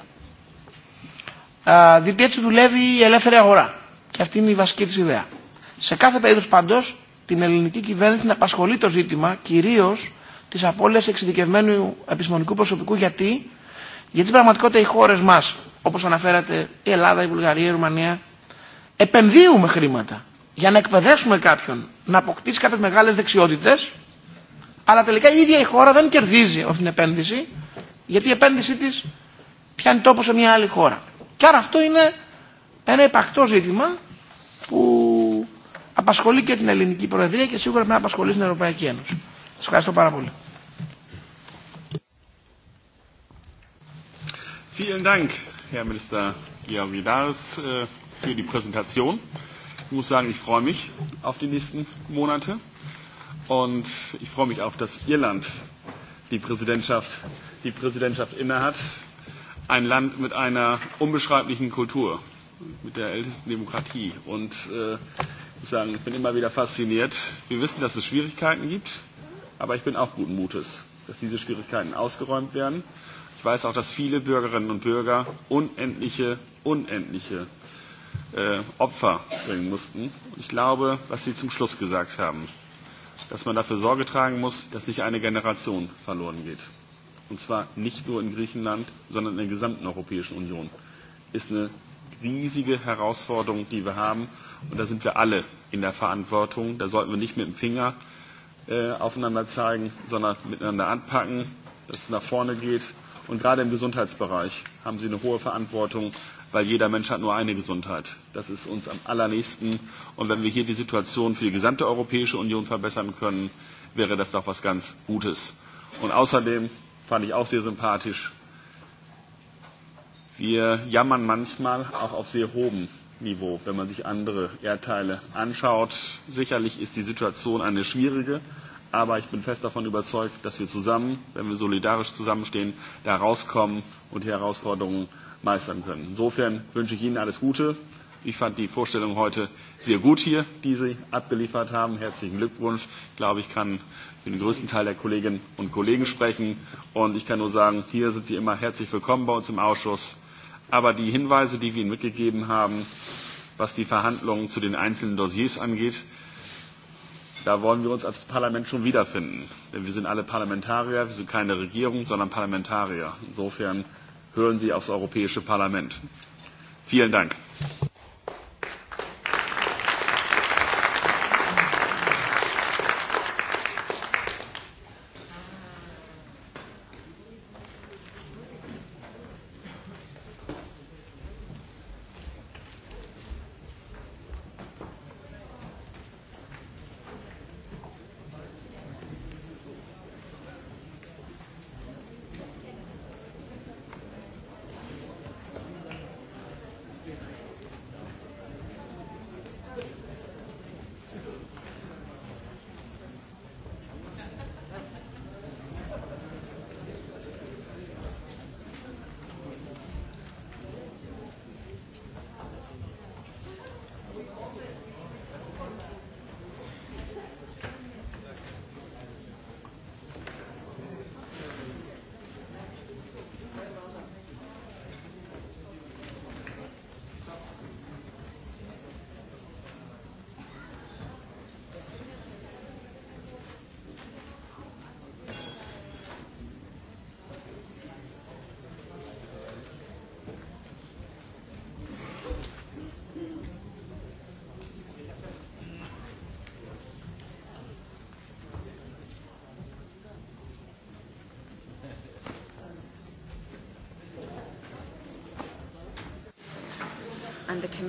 Α, διότι έτσι δουλεύει η ελεύθερη αγορά. Και αυτή είναι η βασική τη ιδέα. Σε κάθε περίπτωση πάντω, την ελληνική κυβέρνηση να απασχολεί το ζήτημα κυρίω Τη απώλεια εξειδικευμένου επιστημονικού προσωπικού. Γιατί, γιατί στην πραγματικότητα οι χώρε μα, όπω αναφέρατε η Ελλάδα, η Βουλγαρία, η Ρουμανία, επενδύουμε χρήματα για να εκπαιδεύσουμε κάποιον να αποκτήσει κάποιε μεγάλε δεξιότητε, αλλά τελικά η ίδια η χώρα δεν κερδίζει αυτή την επένδυση, γιατί η επένδυσή τη πιάνει τόπο σε μια άλλη χώρα. Και άρα αυτό είναι ένα υπαρκτό ζήτημα που απασχολεί και την ελληνική προεδρία και σίγουρα πρέπει να απασχολεί στην Ευρωπαϊκή Ένωση. Σας ευχαριστώ πάρα πολύ. Vielen Dank, Herr Minister Georgidaris, äh, für die Präsentation. Ich muss sagen, ich freue mich auf die nächsten Monate und ich freue mich auch, dass Irland die Präsidentschaft, die Präsidentschaft innehat. Ein Land mit einer unbeschreiblichen Kultur, mit der ältesten Demokratie. Und äh, ich muss sagen, ich bin immer wieder fasziniert. Wir wissen, dass es Schwierigkeiten gibt. Aber ich bin auch guten Mutes, dass diese Schwierigkeiten ausgeräumt werden. Ich weiß auch, dass viele Bürgerinnen und Bürger unendliche, unendliche äh, Opfer bringen mussten. Ich glaube, was Sie zum Schluss gesagt haben, dass man dafür Sorge tragen muss, dass nicht eine Generation verloren geht. Und zwar nicht nur in Griechenland, sondern in der gesamten Europäischen Union. Ist eine riesige Herausforderung, die wir haben. Und da sind wir alle in der Verantwortung. Da sollten wir nicht mit dem Finger äh, aufeinander zeigen, sondern miteinander anpacken, dass es nach vorne geht. Und gerade im Gesundheitsbereich haben Sie eine hohe Verantwortung, weil jeder Mensch hat nur eine Gesundheit. Das ist uns am allernächsten. Und wenn wir hier die Situation für die gesamte Europäische Union verbessern können, wäre das doch was ganz Gutes. Und außerdem fand ich auch sehr sympathisch, wir jammern manchmal auch auf sehr hohem Niveau, wenn man sich andere Erdteile anschaut. Sicherlich ist die Situation eine schwierige, aber ich bin fest davon überzeugt, dass wir zusammen, wenn wir solidarisch zusammenstehen, da rauskommen und die Herausforderungen meistern können. Insofern wünsche ich Ihnen alles Gute. Ich fand die Vorstellung heute sehr gut hier, die Sie abgeliefert haben. Herzlichen Glückwunsch. Ich glaube, ich kann für den größten Teil der Kolleginnen und Kollegen sprechen. Und ich kann nur sagen, hier sind Sie immer herzlich willkommen bei uns im Ausschuss aber die Hinweise, die wir Ihnen mitgegeben haben, was die Verhandlungen zu den einzelnen Dossiers angeht, da wollen wir uns als Parlament schon wiederfinden. Denn wir sind alle Parlamentarier, wir sind keine Regierung, sondern Parlamentarier. Insofern hören Sie aufs Europäische Parlament. Vielen Dank.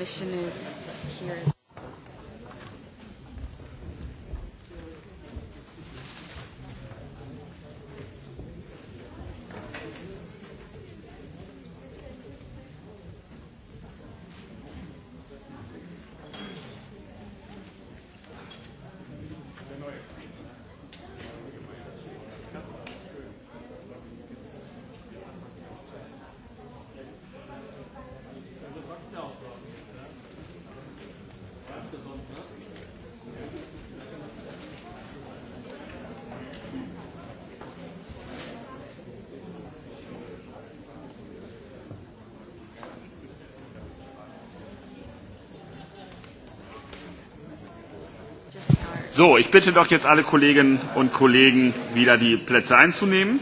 Commission is So, ich bitte doch jetzt alle Kolleginnen und Kollegen, wieder die Plätze einzunehmen.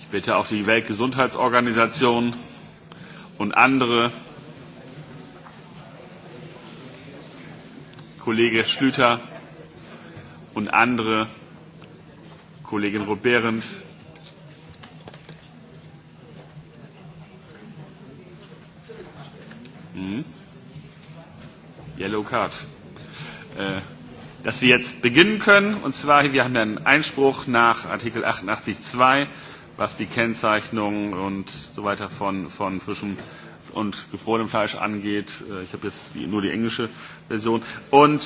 Ich bitte auch die Weltgesundheitsorganisation und andere. Kollege Schlüter und andere, Kollegin Roth-Behrendt, Yellow Card. Äh, dass wir jetzt beginnen können. Und zwar, wir haben einen Einspruch nach Artikel 88.2, was die Kennzeichnung und so weiter von, von frischem und gefrorenem Fleisch angeht. Äh, ich habe jetzt die, nur die englische Version. Und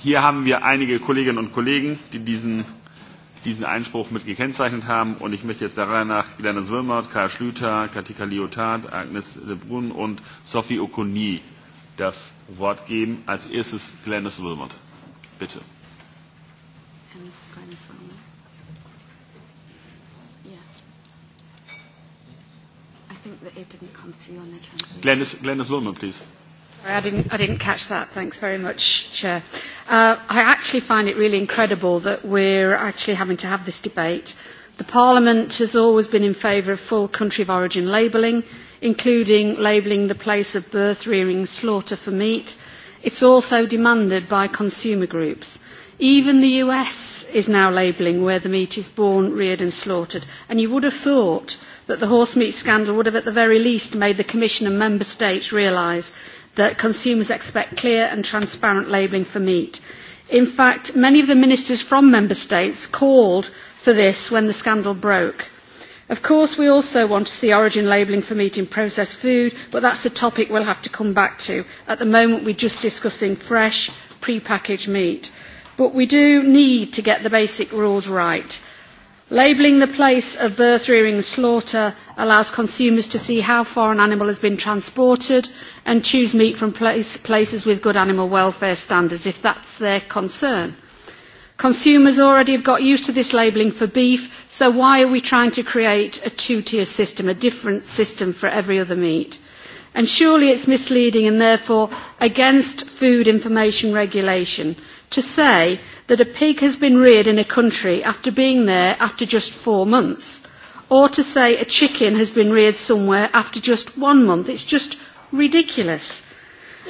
hier haben wir einige Kolleginnen und Kollegen, die diesen, diesen Einspruch mit gekennzeichnet haben. Und ich möchte jetzt der Reihe nach Glennis Wilmert, Karl Schlüter, Katika Liotard, Agnes Lebrun und Sophie Okuni das Wort geben. Als erstes Glennis Wilmot. Bitte. Glennis, Glennis Wilmot, please. I didn't, I didn't catch that. Thanks very much, Chair. Uh, I actually find it really incredible that we're actually having to have this debate. The Parliament has always been in favour of full country of origin labelling including labelling the place of birth, rearing, slaughter for meat. It's also demanded by consumer groups. Even the US is now labelling where the meat is born, reared and slaughtered, and you would have thought that the horse meat scandal would have at the very least made the Commission and Member States realise that consumers expect clear and transparent labelling for meat. In fact, many of the ministers from Member States called for this when the scandal broke Of course, we also want to see origin labelling for meat in processed food, but that is a topic will have to come back to. At the moment, we are just discussing fresh, pre-packaged meat. But we do need to get the basic rules right. Labelling the place of birth, rearing and slaughter allows consumers to see how far an animal has been transported and choose meat from places with good animal welfare standards if that is their concern consumers already have got used to this labelling for beef so why are we trying to create a two tier system a different system for every other meat? and surely it is misleading and therefore against food information regulation to say that a pig has been reared in a country after being there after just four months or to say a chicken has been reared somewhere after just one month. It's just ridiculous.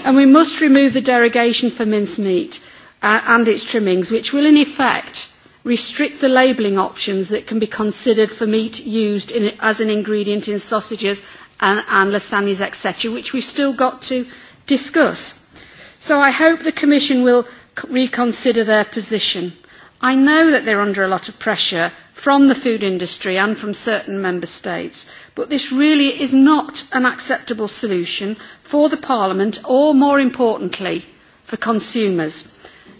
And we must remove the derogation for meat and its trimmings, which will in effect restrict the labelling options that can be considered for meat used in, as an ingredient in sausages and, and lasagnas, etc., which have still got to discuss. So I hope the Commission will reconsider their position. I know that they're under a lot of pressure from the food industry and from certain member states, but this really is not an acceptable solution for the Parliament or, more importantly, for consumers.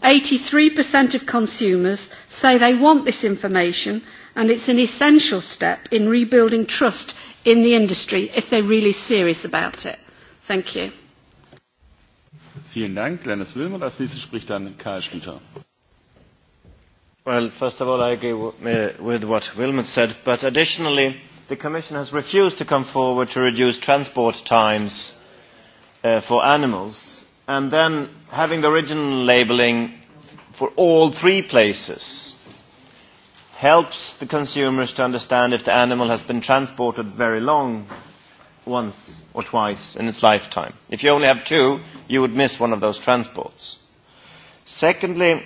83% of consumers say they want this information and it's an essential step in rebuilding trust in the industry if they're really serious about it. Thank you. Vielen Dank, Als nächstes spricht dann Karl Schlüter. Well, first of all, I agree with what Wilmot said, but additionally, the Commission has refused to come forward to reduce transport times uh, for animals and then having the original labeling for all three places helps the consumers to understand if the animal has been transported very long once or twice in its lifetime. If you only have two, you would miss one of those transports. Secondly,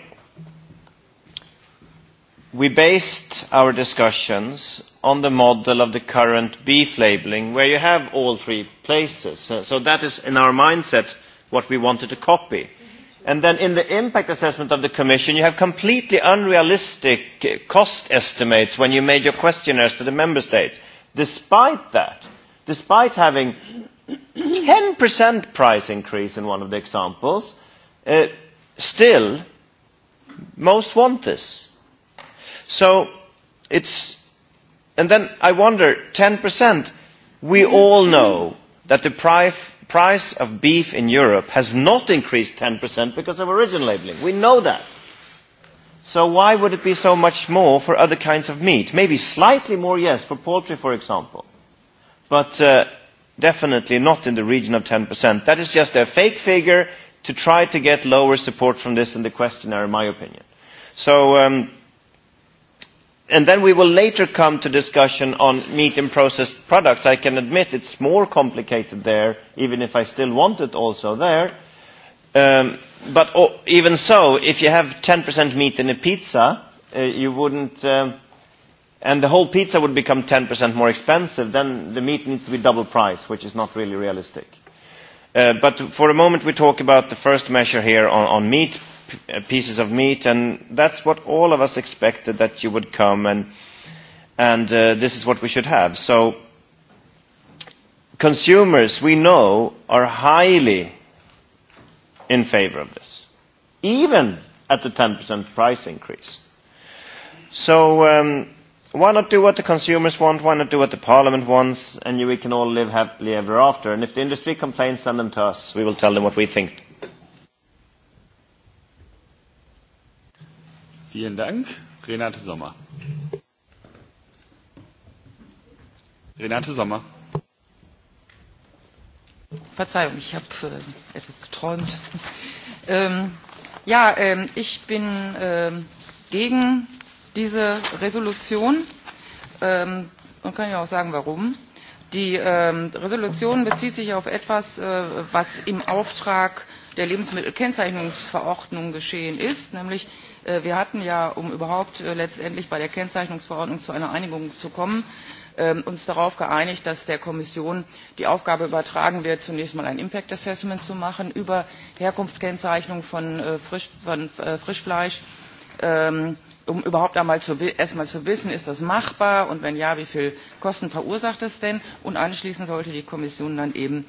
we based our discussions on the model of the current beef labelling where you have all three places. So, so that is in our mindset what we wanted to copy. And then in the impact assessment of the Commission, you have completely unrealistic cost estimates when you made your questionnaires to the Member States. Despite that, despite having 10% price increase in one of the examples, uh, still, most want this. So, it's, and then I wonder, 10%, we all know that the price price of beef in Europe has not increased 10% because of origin labeling. We know that. So why would it be so much more for other kinds of meat? Maybe slightly more, yes, for poultry, for example. But uh, definitely not in the region of 10%. That is just a fake figure to try to get lower support from this in the questionnaire, in my opinion. So... Um, and then we will later come to discussion on meat and processed products. I can admit it's more complicated there, even if I still want it also there. Um, but oh, even so, if you have 10% meat in a pizza, uh, you wouldn't, um, and the whole pizza would become 10% more expensive, then the meat needs to be double price, which is not really realistic. Uh, but for a moment, we talk about the first measure here on, on meat Uh, pieces of meat and that's what all of us expected that you would come and and uh, this is what we should have so consumers we know are highly in favor of this even at the 10% price increase so um, why not do what the consumers want why not do what the parliament wants and we can all live happily ever after and if the industry complains send them to us we will tell them what we think Vielen Dank. Renate Sommer. Renate Sommer. Verzeihung, ich habe äh, etwas geträumt. Ähm, ja, ähm, ich bin ähm, gegen diese Resolution ähm, und kann ja auch sagen, warum. Die ähm, Resolution bezieht sich auf etwas, äh, was im Auftrag der Lebensmittelkennzeichnungsverordnung geschehen ist, nämlich Äh, wir hatten ja um überhaupt äh, letztendlich bei der kennzeichnungsverordnung zu einer einigung zu kommen ähm, uns darauf geeinigt dass der kommission die aufgabe übertragen wird zunächst mal ein impact assessment zu machen über herkunftskennzeichnung von, äh, Frisch, von frischfleisch ähm, um überhaupt einmal zu, erst zu wissen ist das machbar und wenn ja wie viel kosten verursacht es denn und anschließend sollte die kommission dann eben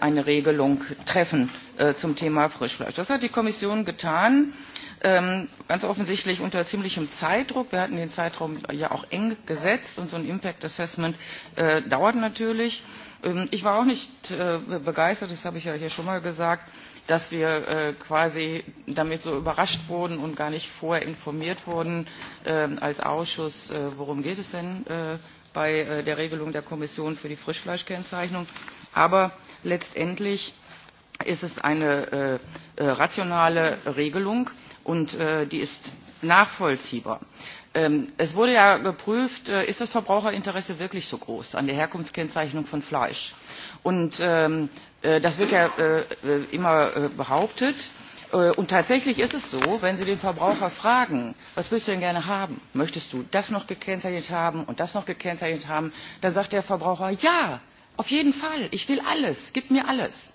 eine regelung treffen zum thema frischfleisch. das hat die kommission getan Ähm, ganz offensichtlich unter ziemlichem Zeitdruck. Wir hatten den Zeitraum ja auch eng gesetzt und so ein Impact Assessment äh, dauert natürlich. Ähm, ich war auch nicht äh, begeistert, das habe ich ja hier schon mal gesagt, dass wir äh, quasi damit so überrascht wurden und gar nicht vorher informiert wurden ähm, als Ausschuss, worum geht es denn bei der Regelung der Kommission für die Frischfleischkennzeichnung. Aber letztendlich ist es eine rationale Regelung und äh, die ist nachvollziehbar. Ähm, es wurde ja geprüft, äh, ist das Verbraucherinteresse wirklich so groß an der Herkunftskennzeichnung von Fleisch? Und ähm, äh, das wird ja immer behauptet. Und tatsächlich ist es so, wenn Sie den Verbraucher fragen, was willst du denn gerne haben? Möchtest du das noch gekennzeichnet haben und das noch gekennzeichnet haben? Dann sagt der Verbraucher, ja, auf jeden Fall, ich will alles, gib mir alles.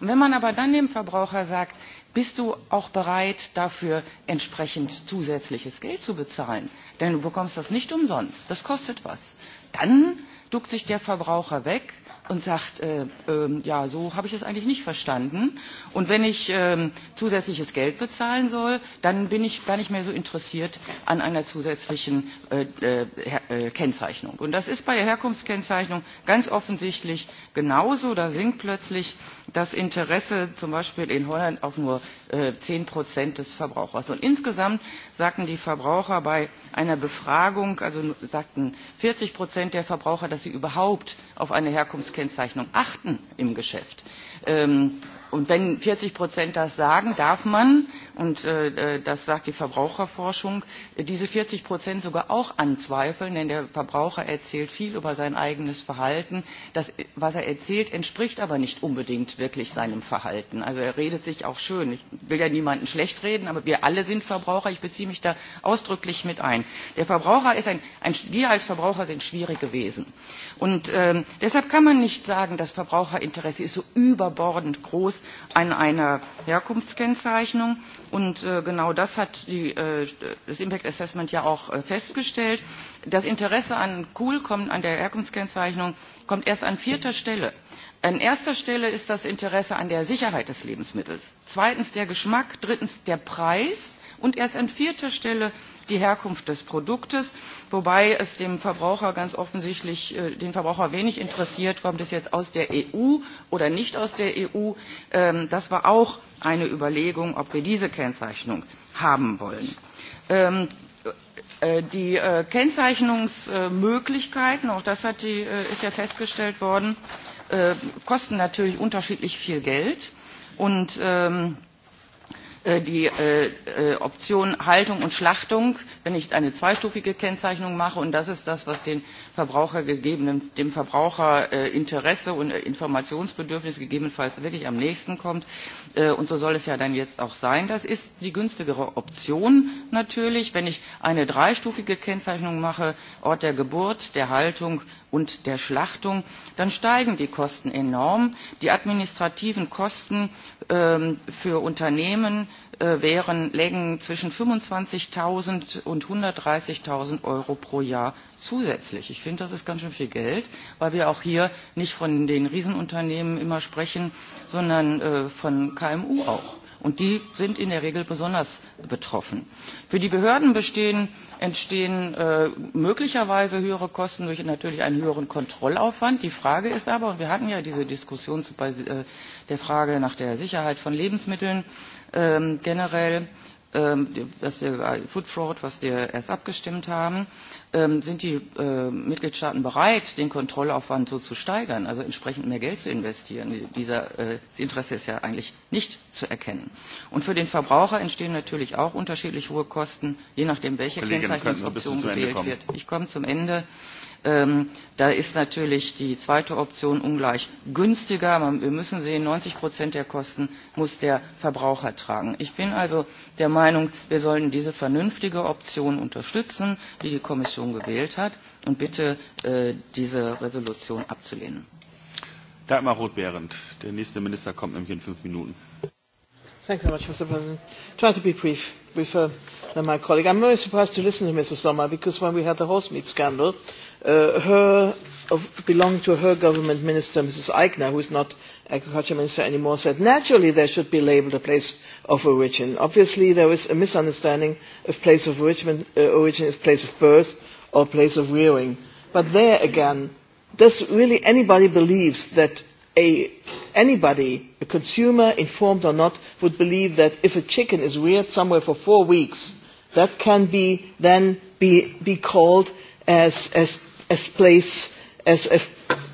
Und wenn man aber dann dem Verbraucher sagt, bist du auch bereit, dafür entsprechend zusätzliches Geld zu bezahlen? Denn du bekommst das nicht umsonst. Das kostet was. Dann duckt sich der Verbraucher weg und sagt, äh, äh, ja, so habe ich es eigentlich nicht verstanden. Und wenn ich äh, zusätzliches Geld bezahlen soll, dann bin ich gar nicht mehr so interessiert an einer zusätzlichen äh, äh, äh, Kennzeichnung. Und das ist bei der Herkunftskennzeichnung ganz offensichtlich genauso. Da sinkt plötzlich das Interesse zum Beispiel in Holland auf nur 10 des Verbrauchers. Und insgesamt sagten die Verbraucher bei einer Befragung, also sagten 40 Prozent der Verbraucher, dass sie überhaupt auf eine Herkunftskennzeichnung Kennzeichnung achten im geschäft. Ähm, und wenn 40 Prozent das sagen, darf man, und äh, äh, das sagt die Verbraucherforschung, äh, diese 40 Prozent sogar auch anzweifeln, denn der Verbraucher erzählt viel über sein eigenes Verhalten. Das, was er erzählt, entspricht aber nicht unbedingt wirklich seinem Verhalten. Also er redet sich auch schön. Ich will ja niemanden schlecht reden, aber wir alle sind Verbraucher. Ich beziehe mich da ausdrücklich mit ein. Der Verbraucher ist ein, ein wir als Verbraucher sind schwierig gewesen. Und äh, deshalb kann man nicht sagen, das Verbraucherinteresse ist so über überbordend groß an einer herkunftskennzeichnung und äh, genau das hat die, äh, das impact assessment ja auch äh, festgestellt das interesse an cool kommt an der herkunftskennzeichnung kommt erst an vierter stelle an erster stelle ist das interesse an der sicherheit des lebensmittels zweitens der geschmack drittens der preis und erst an vierter Stelle die Herkunft des Produktes, wobei es dem Verbraucher ganz offensichtlich äh, den Verbraucher wenig interessiert, kommt es jetzt aus der EU oder nicht aus der EU. Ähm, das war auch eine Überlegung, ob wir diese Kennzeichnung haben wollen ähm, äh, die äh, Kennzeichnungsmöglichkeiten, auch das hat die, ist ja festgestellt worden, kosten natürlich unterschiedlich viel Geld. Und ähm, Äh, die äh, äh, Option Haltung und Schlachtung, wenn ich eine zweistufige Kennzeichnung mache. Und das ist das, was den Verbraucher dem Verbraucher Interesse und Informationsbedürfnis gegebenenfalls wirklich am nächsten kommt. Und so soll es ja dann jetzt auch sein. Das ist die günstigere Option natürlich, wenn ich eine dreistufige Kennzeichnung mache, Ort der Geburt, der Haltung und der Schlachtung, dann steigen die Kosten enorm. Die administrativen Kosten Ähm, für Unternehmen äh, wären Längen zwischen 25.000 und 130.000 Euro pro Jahr zusätzlich. Ich finde, das ist ganz schön viel Geld, weil wir auch hier nicht von den Riesenunternehmen immer sprechen, sondern äh, von KMU und die sind in der regel besonders betroffen. für die behörden bestehen, entstehen äh, möglicherweise höhere kosten durch natürlich einen höheren kontrollaufwand. die frage ist aber und wir hatten ja diese diskussion bei äh, der frage nach der sicherheit von lebensmitteln ähm, generell was ähm, wir äh, Food Fraud, was wir erst abgestimmt haben, ähm, sind die äh, Mitgliedstaaten bereit, den Kontrollaufwand so zu steigern, also entsprechend mehr Geld zu investieren. Dieser, äh, das Interesse ist ja eigentlich nicht zu erkennen. Und für den Verbraucher entstehen natürlich auch unterschiedlich hohe Kosten, je nachdem, welche Kennzeichnungsoption gewählt wird. Ich komme zum Ende. Ähm, da ist natürlich die zweite Option ungleich günstiger. aber wir müssen sehen, neunzig der Kosten muss der Verbraucher tragen. Ich bin also der Meinung, wir sollten diese vernünftige Option unterstützen, die die Kommission gewählt hat, und bitte äh, diese Resolution abzulehnen. Dagmar Roth-Behrendt. Der nächste Minister kommt nämlich in fünf Minuten. Thank you uh, my colleague. I'm very to listen to Mrs. Sommer because when we had the horsemeat scandal, Uh, her belonged to her government minister mrs eichner who is not agriculture minister anymore said naturally there should be labelled a place of origin. obviously there is a misunderstanding of place of origin, uh, is place of birth or place of rearing but there again does really anybody believes that a, anybody a consumer informed or not would believe that if a chicken is reared somewhere for four weeks that can be then be, be called as, as as place as a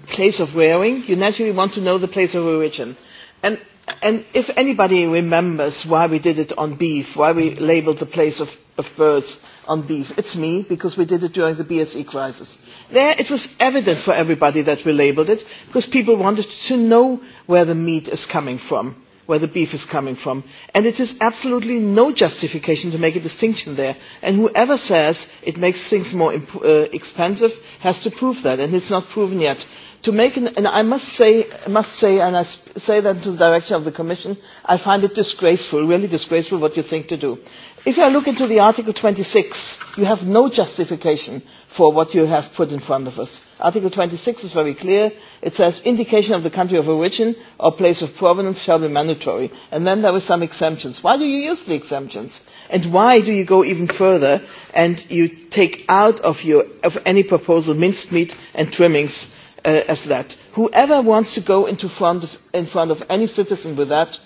place of wearing, you naturally want to know the place of origin. And, and if anybody remembers why we did it on beef, why we labeled the place of, of birth on beef, it's me, because we did it during the BSE crisis. There it was evident for everybody that we labeled it, because people wanted to know where the meat is coming from where the beef is coming from and it is absolutely no justification to make a distinction there and whoever says it makes things more uh, expensive has to prove that and it's not proven yet to make an, and I must say, must say, and I say that to the director of the Commission, I find it disgraceful, really disgraceful what you think to do. If I look into the Article 26, you have no justification for what you have put in front of us. Article 26 is very clear. It says indication of the country of origin or place of provenance shall be mandatory. And then there were some exemptions. Why do you use the exemptions? And why do you go even further and you take out of, your, of any proposal minced meat and trimmings uh, as that? Whoever wants to go into front of, in front of any citizen with that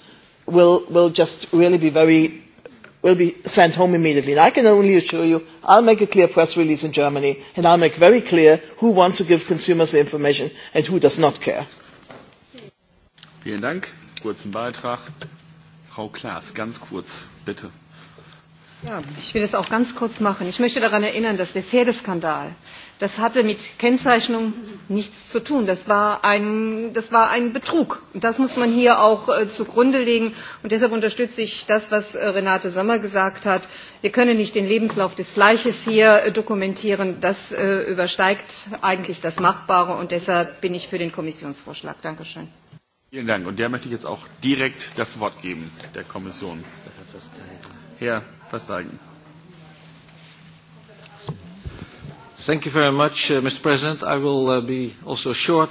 will, will just really be very will be sent home immediately. And I can only assure you, I'll make a clear press release in Germany, and I'll make very clear who wants to give consumers the information and who does not care. Vielen Dank. Kurzen Beitrag. Frau Klaas, ganz kurz, bitte. Ja, ich will es auch ganz kurz machen. Ich möchte daran erinnern, dass der Pferdeskandal das hatte mit Kennzeichnung nichts zu tun. Das war ein, das war ein Betrug. Und das muss man hier auch äh, zugrunde legen. Und deshalb unterstütze ich das, was äh, Renate Sommer gesagt hat. Wir können nicht den Lebenslauf des Fleisches hier äh, dokumentieren. Das übersteigt eigentlich das Machbare. Und deshalb bin ich für den Kommissionsvorschlag. Dankeschön. Vielen Dank. Und der möchte ich jetzt auch direkt das Wort geben, der Kommission. Herr Versteigen. Thank you very much, uh, Mr. President. I will uh, be also short.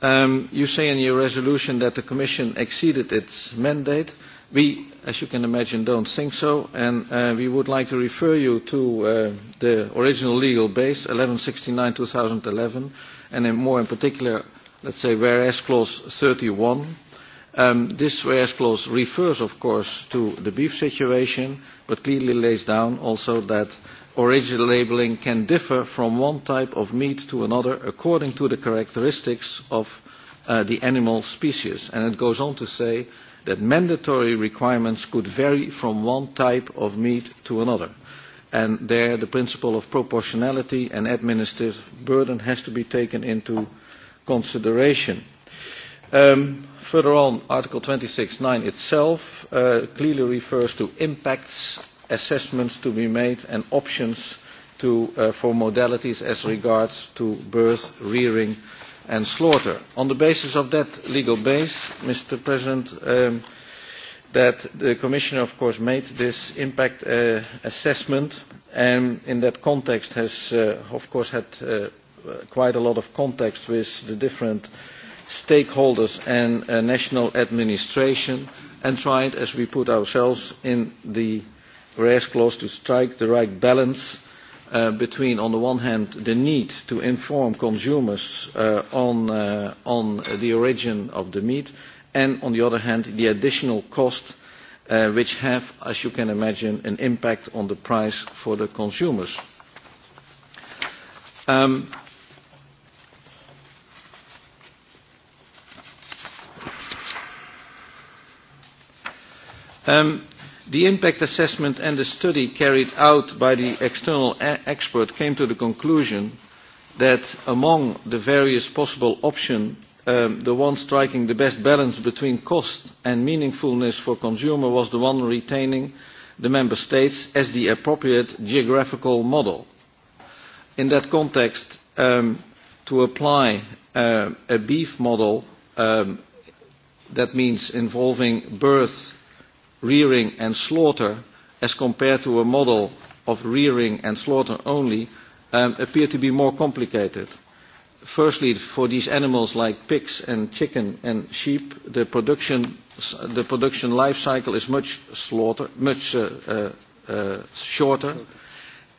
Um, you say in your resolution that the Commission exceeded its mandate. We, as you can imagine, don't think so, and uh, we would like to refer you to uh, the original legal base, 1169-2011, and in more in particular, let's say, whereas clause 31. Um, this whereas clause refers, of course, to the beef situation, but clearly lays down also that original labelling can differ from one type of meat to another according to the characteristics of uh, the animal species. And it goes on to say that mandatory requirements could vary from one type of meat to another. And there the principle of proportionality and administrative burden has to be taken into consideration. Um, further on, Article 26.9 itself uh, clearly refers to impacts assessments to be made and options to, uh, for modalities as regards to birth, rearing and slaughter. On the basis of that legal base, Mr President, um, that the Commission of course made this impact uh, assessment and in that context has uh, of course had quite a lot of context with the different stakeholders and national administration and tried, as we put ourselves in the whereas clause to strike the right balance uh, between, on the one hand, the need to inform consumers uh, uh, on, the origin of the meat, and on the other hand, the additional cost which have, as you can imagine, an impact on the price for the consumers. Um, um, The impact assessment and the study carried out by the external e-, expert came to the conclusion that among the various possible options, um, the one striking the best balance between cost and meaningfulness for consumer was the one retaining the member states as the appropriate geographical model. In that context, um, to apply uh, a beef model, um, that means involving birth rearing and slaughter as compared to a model of rearing and slaughter only um, appear to be more complicated. Firstly, for these animals like pigs and chicken and sheep, the production, the production life cycle is much, slaughter, much uh, uh, uh, shorter.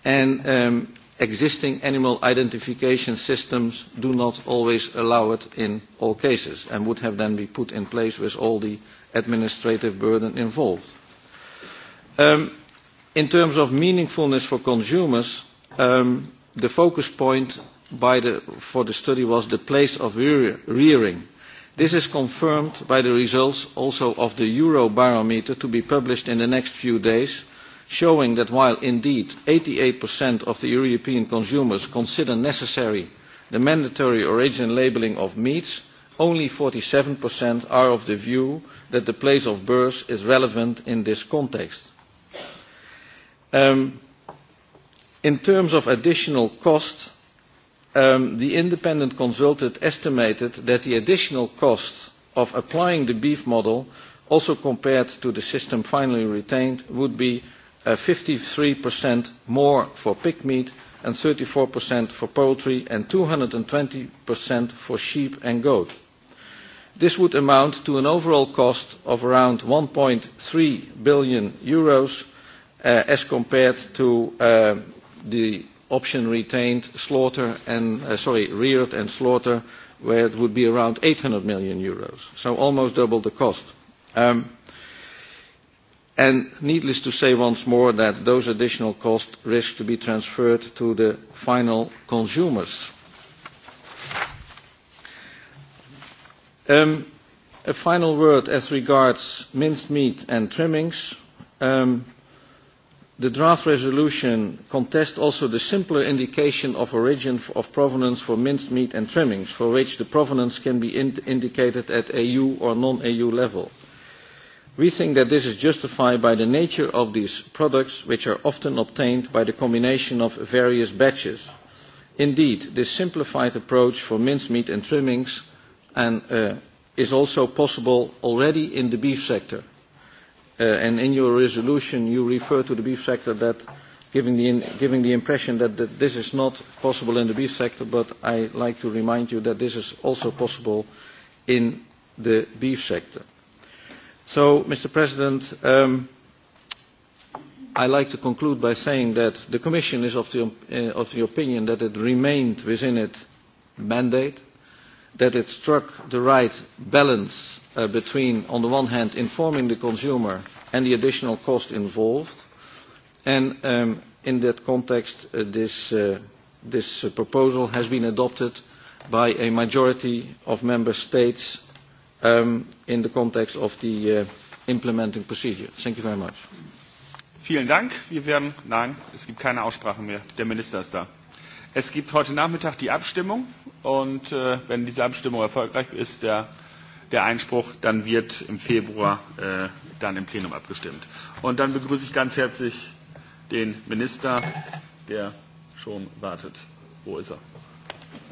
And um, existing animal identification systems do not always allow it in all cases and would have then be put in place with all the administrative burden involved. Um, in terms of meaningfulness for consumers, um, the focus point by the, for the study was the place of rearing. This is confirmed by the results also of the Eurobarometer to be published in the next few days showing that while indeed eighty eight of the European consumers consider necessary the mandatory origin labelling of meats, only forty seven are of the view that the place of birth is relevant in this context. Um, in terms of additional cost, um, the independent consultant estimated that the additional cost of applying the beef model, also compared to the system finally retained, would be 53% uh, more for pig meat and 34% for poultry and 220% for sheep and goat. This would amount to an overall cost of around 1.3 billion euros uh, as compared to uh, the option retained slaughter and sorry reared and slaughter where it would be around 800 million euros so almost double the cost um, And needless to say once more that those additional costs risk to be transferred to the final consumers. Um, a final word as regards minced meat and trimmings. Um, the draft resolution contests also the simpler indication of origin of provenance for minced meat and trimmings, for which the provenance can be indicated at EU or non-EU level We think that this is justified by the nature of these products, which are often obtained by the combination of various batches. Indeed, this simplified approach for mincemeat and trimmings and, uh, is also possible already in the beef sector. Uh, and in your resolution, you refer to the beef sector that giving the, in, giving the impression that, that this is not possible in the beef sector, but I like to remind you that this is also possible in the beef sector. So, Mr. President, um, I would like to conclude by saying that the Commission is uh, of the, opinion that it remained within its mandate, that it struck the right balance uh, between, on the one hand, informing the consumer and the additional cost involved, and um, in that context, uh, this proposal has been adopted by a majority of member states Um, in the context of the uh, implementing procedure. Thank you very much. Vielen Dank. Wir werden, nein, es gibt keine Aussprache mehr. Der Minister ist da. Es gibt heute Nachmittag die Abstimmung und äh, wenn diese Abstimmung erfolgreich ist, der, der Einspruch, dann wird im Februar äh, dann im Plenum abgestimmt. Und dann begrüße ich ganz herzlich den Minister, der schon wartet. Wo ist er?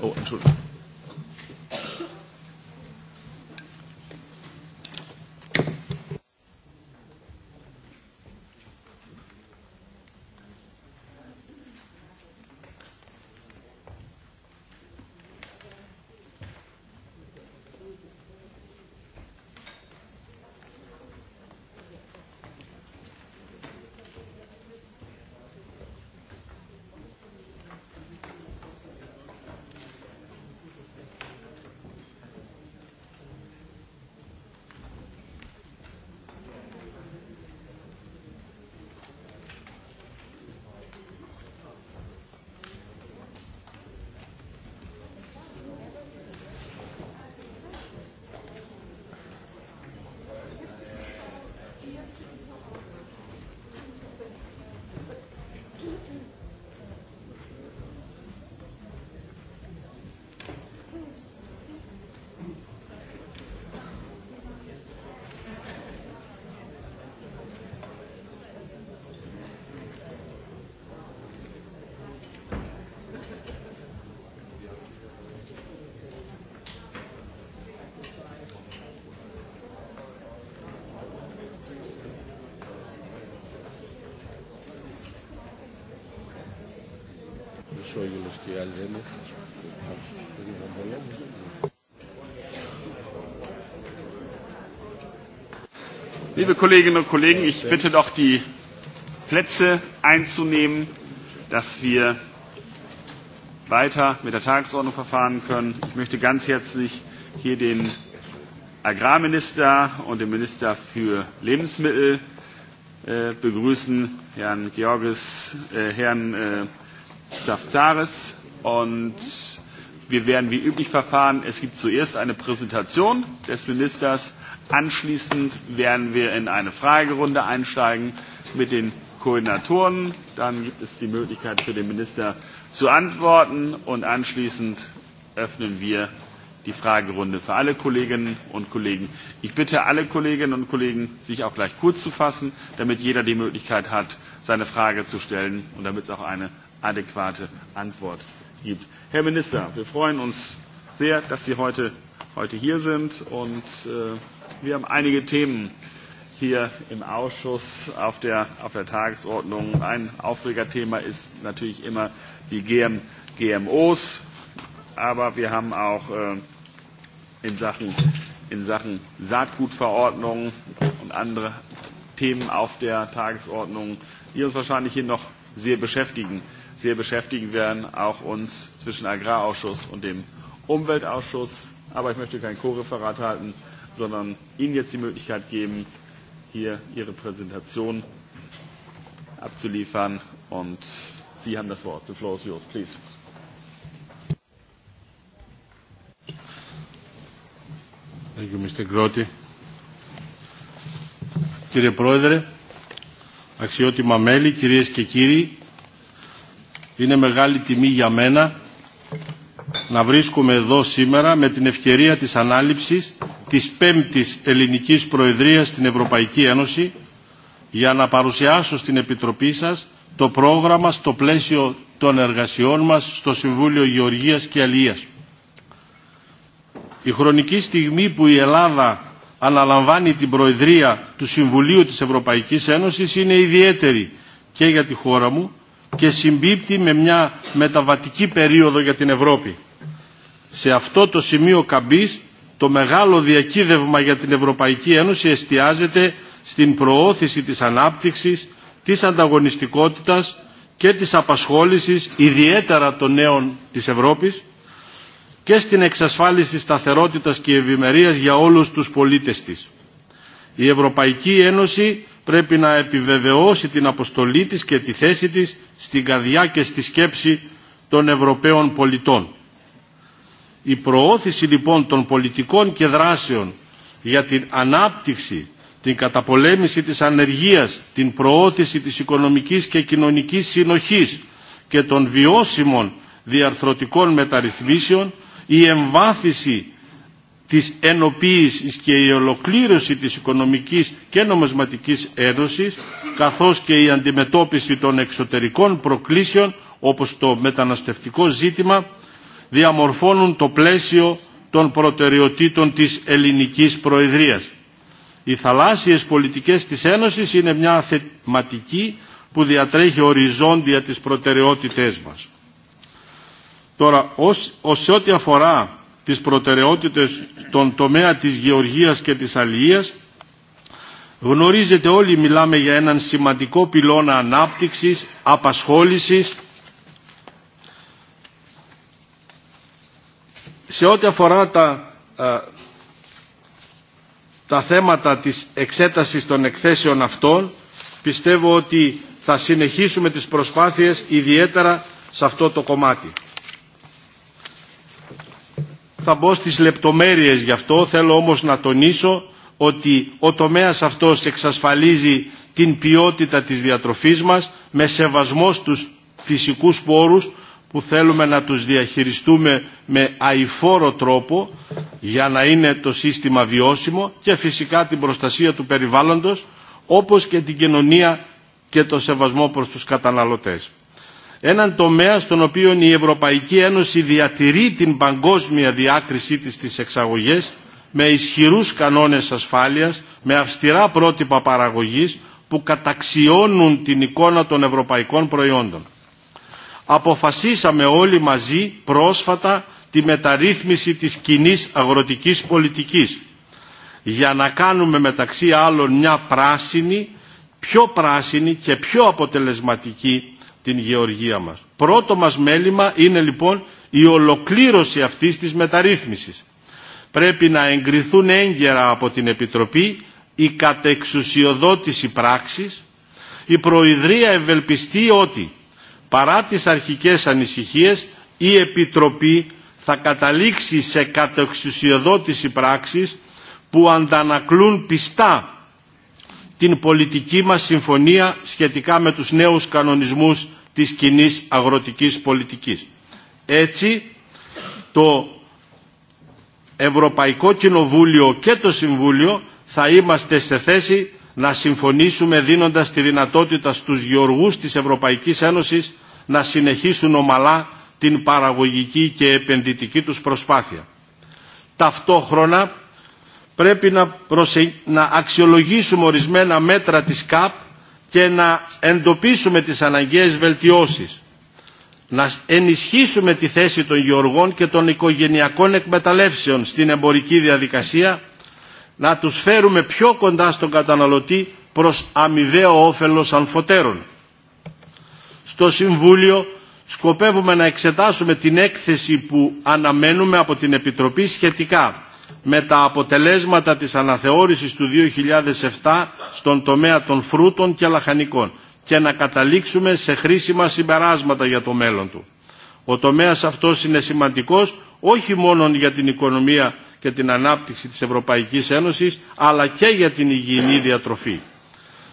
Oh, Entschuldigung. Liebe Kolleginnen und Kollegen, ich bitte doch die Plätze einzunehmen, dass wir weiter mit der Tagesordnung verfahren können. Ich möchte ganz herzlich hier den Agrarminister und den Minister für Lebensmittel äh, begrüßen, Herrn Georges, äh, Herrn äh, Saftaris. Und wir werden wie üblich verfahren. Es gibt zuerst eine Präsentation des Ministers. Anschließend werden wir in eine Fragerunde einsteigen mit den Koordinatoren. Dann gibt es die Möglichkeit für den Minister zu antworten. Und anschließend öffnen wir die Fragerunde für alle Kolleginnen und Kollegen. Ich bitte alle Kolleginnen und Kollegen, sich auch gleich kurz zu fassen, damit jeder die Möglichkeit hat, seine Frage zu stellen und damit es auch eine adäquate Antwort gibt. Herr Minister, wir freuen uns sehr, dass Sie heute, heute hier sind und äh, wir haben einige Themen hier im Ausschuss auf der, auf der Tagesordnung. Ein Thema ist natürlich immer die GM, GMOs, aber wir haben auch äh, in, Sachen, in Sachen Saatgutverordnung und andere Themen auf der Tagesordnung, die uns wahrscheinlich hier noch sehr beschäftigen sehr beschäftigen werden, auch uns zwischen Agrarausschuss und dem Umweltausschuss. Aber ich möchte kein Co-Referat halten, sondern Ihnen jetzt die Möglichkeit geben, hier Ihre Präsentation abzuliefern. Und Sie haben das Wort. The floor please. Είναι μεγάλη τιμή για μένα να βρίσκομαι εδώ σήμερα με την ευκαιρία της ανάληψης της πέμπτης ελληνικής προεδρίας στην Ευρωπαϊκή Ένωση για να παρουσιάσω στην Επιτροπή σας το πρόγραμμα στο πλαίσιο των εργασιών μας στο Συμβούλιο Γεωργίας και Αλίας. Η χρονική στιγμή που η Ελλάδα αναλαμβάνει την Προεδρία του Συμβουλίου της Ευρωπαϊκής Ένωσης είναι ιδιαίτερη και για τη χώρα μου και συμπίπτει με μια μεταβατική περίοδο για την Ευρώπη. Σε αυτό το σημείο καμπής το μεγάλο διακύδευμα για την Ευρωπαϊκή Ένωση εστιάζεται στην προώθηση της ανάπτυξης, της ανταγωνιστικότητας και της απασχόλησης ιδιαίτερα των νέων της Ευρώπης και στην εξασφάλιση σταθερότητας και ευημερίας για όλους τους πολίτες της. Η Ευρωπαϊκή Ένωση πρέπει να επιβεβαιώσει την αποστολή της και τη θέση της στην καρδιά και στη σκέψη των Ευρωπαίων πολιτών. Η προώθηση λοιπόν των πολιτικών και δράσεων για την ανάπτυξη, την καταπολέμηση της ανεργίας, την προώθηση της οικονομικής και κοινωνικής συνοχής και των βιώσιμων διαρθρωτικών μεταρρυθμίσεων, η εμβάθυση της ενοποίησης και η ολοκλήρωση της οικονομικής και νομισματικής ένωσης καθώς και η αντιμετώπιση των εξωτερικών προκλήσεων όπως το μεταναστευτικό ζήτημα διαμορφώνουν το πλαίσιο των προτεραιοτήτων της ελληνικής προεδρίας. Οι θαλάσσιες πολιτικές της Ένωσης είναι μια θεματική που διατρέχει οριζόντια τις προτεραιότητές μας. Τώρα, ως, ως ό,τι αφορά τις προτεραιότητες στον τομέα της γεωργίας και της αλληλείας. Γνωρίζετε όλοι μιλάμε για έναν σημαντικό πυλώνα ανάπτυξης, απασχόλησης. Σε ό,τι αφορά τα, τα θέματα της εξέτασης των εκθέσεων αυτών, πιστεύω ότι θα συνεχίσουμε τις προσπάθειες ιδιαίτερα σε αυτό το κομμάτι θα μπω στις λεπτομέρειες γι' αυτό, θέλω όμως να τονίσω ότι ο τομέας αυτός εξασφαλίζει την ποιότητα της διατροφής μας με σεβασμό στους φυσικούς πόρους που θέλουμε να τους διαχειριστούμε με αηφόρο τρόπο για να είναι το σύστημα βιώσιμο και φυσικά την προστασία του περιβάλλοντος όπως και την κοινωνία και το σεβασμό προς τους καταναλωτές έναν τομέα στον οποίο η Ευρωπαϊκή Ένωση διατηρεί την παγκόσμια διάκρισή της στις εξαγωγές με ισχυρούς κανόνες ασφάλειας, με αυστηρά πρότυπα παραγωγής που καταξιώνουν την εικόνα των ευρωπαϊκών προϊόντων. Αποφασίσαμε όλοι μαζί πρόσφατα τη μεταρρύθμιση της κοινή αγροτικής πολιτικής για να κάνουμε μεταξύ άλλων μια πράσινη, πιο πράσινη και πιο αποτελεσματική την γεωργία μας. Πρώτο μας μέλημα είναι λοιπόν η ολοκλήρωση αυτής της μεταρρύθμισης. Πρέπει να εγκριθούν έγκαιρα από την Επιτροπή η κατεξουσιοδότηση πράξης. Η Προεδρία ευελπιστεί ότι παρά τις αρχικές ανησυχίες η Επιτροπή θα καταλήξει σε κατεξουσιοδότηση πράξης που αντανακλούν πιστά την πολιτική μας συμφωνία σχετικά με τους νέους κανονισμούς της κοινή αγροτικής πολιτικής. Έτσι, το Ευρωπαϊκό Κοινοβούλιο και το Συμβούλιο θα είμαστε σε θέση να συμφωνήσουμε δίνοντας τη δυνατότητα στους γεωργούς της Ευρωπαϊκής Ένωσης να συνεχίσουν ομαλά την παραγωγική και επενδυτική τους προσπάθεια. Ταυτόχρονα πρέπει να, προσε... να αξιολογήσουμε ορισμένα μέτρα της ΚΑΠ και να εντοπίσουμε τις αναγκαίες βελτιώσεις. Να ενισχύσουμε τη θέση των γεωργών και των οικογενειακών εκμεταλλεύσεων στην εμπορική διαδικασία, να τους φέρουμε πιο κοντά στον καταναλωτή προς αμοιβαίο όφελος ανφωτέρων. Στο Συμβούλιο σκοπεύουμε να εξετάσουμε την έκθεση που αναμένουμε από την Επιτροπή σχετικά με τα αποτελέσματα της αναθεώρησης του 2007 στον τομέα των φρούτων και λαχανικών και να καταλήξουμε σε χρήσιμα συμπεράσματα για το μέλλον του. Ο τομέας αυτός είναι σημαντικός όχι μόνο για την οικονομία και την ανάπτυξη της Ευρωπαϊκής Ένωσης αλλά και για την υγιεινή διατροφή.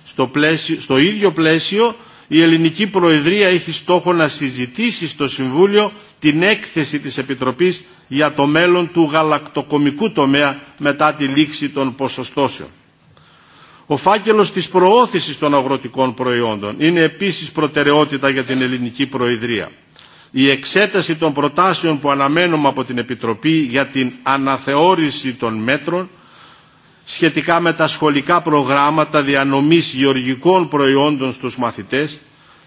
Στο, πλαίσιο, στο ίδιο πλαίσιο η Ελληνική Προεδρία έχει στόχο να συζητήσει στο Συμβούλιο την έκθεση της Επιτροπής για το μέλλον του γαλακτοκομικού τομέα μετά τη λήξη των ποσοστώσεων. Ο φάκελος της προώθησης των αγροτικών προϊόντων είναι επίσης προτεραιότητα για την ελληνική προεδρία. Η εξέταση των προτάσεων που αναμένουμε από την Επιτροπή για την αναθεώρηση των μέτρων σχετικά με τα σχολικά προγράμματα διανομής γεωργικών προϊόντων στους μαθητές,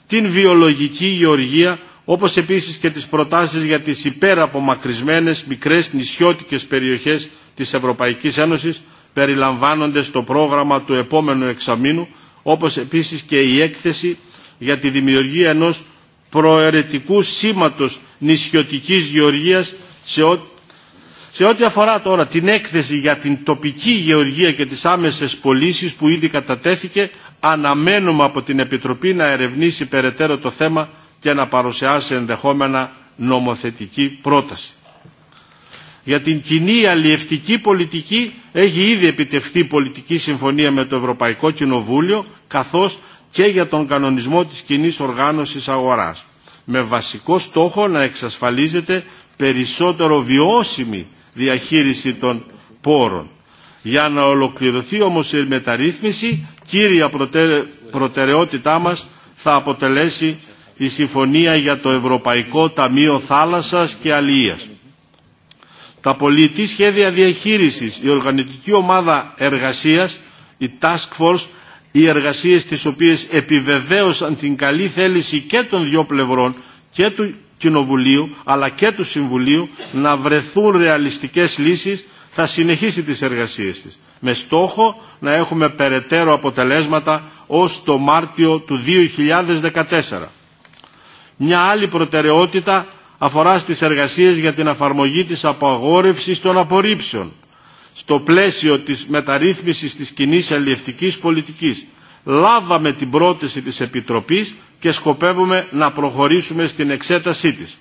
την βιολογική γεωργία όπως επίσης και τις προτάσεις για τις υπεραπομακρυσμένες μικρές νησιώτικες περιοχές της Ευρωπαϊκής Ένωσης περιλαμβάνονται στο πρόγραμμα του επόμενου εξαμήνου, όπως επίσης και η έκθεση για τη δημιουργία ενός προαιρετικού σήματος νησιωτικής γεωργίας σε, ό, σε ό,τι αφορά τώρα την έκθεση για την τοπική γεωργία και τις άμεσες πωλήσει που ήδη κατατέθηκε, αναμένουμε από την Επιτροπή να ερευνήσει περαιτέρω το θέμα και να παρουσιάσει ενδεχόμενα νομοθετική πρόταση. Για την κοινή αλλιευτική πολιτική έχει ήδη επιτευχθεί πολιτική συμφωνία με το Ευρωπαϊκό Κοινοβούλιο καθώς και για τον κανονισμό της κοινή οργάνωσης αγοράς με βασικό στόχο να εξασφαλίζεται περισσότερο βιώσιμη διαχείριση των πόρων. Για να ολοκληρωθεί όμως η μεταρρύθμιση, κύρια προτεραιότητά μας θα αποτελέσει η Συμφωνία για το Ευρωπαϊκό Ταμείο Θάλασσας και Αλίας. Τα πολιτή σχέδια διαχείρισης, η οργανωτική ομάδα εργασίας, η Task Force, οι εργασίες τις οποίες επιβεβαίωσαν την καλή θέληση και των δύο πλευρών και του Κοινοβουλίου αλλά και του Συμβουλίου να βρεθούν ρεαλιστικές λύσεις θα συνεχίσει τις εργασίες της με στόχο να έχουμε περαιτέρω αποτελέσματα ως το Μάρτιο του 2014. Μια άλλη προτεραιότητα αφορά στις εργασίες για την αφαρμογή της απαγόρευσης των απορρίψεων στο πλαίσιο της μεταρρύθμισης της κοινή αλληλευτικής πολιτικής. Λάβαμε την πρόταση της Επιτροπής και σκοπεύουμε να προχωρήσουμε στην εξέτασή της.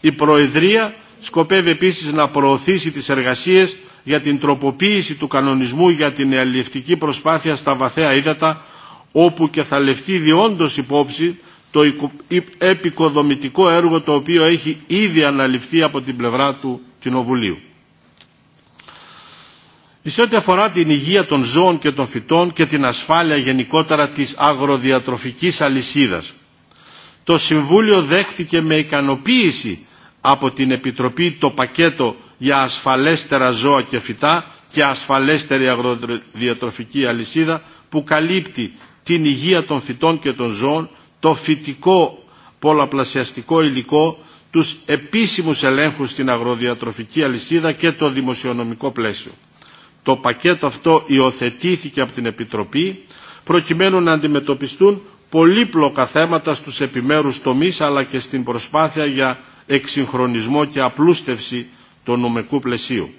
Η Προεδρία σκοπεύει επίσης να προωθήσει τις εργασίες για την τροποποίηση του κανονισμού για την αλληλευτική προσπάθεια στα βαθαία ύδατα, όπου και θα λεφτεί διόντως υπόψη το επικοδομητικό έργο το οποίο έχει ήδη αναλυφθεί από την πλευρά του Κοινοβουλίου. Σε ό,τι αφορά την υγεία των ζώων και των φυτών και την ασφάλεια γενικότερα της αγροδιατροφικής αλυσίδας, το Συμβούλιο δέχτηκε με ικανοποίηση από την Επιτροπή το πακέτο για ασφαλέστερα ζώα και φυτά και ασφαλέστερη αγροδιατροφική αλυσίδα που καλύπτει την υγεία των φυτών και των ζώων το φυτικό πολλαπλασιαστικό υλικό, τους επίσημους ελέγχους στην αγροδιατροφική αλυσίδα και το δημοσιονομικό πλαίσιο. Το πακέτο αυτό υιοθετήθηκε από την Επιτροπή προκειμένου να αντιμετωπιστούν πολύπλοκα θέματα στους επιμέρους τομείς αλλά και στην προσπάθεια για εξυγχρονισμό και απλούστευση του νομικού πλαισίου.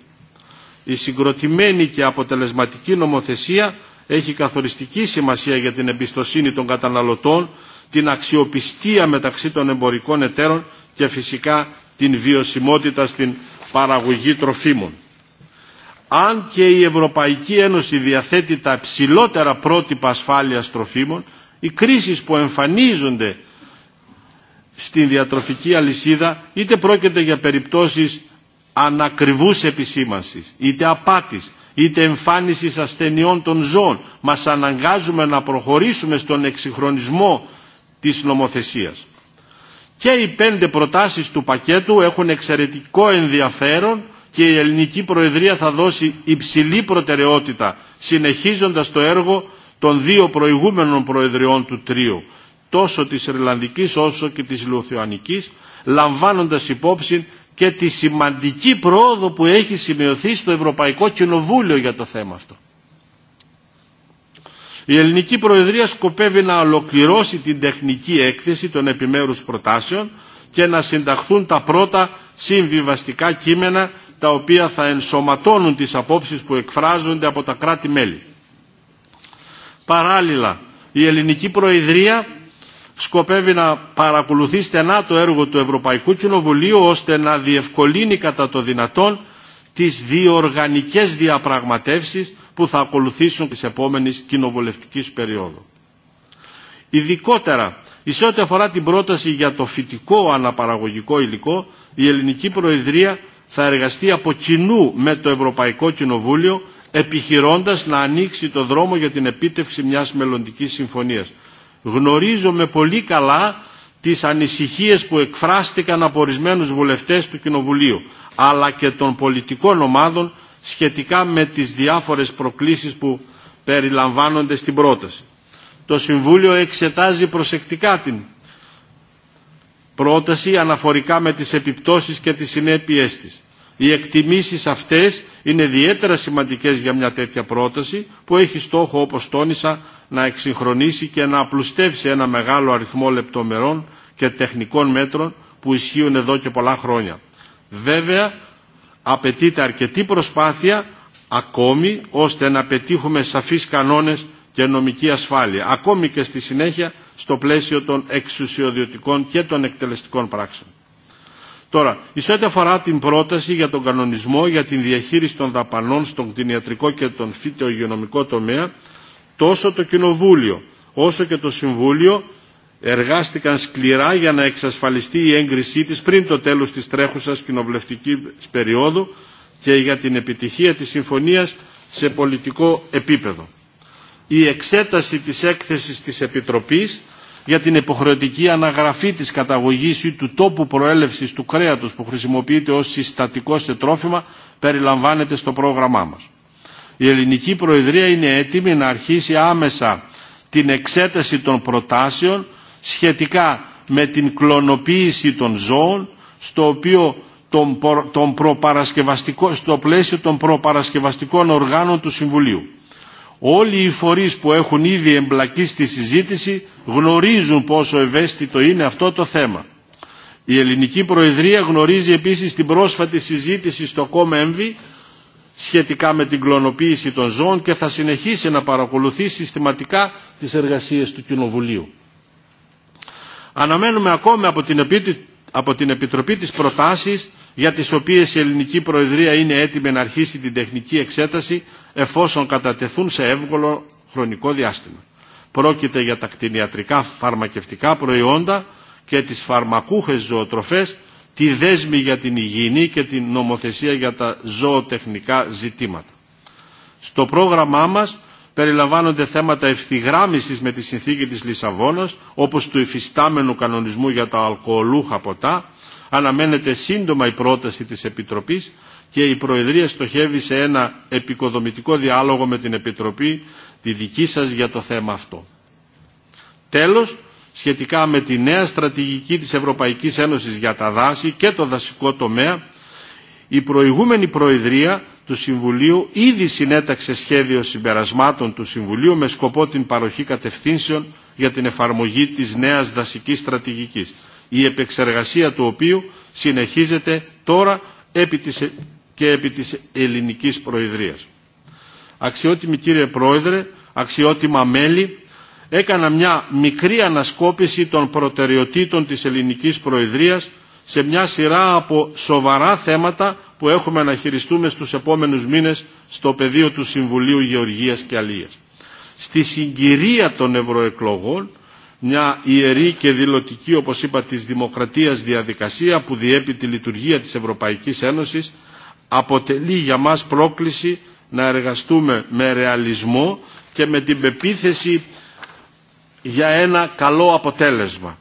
Η συγκροτημένη και αποτελεσματική νομοθεσία έχει καθοριστική σημασία για την εμπιστοσύνη των καταναλωτών την αξιοπιστία μεταξύ των εμπορικών εταίρων και φυσικά την βιωσιμότητα στην παραγωγή τροφίμων. Αν και η Ευρωπαϊκή Ένωση διαθέτει τα ψηλότερα πρότυπα ασφάλειας τροφίμων, οι κρίσεις που εμφανίζονται στην διατροφική αλυσίδα είτε πρόκειται για περιπτώσεις ανακριβούς επισήμανσης, είτε απάτης, είτε εμφάνισης ασθενειών των ζώων. Μας αναγκάζουμε να προχωρήσουμε στον εξυγχρονισμό της νομοθεσίας. Και οι πέντε προτάσεις του πακέτου έχουν εξαιρετικό ενδιαφέρον και η ελληνική προεδρία θα δώσει υψηλή προτεραιότητα συνεχίζοντας το έργο των δύο προηγούμενων προεδριών του τρίου, τόσο της Ιρλανδικής όσο και της Λουθιανικής, λαμβάνοντας υπόψη και τη σημαντική πρόοδο που έχει σημειωθεί στο Ευρωπαϊκό Κοινοβούλιο για το θέμα αυτό. Η ελληνική προεδρία σκοπεύει να ολοκληρώσει την τεχνική έκθεση των επιμέρους προτάσεων και να συνταχθούν τα πρώτα συμβιβαστικά κείμενα τα οποία θα ενσωματώνουν τις απόψεις που εκφράζονται από τα κράτη-μέλη. Παράλληλα, η ελληνική προεδρία σκοπεύει να παρακολουθεί στενά το έργο του Ευρωπαϊκού Κοινοβουλίου ώστε να διευκολύνει κατά το δυνατόν τις διοργανικές διαπραγματεύσεις που θα ακολουθήσουν τις επόμενες κοινοβουλευτικής περίοδου. Ειδικότερα, σε ό,τι αφορά την πρόταση για το φυτικό αναπαραγωγικό υλικό, η Ελληνική Προεδρία θα εργαστεί από κοινού με το Ευρωπαϊκό Κοινοβούλιο, επιχειρώντας να ανοίξει το δρόμο για την επίτευξη μιας μελλοντικής συμφωνίας. Γνωρίζομαι πολύ καλά τις ανησυχίες που εκφράστηκαν από ορισμένους βουλευτές του Κοινοβουλίου, αλλά και των πολιτικών ομάδων σχετικά με τις διάφορες προκλήσεις που περιλαμβάνονται στην πρόταση. Το Συμβούλιο εξετάζει προσεκτικά την πρόταση αναφορικά με τις επιπτώσεις και τις συνέπειές της. Οι εκτιμήσεις αυτές είναι ιδιαίτερα σημαντικές για μια τέτοια πρόταση που έχει στόχο όπως τόνισα να εξυγχρονίσει και να απλουστεύσει ένα μεγάλο αριθμό λεπτομερών και τεχνικών μέτρων που ισχύουν εδώ και πολλά χρόνια. Βέβαια απαιτείται αρκετή προσπάθεια ακόμη ώστε να πετύχουμε σαφείς κανόνες και νομική ασφάλεια, ακόμη και στη συνέχεια στο πλαίσιο των εξουσιοδιωτικών και των εκτελεστικών πράξεων. Τώρα, εις αφορά την πρόταση για τον κανονισμό για την διαχείριση των δαπανών στον κτηνιατρικό και τον φυτοϊγειονομικό τομέα, τόσο το Κοινοβούλιο όσο και το Συμβούλιο εργάστηκαν σκληρά για να εξασφαλιστεί η έγκρισή της πριν το τέλος της τρέχουσας κοινοβουλευτικής περίοδου και για την επιτυχία της συμφωνίας σε πολιτικό επίπεδο. Η εξέταση της έκθεσης της Επιτροπής για την υποχρεωτική αναγραφή της καταγωγής ή του τόπου προέλευσης του κρέατος που χρησιμοποιείται ως συστατικό σε τρόφιμα περιλαμβάνεται στο πρόγραμμά μας. Η Ελληνική Προεδρία είναι έτοιμη να αρχίσει άμεσα την εξέταση των προτάσεων σχετικά με την κλωνοποίηση των ζώων στο οποίο τον προ, τον προπαρασκευαστικό, στο πλαίσιο των προπαρασκευαστικών οργάνων του Συμβουλίου. Όλοι οι φορείς που έχουν ήδη εμπλακεί στη συζήτηση γνωρίζουν πόσο ευαίσθητο είναι αυτό το θέμα. Η Ελληνική Προεδρία γνωρίζει επίσης την πρόσφατη συζήτηση στο ΚΟΜΕΜΒΙ σχετικά με την κλωνοποίηση των ζώων και θα συνεχίσει να παρακολουθεί συστηματικά τις εργασίες του Κοινοβουλίου. Αναμένουμε ακόμη από την, από την Επιτροπή της προτάσεις για τις οποίες η Ελληνική Προεδρία είναι έτοιμη να αρχίσει την τεχνική εξέταση εφόσον κατατεθούν σε εύκολο χρονικό διάστημα. Πρόκειται για τα κτηνιατρικά φαρμακευτικά προϊόντα και τις φαρμακούχες ζωοτροφές, τη δέσμη για την υγιεινή και την νομοθεσία για τα ζωοτεχνικά ζητήματα. Στο πρόγραμμά μας περιλαμβάνονται θέματα ευθυγράμμισης με τη συνθήκη της Λισαβόνας, όπως του υφιστάμενου κανονισμού για τα αλκοολούχα ποτά, αναμένεται σύντομα η πρόταση της Επιτροπής και η Προεδρία στοχεύει σε ένα επικοδομητικό διάλογο με την Επιτροπή τη δική σας για το θέμα αυτό. Τέλος, σχετικά με τη νέα στρατηγική της Ευρωπαϊκής Ένωσης για τα δάση και το δασικό τομέα, η προηγούμενη Προεδρία του Συμβουλίου ήδη συνέταξε σχέδιο συμπερασμάτων του Συμβουλίου με σκοπό την παροχή κατευθύνσεων για την εφαρμογή της νέας δασικής στρατηγικής, η επεξεργασία του οποίου συνεχίζεται τώρα επί της, και επί της ελληνικής προεδρίας. Αξιότιμη κύριε Πρόεδρε, αξιότιμα μέλη, έκανα μια μικρή ανασκόπηση των προτεραιοτήτων της ελληνικής προεδρίας σε μια σειρά από σοβαρά θέματα που έχουμε να χειριστούμε στους επόμενους μήνες στο πεδίο του Συμβουλίου Γεωργίας και Αλίας. Στη συγκυρία των ευρωεκλογών, μια ιερή και δηλωτική, όπως είπα, της δημοκρατίας διαδικασία που διέπει τη λειτουργία της Ευρωπαϊκής Ένωσης, αποτελεί για μας πρόκληση να εργαστούμε με ρεαλισμό και με την πεποίθηση για ένα καλό αποτέλεσμα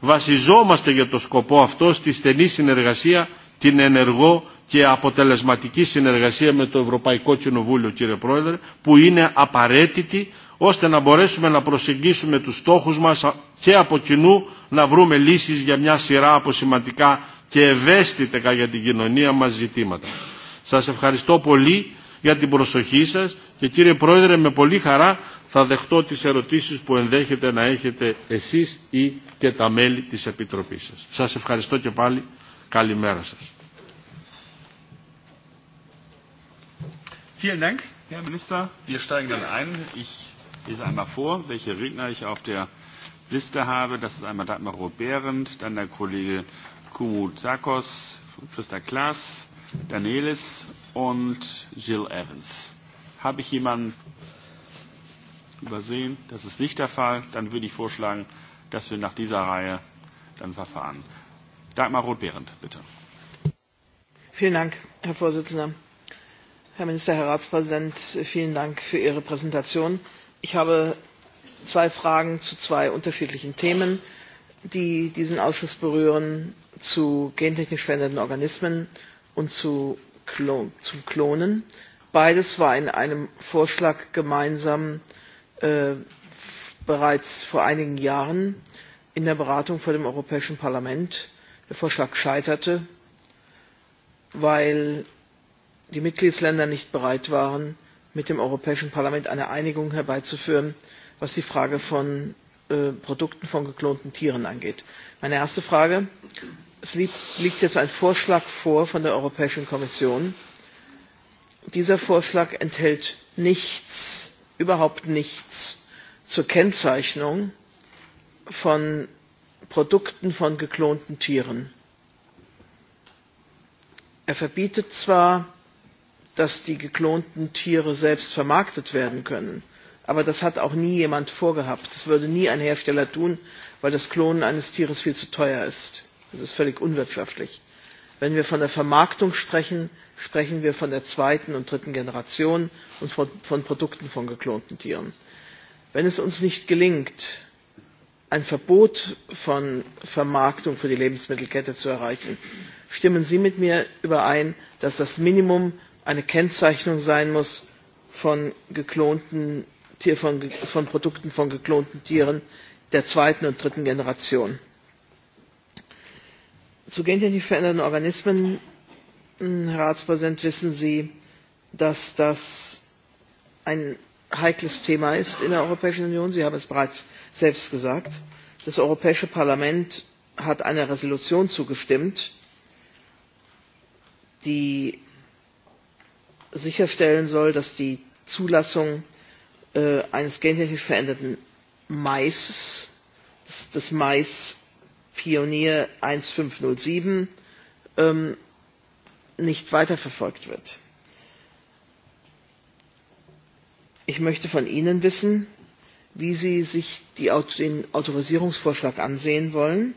βασιζόμαστε για το σκοπό αυτό στη στενή συνεργασία, την ενεργό και αποτελεσματική συνεργασία με το Ευρωπαϊκό Κοινοβούλιο, κύριε Πρόεδρε, που είναι απαραίτητη ώστε να μπορέσουμε να προσεγγίσουμε τους στόχους μας και από κοινού να βρούμε λύσεις για μια σειρά από σημαντικά και ευαίσθητα για την κοινωνία μας ζητήματα. Σας ευχαριστώ πολύ για την προσοχή σας και κύριε Πρόεδρε με πολύ χαρά θα δεχτώ τις ερωτήσεις που ενδέχεται να έχετε εσείς ή και τα μέλη της Επιτροπής σας. Σας ευχαριστώ και πάλι. Καλημέρα σας. Vielen Dank, Herr Minister. Wir steigen dann ein. Ich lese einmal vor, welche Redner ich auf der Liste habe. Das ist einmal Dagmar Roth-Behrendt, dann der Kollege Sakos, Christa Klaas, Danielis und Jill Evans. Habe ich jemanden übersehen? Das ist nicht der Fall. Dann würde ich vorschlagen, dass wir nach dieser Reihe dann verfahren. Dagmar Roth-Behrendt, bitte. Vielen Dank, Herr Vorsitzender. Herr Minister, Herr Ratspräsident, vielen Dank für Ihre Präsentation. Ich habe zwei Fragen zu zwei unterschiedlichen Themen, die diesen Ausschuss berühren, zu gentechnisch veränderten Organismen und zu Klon, zum Klonen. Beides war in einem Vorschlag gemeinsam äh, bereits vor einigen jahren in der beratung vor dem europäischen parlament der vorschlag scheiterte weil die mitgliedstaaten nicht bereit waren mit dem europäischen parlament eine einigung herbeizuführen was die frage von äh, produkten von geklonten tieren angeht. meine erste frage es liegt jetzt ein vorschlag vor von der europäischen kommission. dieser vorschlag enthält nichts überhaupt nichts zur kennzeichnung von produkten von geklonten tieren. er verbietet zwar dass die geklonten tiere selbst vermarktet werden können aber das hat auch nie jemand vorgehabt. das würde nie ein hersteller tun weil das klonen eines tieres viel zu teuer ist. das ist völlig unwirtschaftlich. wenn wir von der vermarktung sprechen sprechen wir von der zweiten und dritten generation und von, von produkten von geklonten tieren wenn es uns nicht gelingt ein verbot von vermarktung für die lebensmittelkette zu erreichen stimmen sie mit mir überein dass das minimum eine kennzeichnung sein muss von geklonten von, von produkten von geklonten tieren der zweiten und dritten generation. zu gentechnisch veränderten organismen herr hm, ratspräsident wissen sie dass das ein heikles Thema ist in der Europäischen Union. Sie haben es bereits selbst gesagt. Das Europäische Parlament hat einer Entschließung zugestimmt, die sicherstellen soll, dass die Zulassung äh, eines gentechnisch veränderten Mais, des, Mais Pionier 1507, sieben ähm, nicht weiterverfolgt wird. ich möchte von ihnen wissen wie sie sich die, den autorisierungsvorschlag ansehen wollen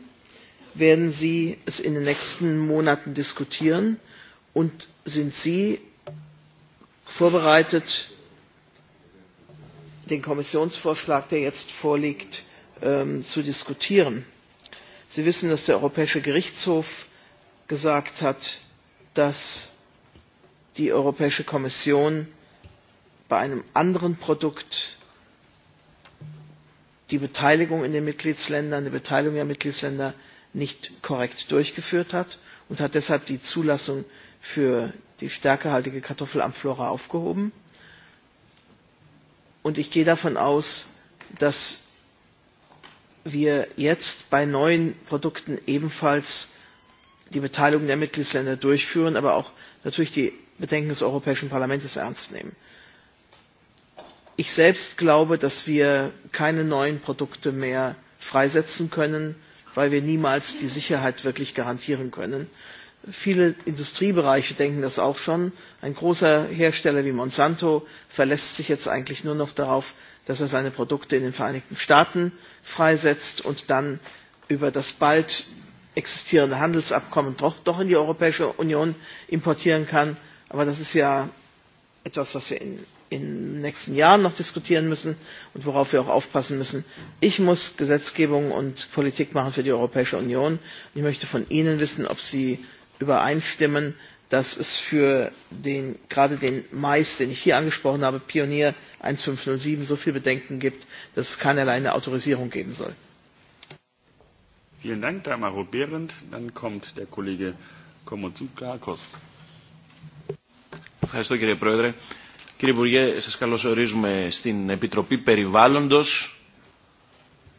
werden sie es in den nächsten monaten diskutieren und sind sie vorbereitet den kommissionsvorschlag der jetzt vorliegt ähm, zu diskutieren? sie wissen dass der europäische gerichtshof gesagt hat dass die europäische kommission bei einem anderen Produkt die Beteiligung in den Mitgliedsländern, die Beteiligung der Mitgliedsländer nicht korrekt durchgeführt hat und hat deshalb die Zulassung für die stärkehaltige Kartoffel am Flora aufgehoben. Und ich gehe davon aus, dass wir jetzt bei neuen Produkten ebenfalls die Beteiligung der Mitgliedsländer durchführen, aber auch natürlich die Bedenken des Europäischen Parlaments ernst nehmen. Ich selbst glaube, dass wir keine neuen Produkte mehr freisetzen können, weil wir niemals die Sicherheit wirklich garantieren können. Viele Industriebereiche denken das auch schon. Ein großer Hersteller wie Monsanto verlässt sich jetzt eigentlich nur noch darauf, dass er seine Produkte in den Vereinigten Staaten freisetzt und dann über das bald existierende Handelsabkommen doch, doch in die Europäische Union importieren kann. Aber das ist ja etwas, was wir in in den nächsten Jahren noch diskutieren müssen und worauf wir auch aufpassen müssen. Ich muss Gesetzgebung und Politik machen für die Europäische Union. Ich möchte von Ihnen wissen, ob Sie übereinstimmen, dass es für den, gerade den Mais, den ich hier angesprochen habe, Pionier 1507, so viel Bedenken gibt, dass es keinerlei eine Autorisierung geben soll. Vielen Dank, Damaro Behrendt. Dann kommt der Kollege Komotsuka-Kost. Herr Herr Κύριε Υπουργέ, σας καλωσορίζουμε στην Επιτροπή Περιβάλλοντος,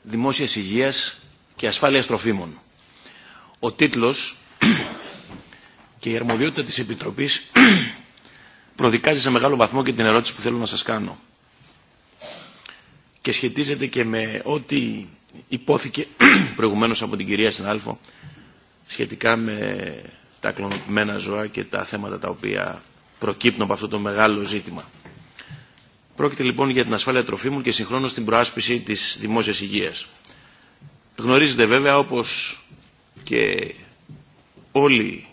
Δημόσιας Υγείας και Ασφάλειας Τροφίμων. Ο τίτλος και η αρμοδιότητα της Επιτροπής προδικάζει σε μεγάλο βαθμό και την ερώτηση που θέλω να σας κάνω. Και σχετίζεται και με ό,τι υπόθηκε προηγουμένως από την κυρία Συνάλφο σχετικά με τα κλωνοποιημένα ζώα και τα θέματα τα οποία προκύπτουν από αυτό το μεγάλο ζήτημα. Πρόκειται λοιπόν για την ασφάλεια τροφίμων και συγχρόνω την προάσπιση τη δημόσια υγεία. Γνωρίζετε βέβαια όπω και όλοι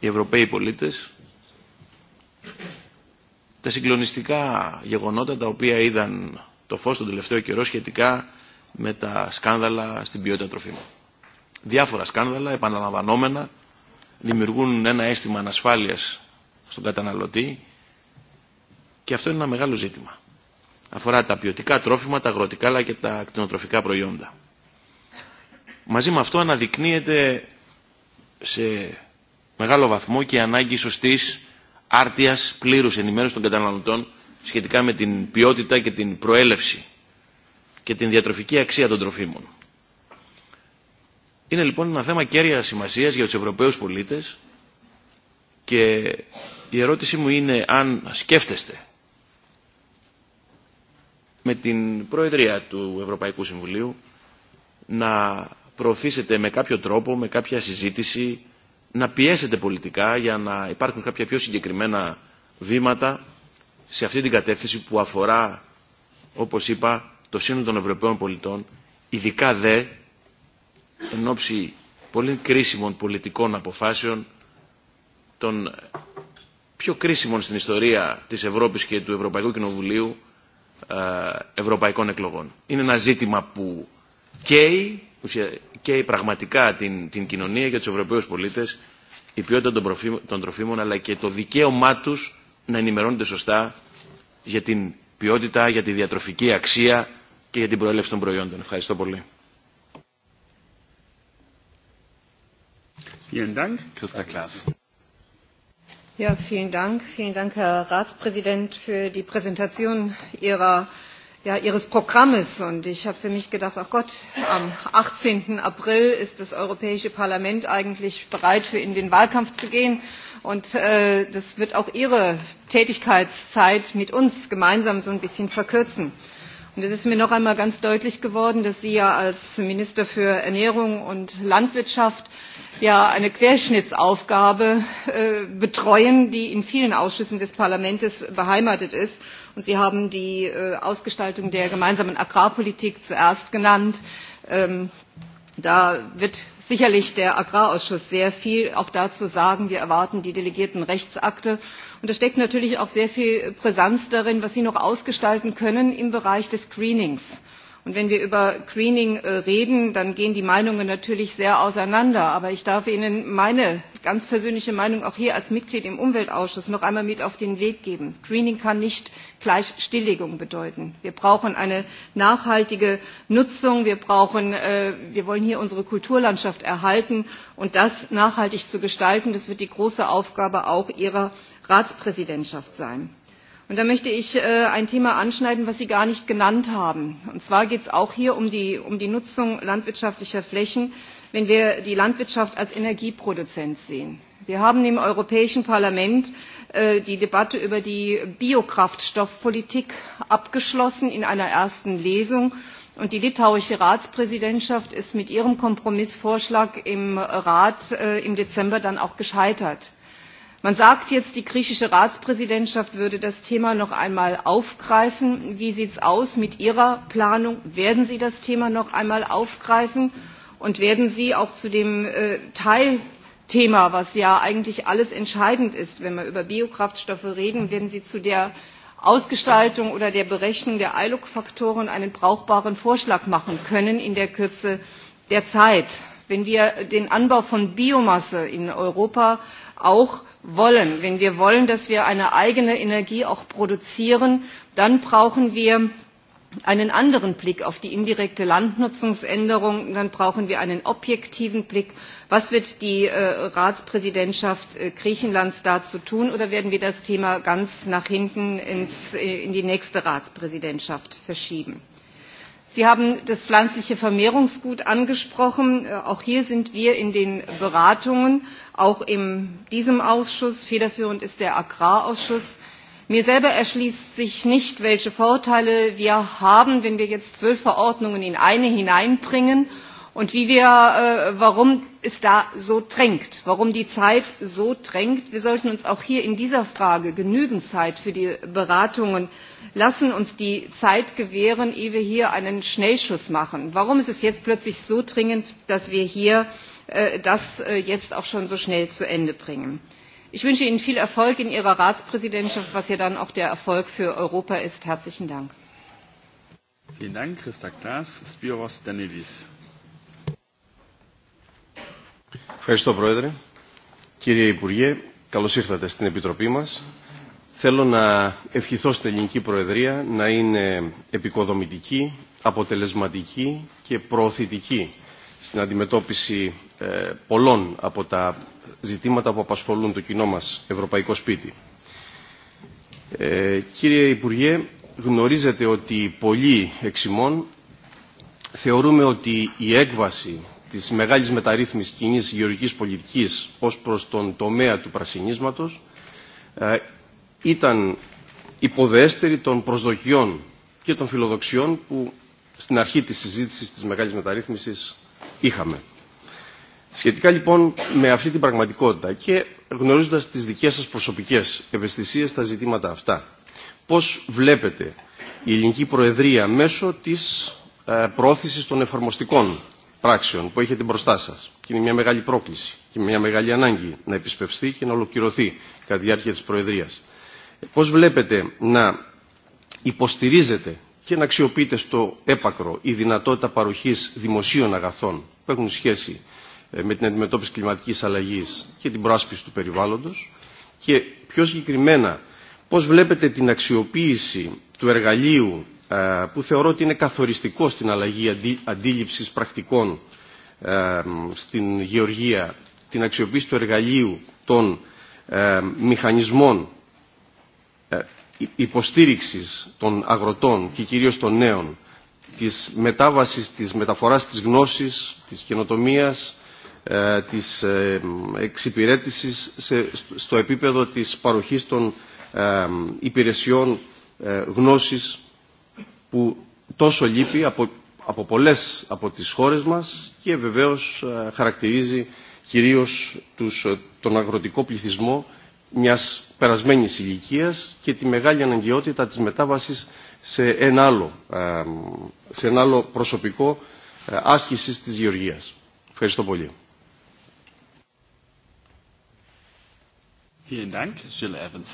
οι Ευρωπαίοι πολίτε τα συγκλονιστικά γεγονότα τα οποία είδαν το φως τον τελευταίο καιρό σχετικά με τα σκάνδαλα στην ποιότητα τροφίμων. Διάφορα σκάνδαλα επαναλαμβανόμενα δημιουργούν ένα αίσθημα ανασφάλειας στον καταναλωτή και αυτό είναι ένα μεγάλο ζήτημα. Αφορά τα ποιοτικά τρόφιμα, τα αγροτικά αλλά και τα κτηνοτροφικά προϊόντα. Μαζί με αυτό αναδεικνύεται σε μεγάλο βαθμό και η ανάγκη σωστής άρτιας πλήρους ενημέρωση των καταναλωτών σχετικά με την ποιότητα και την προέλευση και την διατροφική αξία των τροφίμων. Είναι λοιπόν ένα θέμα κέρια σημασίας για τους Ευρωπαίους πολίτες και Η ερώτηση μου είναι αν σκέφτεστε με την Προεδρία του Ευρωπαϊκού Συμβουλίου να προωθήσετε με κάποιο τρόπο, με κάποια συζήτηση, να πιέσετε πολιτικά για να υπάρχουν κάποια πιο συγκεκριμένα βήματα σε αυτή την κατεύθυνση που αφορά, όπως είπα, το σύνολο των Ευρωπαίων πολιτών, ειδικά δε εν ώψη πολύ κρίσιμων πολιτικών αποφάσεων των πιο κρίσιμων στην ιστορία της Ευρώπης και του Ευρωπαϊκού Κοινοβουλίου ευρωπαϊκών εκλογών. Είναι ένα ζήτημα που καίει, καίει πραγματικά την, την κοινωνία και τους Ευρωπαίους πολίτες η ποιότητα των τροφίμων αλλά και το δικαίωμά τους να ενημερώνονται σωστά για την ποιότητα, για τη διατροφική αξία και για την προέλευση των προϊόντων. Ευχαριστώ πολύ. Vielen Dank, Christa Klaas. Ja, vielen Dank. Vielen Dank, Herr Ratspräsident, für die Präsentation Ihres Programms. Und ich habe für mich gedacht, ach Gott, am 18. April ist das Europäische Parlament eigentlich bereit, für in den Wahlkampf zu gehen. Und äh, das wird auch Ihre Tätigkeitszeit mit uns gemeinsam so ein bisschen verkürzen und es ist mir noch einmal ganz deutlich geworden dass sie ja als minister für ernährung und landwirtschaft ja eine querschnittsaufgabe äh, betreuen die in vielen ausschüssen des parlaments beheimatet ist und sie haben die äh, ausgestaltung der gemeinsamen agrarpolitik zuerst genannt ähm, da wird sicherlich der agrarausschuss sehr viel auch dazu sagen wir erwarten die delegierten rechtsakte Und da steckt natürlich auch sehr viel Brisanz darin, was Sie noch ausgestalten können im Bereich des Screenings. Und wenn wir über Greening äh, reden, dann gehen die Meinungen natürlich sehr auseinander. Aber ich darf Ihnen meine ganz persönliche Meinung auch hier als Mitglied im Umweltausschuss noch einmal mit auf den Weg geben. Greening kann nicht gleich Stilllegung bedeuten. Wir brauchen eine nachhaltige Nutzung. Wir, brauchen, äh, wir wollen hier unsere Kulturlandschaft erhalten. Und das nachhaltig zu gestalten, das wird die große Aufgabe auch Ihrer ratspräsidentschaft sein. Und da möchte ich äh, ein Thema anschneiden, was Sie gar nicht genannt haben. Und zwar geht es auch hier um die, um die Nutzung landwirtschaftlicher Flächen, wenn wir die Landwirtschaft als Energieproduzent sehen. Wir haben im Europäischen Parlament äh, die Debatte über die Biokraftstoffpolitik abgeschlossen in einer ersten Lesung. Und die litauische Ratspräsidentschaft ist mit ihrem Kompromissvorschlag im Rat äh, im Dezember dann auch gescheitert man sagt jetzt die griechische ratspräsidentschaft würde das thema noch einmal aufgreifen. wie sieht es aus mit ihrer planung? werden sie das thema noch einmal aufgreifen und werden sie auch zu dem äh, teilthema was ja eigentlich alles entscheidend ist wenn wir über biokraftstoffe reden werden sie zu der ausgestaltung oder der berechnung der iluc faktoren einen brauchbaren vorschlag machen können in der kürze der zeit? wenn wir den anbau von biomasse in europa auch wollen wenn wir wollen dass wir eine eigene energie auch produzieren dann brauchen wir einen anderen blick auf die indirekte landnutzungsänderung dann brauchen wir einen objektiven blick was wird die äh, ratspräsidentschaft äh, griechenlands dazu tun oder werden wir das thema ganz nach hinten äh, in die nächste ratspräsidentschaft verschieben? sie haben das pflanzliche vermehrungsgut angesprochen äh, auch hier sind wir in den beratungen auch in diesem ausschuss federführend ist der agrarausschuss mir selber erschließt sich nicht welche vorteile wir haben wenn wir jetzt zwölf verordnungen in eine hineinbringen und wie wir, äh, warum es da so drängt, warum die Zeit so drängt. Wir sollten uns auch hier in dieser Frage genügend Zeit für die Beratungen lassen, uns die Zeit gewähren, ehe wir hier einen Schnellschuss machen. Warum ist es jetzt plötzlich so dringend, dass wir hier äh, das äh, jetzt auch schon so schnell zu Ende bringen? Ich wünsche Ihnen viel Erfolg in Ihrer Ratspräsidentschaft, was ja dann auch der Erfolg für Europa ist. Herzlichen Dank. Vielen Dank, Christa Klaas. Spiros Danelis. Ευχαριστώ, Πρόεδρε. Κύριε Υπουργέ, καλώς ήρθατε στην Επιτροπή μας. Θέλω να ευχηθώ στην Ελληνική Προεδρία να είναι επικοδομητική, αποτελεσματική και προωθητική στην αντιμετώπιση ε, πολλών από τα ζητήματα που απασχολούν το κοινό μας ευρωπαϊκό σπίτι. Ε, κύριε Υπουργέ, γνωρίζετε ότι πολλοί εξημών θεωρούμε ότι η έκβαση της μεγάλης μεταρρύθμισης κοινής γεωργικής πολιτικής ως προς τον τομέα του πρασινίσματος ήταν υποδέστερη των προσδοκιών και των φιλοδοξιών που στην αρχή της συζήτησης της μεγάλης μεταρρύθμισης είχαμε. Σχετικά λοιπόν με αυτή την πραγματικότητα και γνωρίζοντας τις δικές σας προσωπικές ευαισθησίες στα ζητήματα αυτά, πώς βλέπετε η ελληνική προεδρία μέσω της πρόθεσης των εφαρμοστικών πράξεων που έχετε μπροστά σα. Και είναι μια μεγάλη πρόκληση και μια μεγάλη ανάγκη να επισπευστεί και να ολοκληρωθεί κατά τη διάρκεια τη Προεδρία. Πώ βλέπετε να υποστηρίζετε και να αξιοποιείτε στο έπακρο η δυνατότητα παροχή δημοσίων αγαθών που έχουν σχέση με την αντιμετώπιση κλιματική αλλαγή και την προάσπιση του περιβάλλοντο και πιο συγκεκριμένα πώς βλέπετε την αξιοποίηση του εργαλείου που θεωρώ ότι είναι καθοριστικό στην αλλαγή αντίληψης πρακτικών στην γεωργία, την αξιοποίηση του εργαλείου των μηχανισμών υποστήριξης των αγροτών και κυρίως των νέων, της μετάβασης, της μεταφοράς της γνώσης, της καινοτομίας, της εξυπηρέτησης στο επίπεδο της παροχής των υπηρεσιών γνώσης που τόσο λείπει από, από πολλές από τις χώρες μας και βεβαίως χαρακτηρίζει κυρίως τους, τον αγροτικό πληθυσμό μιας περασμένης ηλικία και τη μεγάλη αναγκαιότητα της μετάβασης σε ένα άλλο, σε ένα άλλο προσωπικό άσκησης της γεωργίας. Ευχαριστώ πολύ. Vielen Dank, Evans.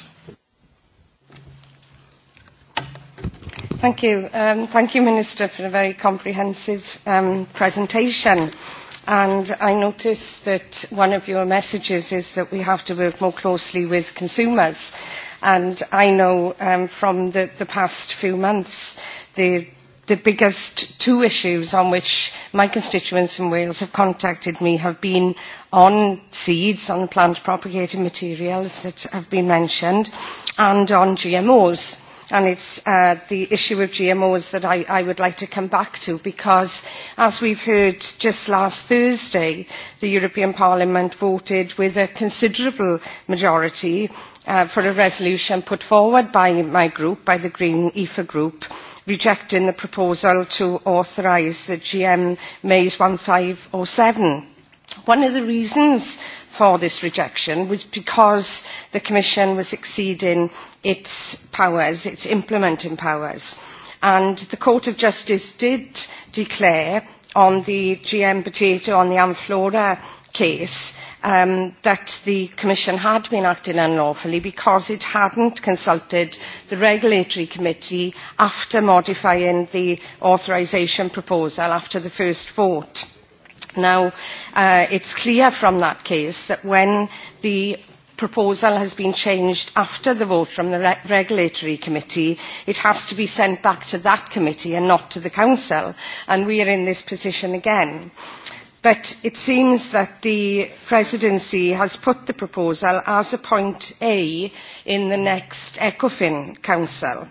Thank you. Um, thank you, Minister, for a very comprehensive um, presentation. And I notice that one of your messages is that we have to work more closely with consumers. And I know um, from the, the past few months the the biggest two issues on which my constituents in Wales have contacted me have been on seeds, on plant propagated materials that have been mentioned, and on GMOs and it is uh, the issue of gmos that I, i would like to come back to because as we have heard just last thursday the european parliament voted with a considerable majority uh, for a resolution put forward by my group by the green efa group rejecting the proposal to authorise the gm maize 1507. one of the reasons for this rejection was because the commission was exceeding its powers, its implementing powers. And the Court of Justice did declare on the GM potato, on the Amflora case, um, that the Commission had been acting unlawfully because it hadn't consulted the Regulatory Committee after modifying the authorisation proposal after the first vote. Now, uh, it's clear from that case that when the proposal has been changed after the vote from the regulatory committee it has to be sent back to that committee and not to the council and we are in this position again but it seems that the presidency has put the proposal as a point a in the next ecofin council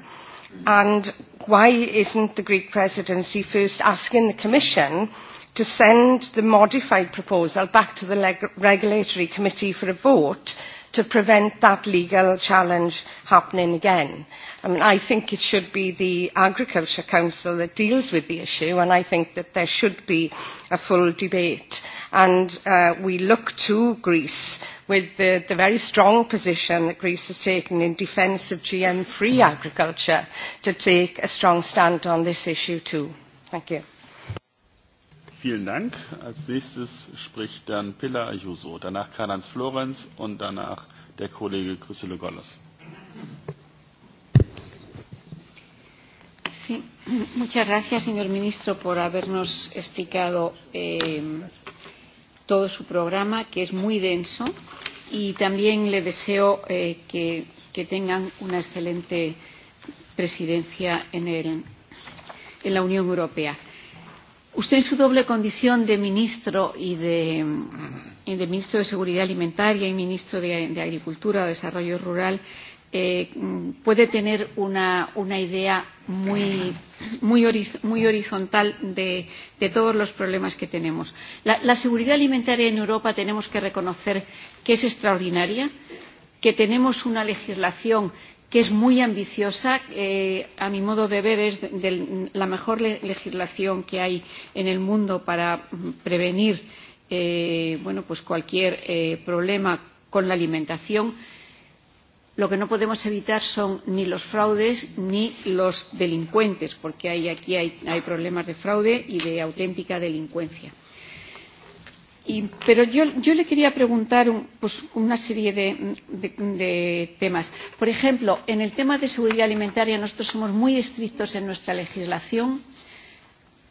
and why isn't the greek presidency first asking the commission to send the modified proposal back to the regulatory committee for a vote to prevent that legal challenge happening again. I, mean, I think it should be the Agriculture Council that deals with the issue and I think that there should be a full debate. And uh, we look to Greece with the, the very strong position that Greece has taken in defence of GM-free agriculture to take a strong stand on this issue too. Thank you. Vielen Dank. Als nächstes spricht dann Pilar Ayuso, danach Karl-Heinz Florenz und danach der Kollege Chrysilo Gollas. Sí. Muchas gracias, señor ministro, por habernos explicado eh, todo su programa, que es muy denso, y también le deseo eh, que, que tengan una excelente presidencia en, el, en la Unión Europea. Usted en su doble condición de ministro y de, de ministro de Seguridad Alimentaria y ministro de, de Agricultura o Desarrollo Rural eh, puede tener una, una idea muy, muy, horiz, muy horizontal de, de todos los problemas que tenemos. la seguridad alimentaria en Europa tenemos que reconocer que es extraordinaria, que tenemos una legislación que es muy ambiciosa eh, a mi modo de ver es la mejor legislación que hay en el mundo para prevenir eh, bueno, pues cualquier eh, problema con la alimentación lo que no podemos evitar son ni los fraudes ni los delincuentes porque hay, aquí hay problemas de fraude y de auténtica delincuencia Y, pero yo, yo le quería preguntar un, pues, una serie de, de, de temas. Por ejemplo, en el tema de seguridad alimentaria nosotros somos muy estrictos en nuestra legislación.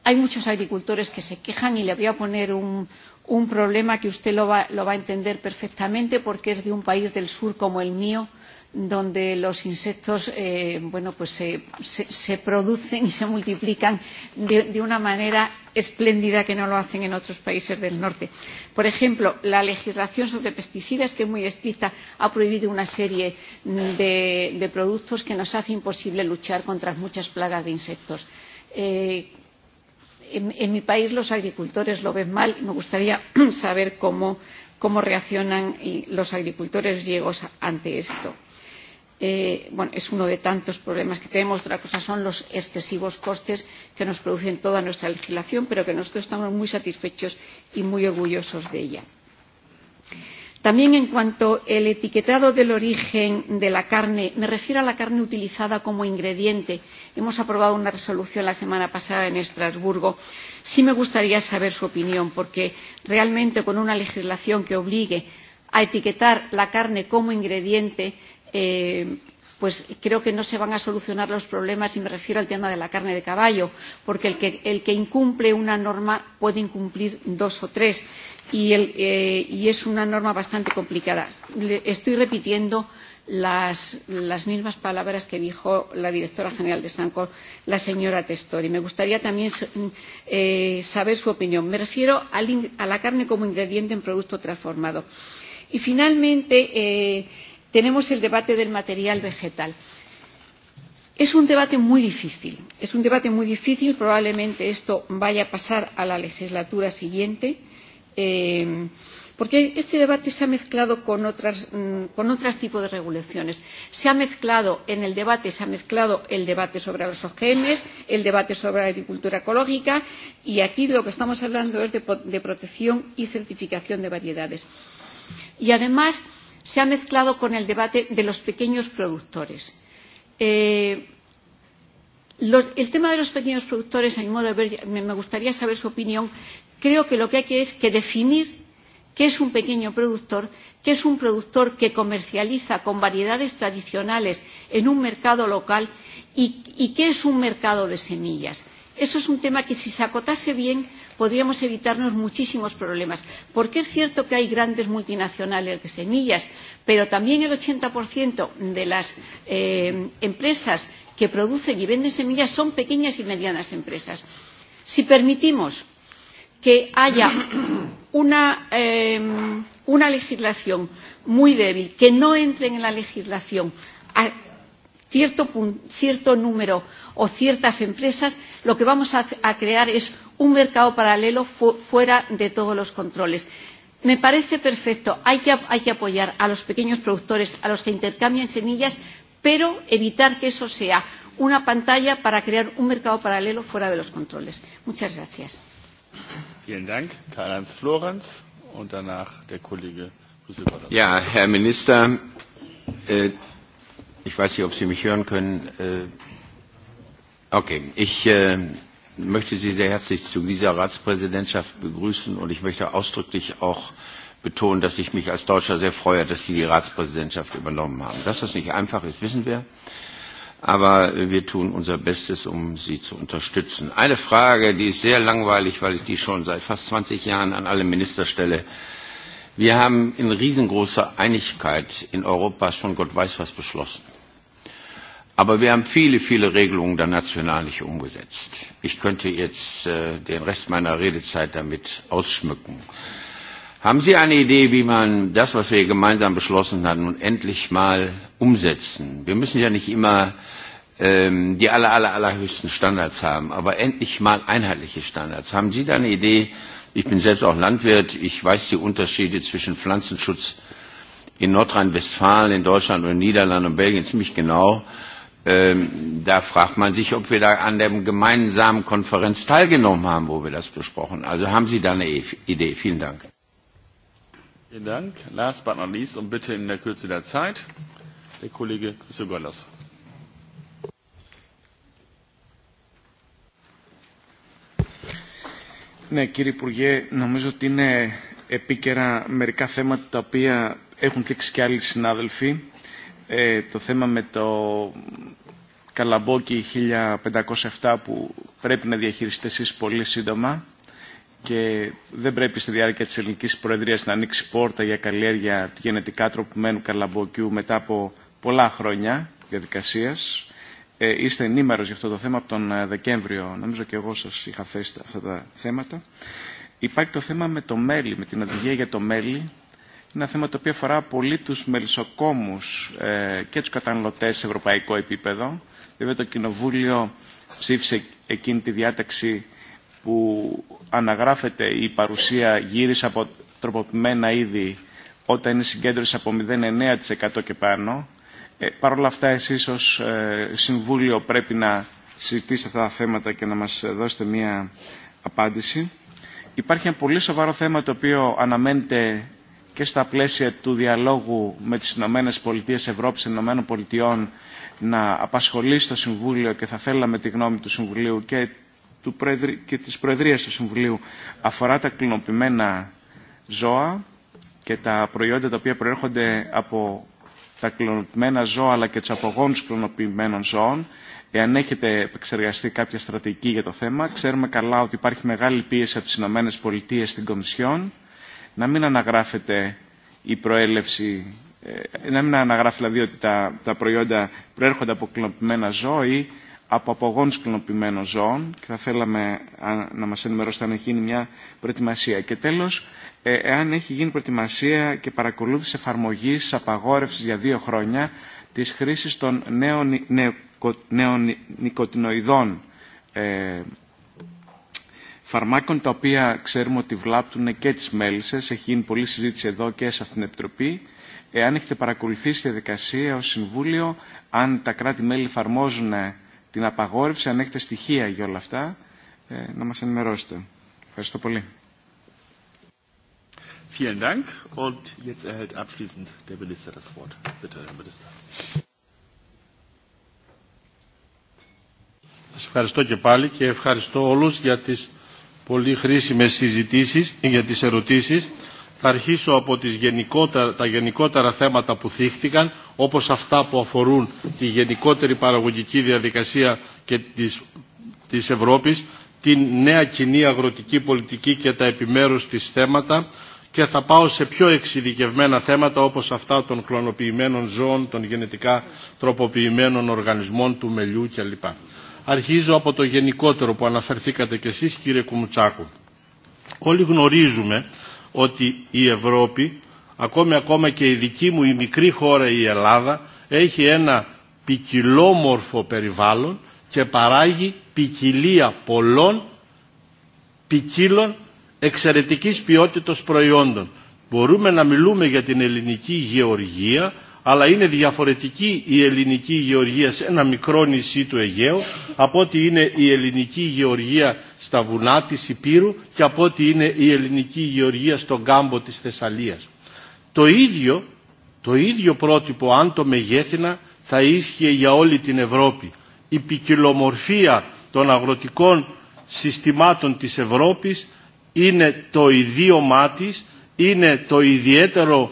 Hay muchos agricultores que se quejan y le voy a poner un, un problema que usted lo va, lo va a entender perfectamente porque es de un país del sur como el mío donde los insectos eh, bueno, pues se, se, se producen y se multiplican de, de una manera espléndida que no lo hacen en otros países del norte. Por ejemplo, la legislación sobre pesticidas, que es muy estricta, ha prohibido una serie de, de productos que nos hace imposible luchar contra muchas plagas de insectos. Eh, en, en mi país los agricultores lo ven mal y me gustaría saber cómo, cómo reaccionan los agricultores griegos ante esto Eh, bueno, es uno de tantos problemas que tenemos. Otra cosa son los excesivos costes que nos producen toda nuestra legislación, pero que nosotros estamos muy satisfechos y muy orgullosos de ella. También en cuanto al etiquetado del origen de la carne, me refiero a la carne utilizada como ingrediente. Hemos aprobado una resolución la semana pasada en Estrasburgo. Sí me gustaría saber su opinión, porque realmente con una legislación que obligue a etiquetar la carne como ingrediente eh, pues creo que no se van a solucionar los problemas y me refiero al tema de la carne de caballo porque el que, el que incumple una norma puede incumplir dos o tres y, eh, y es una norma bastante complicada. estoy repitiendo las, las mismas palabras que dijo la directora general de Sanco, la señora Testori. Me gustaría también eh, saber su opinión. Me refiero a la carne como ingrediente en producto transformado. Y finalmente, eh, tenemos el debate del material vegetal. Es un debate muy difícil, es un debate muy difícil, probablemente esto vaya a pasar a la legislatura siguiente, eh, porque este debate se ha mezclado con otras mm, con otros tipos de regulaciones. Se ha mezclado en el debate, se ha mezclado el debate sobre los OGM, el debate sobre la agricultura ecológica y aquí lo que estamos hablando es de, de protección y certificación de variedades. Y además se ha mezclado con el debate de los pequeños productores. Eh, los, el tema de los pequeños productores, a mi modo de ver, me, me gustaría saber su opinión. Creo que lo que hay que es que definir qué es un pequeño productor, qué es un productor que comercializa con variedades tradicionales en un mercado local y, y qué es un mercado de semillas. Eso es un tema que si se acotase bien podríamos evitarnos muchísimos problemas porque es cierto que hay grandes multinacionales de semillas pero también el 80% de las eh, empresas que producen y venden semillas son pequeñas y medianas empresas si permitimos que haya una, eh, una legislación muy débil que no entren en la legislación a cierto número o ciertas empresas, lo que vamos a, crear es un mercado paralelo fuera de todos los controles. Me parece perfecto, hay que, hay que apoyar a los pequeños productores, a los que intercambian semillas, pero evitar que eso sea una pantalla para crear un mercado paralelo fuera de los controles. Muchas gracias. Ja, Herr Minister, äh, ich weiß nicht, ob Sie mich hören können. Äh, Okay, ich äh, möchte Sie sehr herzlich zu dieser Ratspräsidentschaft begrüßen und ich möchte ausdrücklich auch betonen, dass ich mich als Deutscher sehr freue, dass Sie die Ratspräsidentschaft übernommen haben. Dass das nicht einfach ist, wissen wir, aber wir tun unser Bestes, um Sie zu unterstützen. Eine Frage, die ist sehr langweilig, weil ich die schon seit fast 20 Jahren an alle Minister stelle. Wir haben in riesengroßer Einigkeit in Europa schon Gott weiß was beschlossen Aber wir haben viele, viele Regelungen dann national nicht umgesetzt. Ich könnte jetzt äh, den Rest meiner Redezeit damit ausschmücken. Haben Sie eine Idee, wie man das, was wir gemeinsam beschlossen haben, nun endlich mal umsetzen? Wir müssen ja nicht immer ähm, die aller, aller, allerhöchsten Standards haben, aber endlich mal einheitliche Standards. Haben Sie da eine Idee? Ich bin selbst auch Landwirt. Ich weiß die Unterschiede zwischen Pflanzenschutz in Nordrhein-Westfalen, in Deutschland und in Niederlanden und Belgien ziemlich genau. Ähm, da fragt man sich, ob wir da an der gemeinsamen Konferenz teilgenommen haben, wo wir das besprochen haben. Also haben Sie da eine e- Idee? Vielen Dank. Vielen Dank. Last but not least und bitte in der Kürze der Zeit, der Kollege Christopherlas. Ναι, κύριε Υπουργέ, νομίζω ότι είναι επίκαιρα μερικά θέματα τα οποία έχουν δείξει και άλλοι συνάδελφοι ε, το θέμα με το καλαμπόκι 1507 που πρέπει να διαχειριστεί εσείς πολύ σύντομα και δεν πρέπει στη διάρκεια της ελληνικής προεδρίας να ανοίξει πόρτα για καλλιέργεια γενετικά τροπημένου καλαμπόκιου μετά από πολλά χρόνια διαδικασίας. Ε, είστε ενήμερο για αυτό το θέμα από τον Δεκέμβριο. Νομίζω και εγώ σας είχα θέσει αυτά τα θέματα. Υπάρχει το θέμα με το μέλι, με την οδηγία για το μέλι Είναι ένα θέμα το οποίο αφορά πολύ μελισσοκόμου ε, και του καταναλωτέ σε ευρωπαϊκό επίπεδο. Βέβαια το Κοινοβούλιο ψήφισε εκείνη τη διάταξη που αναγράφεται η παρουσία γύρισε από τροποποιημένα είδη όταν είναι συγκέντρωση από 0,9% και πάνω. Ε, Παρ' όλα αυτά εσείς ως ε, Συμβούλιο πρέπει να συζητήσετε αυτά τα θέματα και να μας δώσετε μία απάντηση. Υπάρχει ένα πολύ σοβαρό θέμα το οποίο αναμένεται και στα πλαίσια του διαλόγου με τις Ηνωμένε Πολιτείες Ευρώπης και Ηνωμένων Πολιτειών να απασχολεί στο Συμβούλιο και θα θέλαμε τη γνώμη του Συμβουλίου και, του Προεδρ... και της Προεδρίας του Συμβουλίου αφορά τα κλινοποιημένα ζώα και τα προϊόντα τα οποία προέρχονται από τα κλωνοποιημένα ζώα αλλά και του απογόνους κλωνοποιημένων ζώων. Εάν έχετε επεξεργαστεί κάποια στρατηγική για το θέμα, ξέρουμε καλά ότι υπάρχει μεγάλη πίεση από τις ΗΠΑ στην Κομισιόν να μην αναγράφεται η προέλευση, να μην αναγράφει δηλαδή ότι τα, τα προϊόντα προέρχονται από κλωνοποιημένα ζώα ή από απογόνου κλωνοποιημένων ζώων και θα θέλαμε να μας ενημερώσετε αν έχει γίνει μια προετοιμασία. Και τέλος, εάν έχει γίνει προετοιμασία και παρακολούθηση εφαρμογή απαγόρευση για δύο χρόνια τη χρήση των νέων, νέων, νέων νοικοτινοειδών ε, φαρμάκων τα οποία ξέρουμε ότι βλάπτουν και τις μέλισσες. Έχει γίνει πολλή συζήτηση εδώ και σε αυτήν την Επιτροπή. Εάν έχετε παρακολουθήσει τη διαδικασία ως Συμβούλιο, αν τα κράτη-μέλη εφαρμόζουν την απαγόρευση, αν έχετε στοιχεία για όλα αυτά, να μας ενημερώσετε. Ευχαριστώ πολύ. Vielen Dank. Und jetzt erhält abschließend der Minister das Wort. Bitte, Herr Minister. Σας ευχαριστώ και πάλι και ευχαριστώ όλους για τις πολύ χρήσιμες συζητήσεις για τις ερωτήσεις. Θα αρχίσω από τις γενικότερα, τα γενικότερα θέματα που θίχτηκαν, όπως αυτά που αφορούν τη γενικότερη παραγωγική διαδικασία και της, της Ευρώπης, την νέα κοινή αγροτική πολιτική και τα επιμέρους της θέματα και θα πάω σε πιο εξειδικευμένα θέματα όπως αυτά των κλωνοποιημένων ζώων, των γενετικά τροποποιημένων οργανισμών, του μελιού κλπ. Αρχίζω από το γενικότερο που αναφερθήκατε κι εσείς κύριε Κουμουτσάκου. Όλοι γνωρίζουμε ότι η Ευρώπη, ακόμη ακόμα και η δική μου η μικρή χώρα η Ελλάδα, έχει ένα ποικιλόμορφο περιβάλλον και παράγει ποικιλία πολλών ποικίλων εξαιρετικής ποιότητος προϊόντων. Μπορούμε να μιλούμε για την ελληνική γεωργία αλλά είναι διαφορετική η ελληνική γεωργία σε ένα μικρό νησί του Αιγαίου από ότι είναι η ελληνική γεωργία στα βουνά της Υπήρου και από ότι είναι η ελληνική γεωργία στον κάμπο της Θεσσαλίας. Το ίδιο, το ίδιο πρότυπο αν το μεγέθυνα θα ίσχυε για όλη την Ευρώπη. Η ποικιλομορφία των αγροτικών συστημάτων της Ευρώπης είναι το ιδίωμά της, είναι το ιδιαίτερο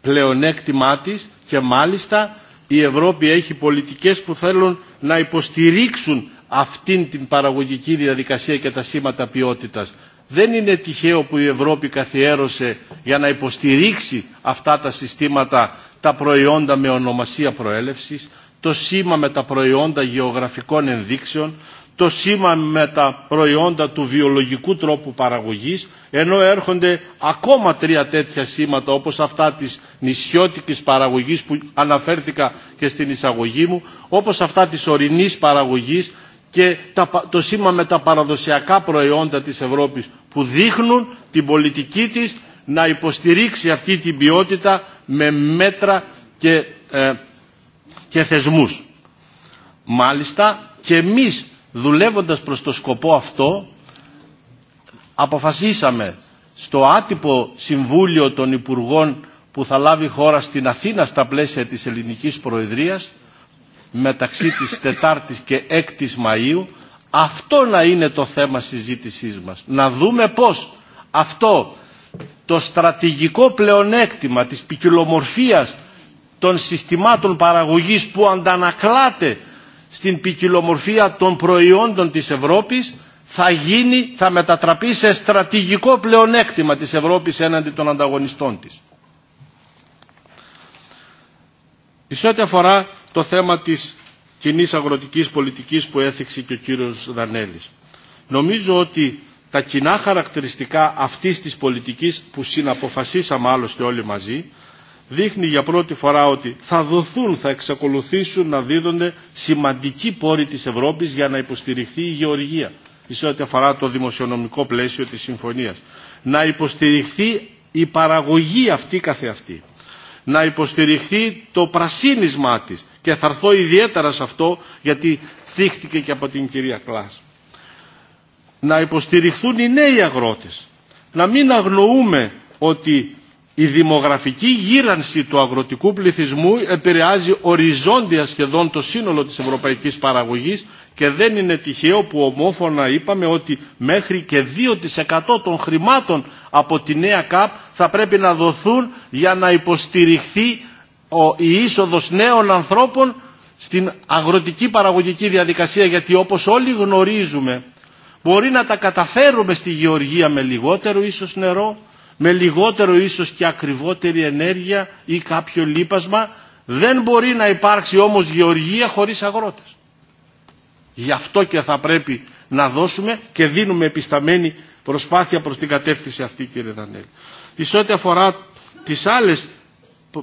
πλεονέκτημά της και μάλιστα η Ευρώπη έχει πολιτικές που θέλουν να υποστηρίξουν αυτήν την παραγωγική διαδικασία και τα σήματα ποιότητας. Δεν είναι τυχαίο που η Ευρώπη καθιέρωσε για να υποστηρίξει αυτά τα συστήματα τα προϊόντα με ονομασία προέλευσης, το σήμα με τα προϊόντα γεωγραφικών ενδείξεων, το σήμα με τα προϊόντα του βιολογικού τρόπου παραγωγής, ενώ έρχονται ακόμα τρία τέτοια σήματα όπως αυτά της νησιώτικης παραγωγής που αναφέρθηκα και στην εισαγωγή μου, όπως αυτά της ορεινής παραγωγής και το σήμα με τα παραδοσιακά προϊόντα της Ευρώπης που δείχνουν την πολιτική της να υποστηρίξει αυτή την ποιότητα με μέτρα και, ε, και θεσμούς. Μάλιστα και εμείς δουλεύοντας προς το σκοπό αυτό αποφασίσαμε στο άτυπο Συμβούλιο των Υπουργών που θα λάβει χώρα στην Αθήνα στα πλαίσια της ελληνικής προεδρίας μεταξύ της 4ης και 6ης Μαΐου αυτό να είναι το θέμα συζήτησής μας. Να δούμε πώς αυτό το στρατηγικό πλεονέκτημα της ποικιλομορφία των συστημάτων παραγωγής που αντανακλάται στην ποικιλομορφία των προϊόντων της Ευρώπης θα, γίνει, θα μετατραπεί σε στρατηγικό πλεονέκτημα της Ευρώπης έναντι των ανταγωνιστών της. Σε ό,τι αφορά το θέμα της κοινή αγροτικής πολιτικής που έθιξε και ο κύριος Δανέλης. Νομίζω ότι τα κοινά χαρακτηριστικά αυτής της πολιτικής που συναποφασίσαμε άλλωστε όλοι μαζί δείχνει για πρώτη φορά ότι θα δοθούν, θα εξακολουθήσουν να δίδονται σημαντικοί πόροι της Ευρώπης για να υποστηριχθεί η γεωργία σε ό,τι αφορά το δημοσιονομικό πλαίσιο της συμφωνίας. Να υποστηριχθεί η παραγωγή αυτή καθεαυτή. Να υποστηριχθεί το πρασίνισμά της και θα έρθω ιδιαίτερα σε αυτό γιατί θύχτηκε και από την κυρία Κλάς. Να υποστηριχθούν οι νέοι αγρότες. Να μην αγνοούμε ότι η δημογραφική γύρανση του αγροτικού πληθυσμού επηρεάζει οριζόντια σχεδόν το σύνολο της ευρωπαϊκής παραγωγής και δεν είναι τυχαίο που ομόφωνα είπαμε ότι μέχρι και 2% των χρημάτων από τη νέα ΚΑΠ θα πρέπει να δοθούν για να υποστηριχθεί η είσοδος νέων ανθρώπων στην αγροτική παραγωγική διαδικασία γιατί όπως όλοι γνωρίζουμε μπορεί να τα καταφέρουμε στη γεωργία με λιγότερο ίσως νερό με λιγότερο ίσως και ακριβότερη ενέργεια ή κάποιο λύπασμα Δεν μπορεί να υπάρξει όμως γεωργία χωρίς αγρότες. Γι' αυτό και θα πρέπει να δώσουμε και δίνουμε επισταμένη προσπάθεια προς την κατεύθυνση αυτή κύριε Δανέλη. Εις ό,τι αφορά τις άλλες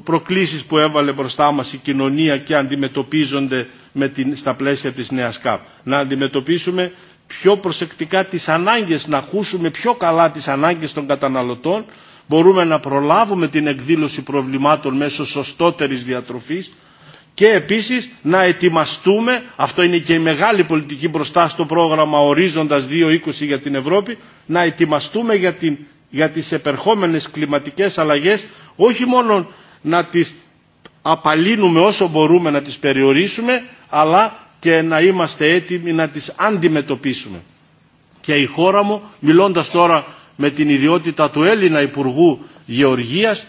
προκλήσεις που έβαλε μπροστά μας η κοινωνία και αντιμετωπίζονται με την, στα πλαίσια της νέας ΚΑΠ. Να αντιμετωπίσουμε πιο προσεκτικά τις ανάγκες, να ακούσουμε πιο καλά τις ανάγκες των καταναλωτών, μπορούμε να προλάβουμε την εκδήλωση προβλημάτων μέσω σωστότερης διατροφής και επίσης να ετοιμαστούμε, αυτό είναι και η μεγάλη πολιτική μπροστά στο πρόγραμμα Ορίζοντας 2.20 για την Ευρώπη, να ετοιμαστούμε για, την, για τις επερχόμενες κλιματικές αλλαγές, όχι μόνο να τις απαλύνουμε όσο μπορούμε να τις περιορίσουμε, αλλά και να είμαστε έτοιμοι να τις αντιμετωπίσουμε. Και η χώρα μου, μιλώντας τώρα με την ιδιότητα του Έλληνα Υπουργού Γεωργίας,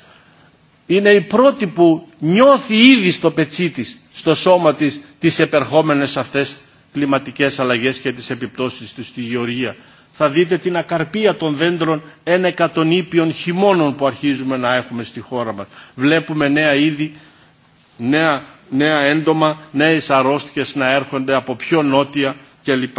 είναι η πρώτη που νιώθει ήδη στο πετσί της, στο σώμα της, τις επερχόμενες αυτές κλιματικές αλλαγές και τις επιπτώσεις του στη γεωργία. Θα δείτε την ακαρπία των δέντρων ένα εκατονίπιων χειμώνων που αρχίζουμε να έχουμε στη χώρα μας. Βλέπουμε νέα είδη, νέα νέα έντομα, νέες αρρώστιες να έρχονται από πιο νότια κλπ.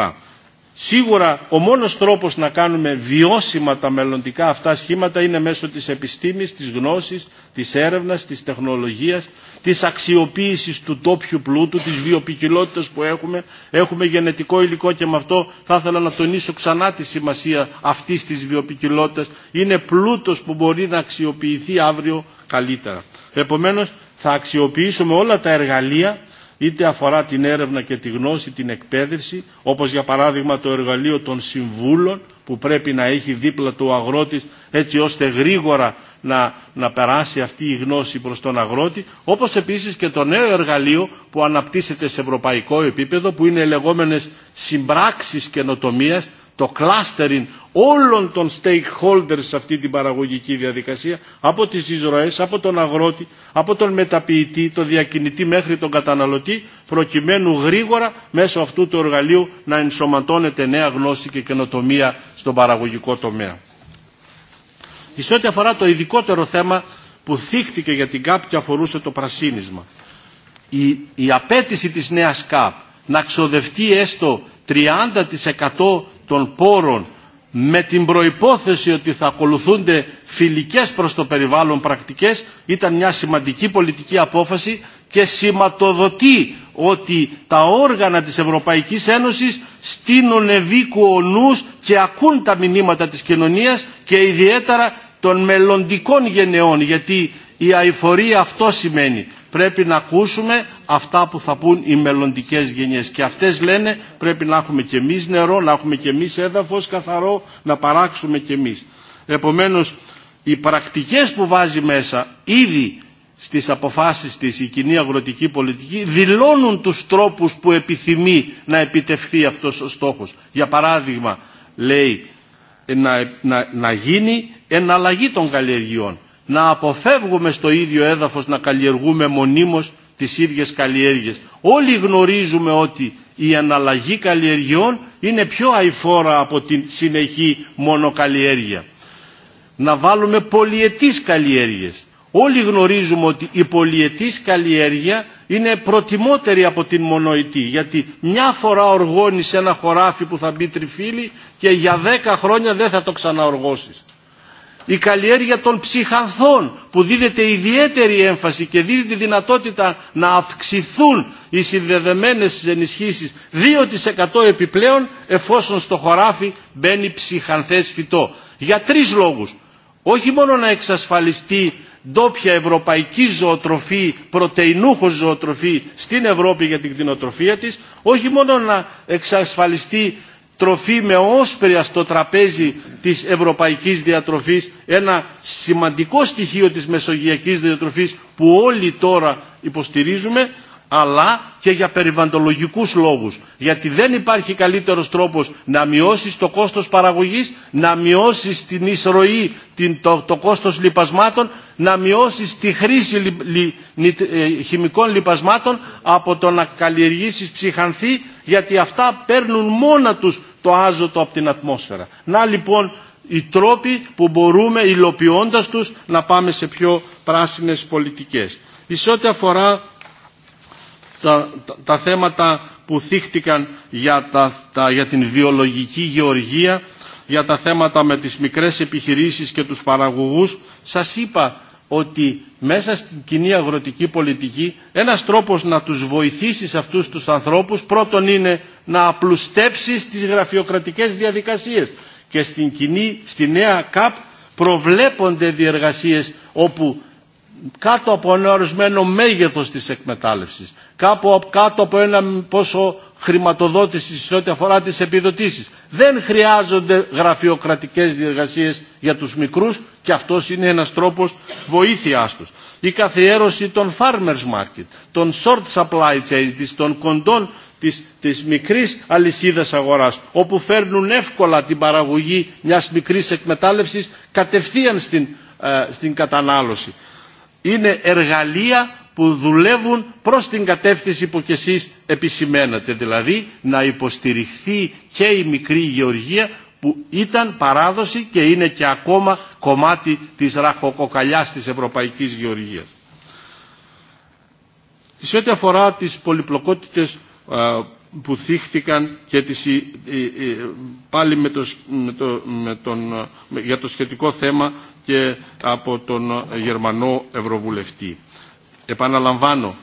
Σίγουρα ο μόνος τρόπος να κάνουμε βιώσιμα τα μελλοντικά αυτά σχήματα είναι μέσω της επιστήμης, της γνώσης, της έρευνας, της τεχνολογίας, της αξιοποίησης του τόπιου πλούτου, της βιοπικιλότητας που έχουμε. Έχουμε γενετικό υλικό και με αυτό θα ήθελα να τονίσω ξανά τη σημασία αυτής της βιοπικιλότητας. Είναι πλούτος που μπορεί να αξιοποιηθεί αύριο καλύτερα. Επομένως θα αξιοποιήσουμε όλα τα εργαλεία είτε αφορά την έρευνα και τη γνώση, την εκπαίδευση, όπως για παράδειγμα το εργαλείο των συμβούλων που πρέπει να έχει δίπλα του αγρότης έτσι ώστε γρήγορα να, να περάσει αυτή η γνώση προς τον αγρότη, όπως επίσης και το νέο εργαλείο που αναπτύσσεται σε ευρωπαϊκό επίπεδο που είναι λεγόμενες συμπράξεις καινοτομίας το clustering όλων των stakeholders σε αυτή την παραγωγική διαδικασία, από τις εισρωές, από τον αγρότη, από τον μεταποιητή, τον διακινητή μέχρι τον καταναλωτή, προκειμένου γρήγορα μέσω αυτού του εργαλείου να ενσωματώνεται νέα γνώση και καινοτομία στον παραγωγικό τομέα. Σε ό,τι αφορά το ειδικότερο θέμα που θύχτηκε για την ΚΑΠ και αφορούσε το πρασίνισμα. Η, η απέτηση της νέας ΚΑΠ να ξοδευτεί έστω 30% των πόρων με την προϋπόθεση ότι θα ακολουθούνται φιλικές προς το περιβάλλον πρακτικές ήταν μια σημαντική πολιτική απόφαση και σηματοδοτεί ότι τα όργανα της Ευρωπαϊκής Ένωσης στείνουν βίκου νους και ακούν τα μηνύματα της κοινωνίας και ιδιαίτερα των μελλοντικών γενεών γιατί η αηφορία αυτό σημαίνει πρέπει να ακούσουμε αυτά που θα πούν οι μελλοντικέ γενιές. Και αυτές λένε πρέπει να έχουμε και εμείς νερό, να έχουμε και εμείς έδαφος καθαρό, να παράξουμε και εμείς. Επομένως, οι πρακτικές που βάζει μέσα ήδη στις αποφάσεις της η κοινή αγροτική πολιτική δηλώνουν τους τρόπους που επιθυμεί να επιτευχθεί αυτός ο στόχος. Για παράδειγμα, λέει να, να, να γίνει εναλλαγή των καλλιεργειών να αποφεύγουμε στο ίδιο έδαφος να καλλιεργούμε μονίμως τις ίδιες καλλιέργειες. Όλοι γνωρίζουμε ότι η αναλλαγή καλλιεργειών είναι πιο αηφόρα από την συνεχή μονοκαλλιέργεια. Να βάλουμε πολιετής καλλιέργειες. Όλοι γνωρίζουμε ότι η πολιετής καλλιέργεια είναι προτιμότερη από την μονοητή γιατί μια φορά οργώνεις ένα χωράφι που θα μπει τριφύλι και για δέκα χρόνια δεν θα το ξαναοργώσεις η καλλιέργεια των ψυχανθών που δίδεται ιδιαίτερη έμφαση και δίδει τη δυνατότητα να αυξηθούν οι συνδεδεμένες ενισχύσεις 2% επιπλέον εφόσον στο χωράφι μπαίνει ψυχανθές φυτό. Για τρεις λόγους. Όχι μόνο να εξασφαλιστεί ντόπια ευρωπαϊκή ζωοτροφή, πρωτεϊνούχος ζωοτροφή στην Ευρώπη για την κτηνοτροφία της, όχι μόνο να εξασφαλιστεί τροφή με όσπρια στο τραπέζι της ευρωπαϊκής διατροφής, ένα σημαντικό στοιχείο της μεσογειακής διατροφής που όλοι τώρα υποστηρίζουμε, αλλά και για περιβαντολογικούς λόγους. Γιατί δεν υπάρχει καλύτερος τρόπος να μειώσεις το κόστος παραγωγής, να μειώσεις την εισρωή, την, το, το κόστος λιπασμάτων, να μειώσεις τη χρήση λι, λι, νι, ε, χημικών λιπασμάτων από το να καλλιεργήσεις ψυχανθή, γιατί αυτά παίρνουν μόνα τους το άζωτο από την ατμόσφαιρα. Να λοιπόν οι τρόποι που μπορούμε υλοποιώντας τους να πάμε σε πιο πράσινες πολιτικές. Σε ό,τι αφορά τα, τα, τα, θέματα που θύχτηκαν για, τα, τα, για την βιολογική γεωργία, για τα θέματα με τις μικρές επιχειρήσεις και τους παραγωγούς, σας είπα ότι μέσα στην κοινή αγροτική πολιτική ένας τρόπος να τους βοηθήσεις αυτούς τους ανθρώπους πρώτον είναι να απλουστέψεις τις γραφειοκρατικές διαδικασίες και στην κοινή, στη νέα ΚΑΠ προβλέπονται διεργασίες όπου κάτω από ένα ορισμένο μέγεθος της εκμετάλλευσης κάπου από κάτω από ένα πόσο χρηματοδότηση σε ό,τι αφορά τις επιδοτήσεις. Δεν χρειάζονται γραφειοκρατικές διεργασίες για τους μικρούς και αυτό είναι ένας τρόπος βοήθειάς τους. Η καθιέρωση των farmers market, των short supply chains, των κοντών της, της μικρής αλυσίδας αγοράς όπου φέρνουν εύκολα την παραγωγή μιας μικρής εκμετάλλευσης κατευθείαν στην, ε, στην κατανάλωση. Είναι εργαλεία που δουλεύουν προς την κατεύθυνση που κι εσείς επισημένατε. Δηλαδή να υποστηριχθεί και η μικρή γεωργία που ήταν παράδοση και είναι και ακόμα κομμάτι της ραχοκοκαλιάς της ευρωπαϊκής γεωργίας. Σε ό,τι αφορά τις πολυπλοκότητες που θύχτηκαν και τις, πάλι με το, με το, με τον, για το σχετικό θέμα και από τον Γερμανό Ευρωβουλευτή επαναλαμβάνω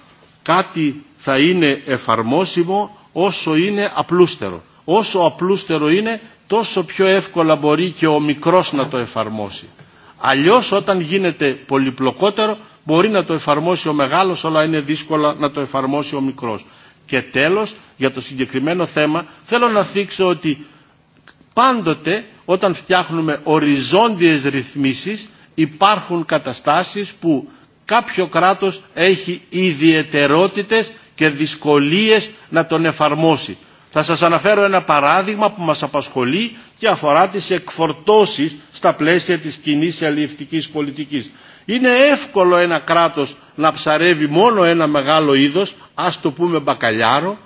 κάτι θα είναι εφαρμόσιμο όσο είναι απλούστερο. Όσο απλούστερο είναι τόσο πιο εύκολα μπορεί και ο μικρός να το εφαρμόσει. Αλλιώς όταν γίνεται πολυπλοκότερο μπορεί να το εφαρμόσει ο μεγάλος αλλά είναι δύσκολα να το εφαρμόσει ο μικρός. Και τέλος για το συγκεκριμένο θέμα θέλω να θίξω ότι πάντοτε όταν φτιάχνουμε οριζόντιες ρυθμίσεις υπάρχουν καταστάσεις που κάποιο κράτος έχει ιδιαιτερότητες και δυσκολίες να τον εφαρμόσει. Θα σας αναφέρω ένα παράδειγμα που μας απασχολεί και αφορά τις εκφορτώσεις στα πλαίσια της κοινή αλληλευτικής πολιτικής. Είναι εύκολο ένα κράτος να ψαρεύει μόνο ένα μεγάλο είδος, ας το πούμε μπακαλιάρο,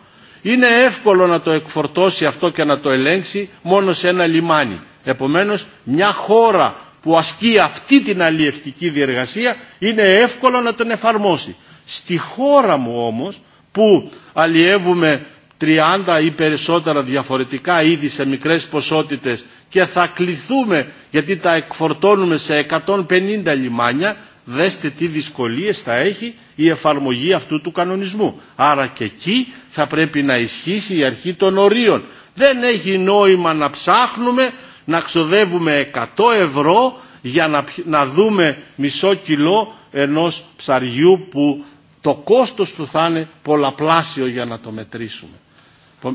είναι εύκολο να το εκφορτώσει αυτό και να το ελέγξει μόνο σε ένα λιμάνι. Επομένως μια χώρα που ασκεί αυτή την αλλιευτική διεργασία είναι εύκολο να τον εφαρμόσει. Στη χώρα μου όμως που αλλιεύουμε 30 ή περισσότερα διαφορετικά είδη σε μικρές ποσότητες και θα κληθούμε γιατί τα εκφορτώνουμε σε 150 λιμάνια, δέστε τι δυσκολίες θα έχει η εφαρμογή αυτού του κανονισμού. Άρα και εκεί θα πρέπει να ισχύσει η αρχή των ορίων. Δεν έχει νόημα να ψάχνουμε να ξοδεύουμε 100 ευρώ για να δούμε μισό κιλό ενός ψαριού που το κόστος του θα είναι πολλαπλάσιο για να το μετρήσουμε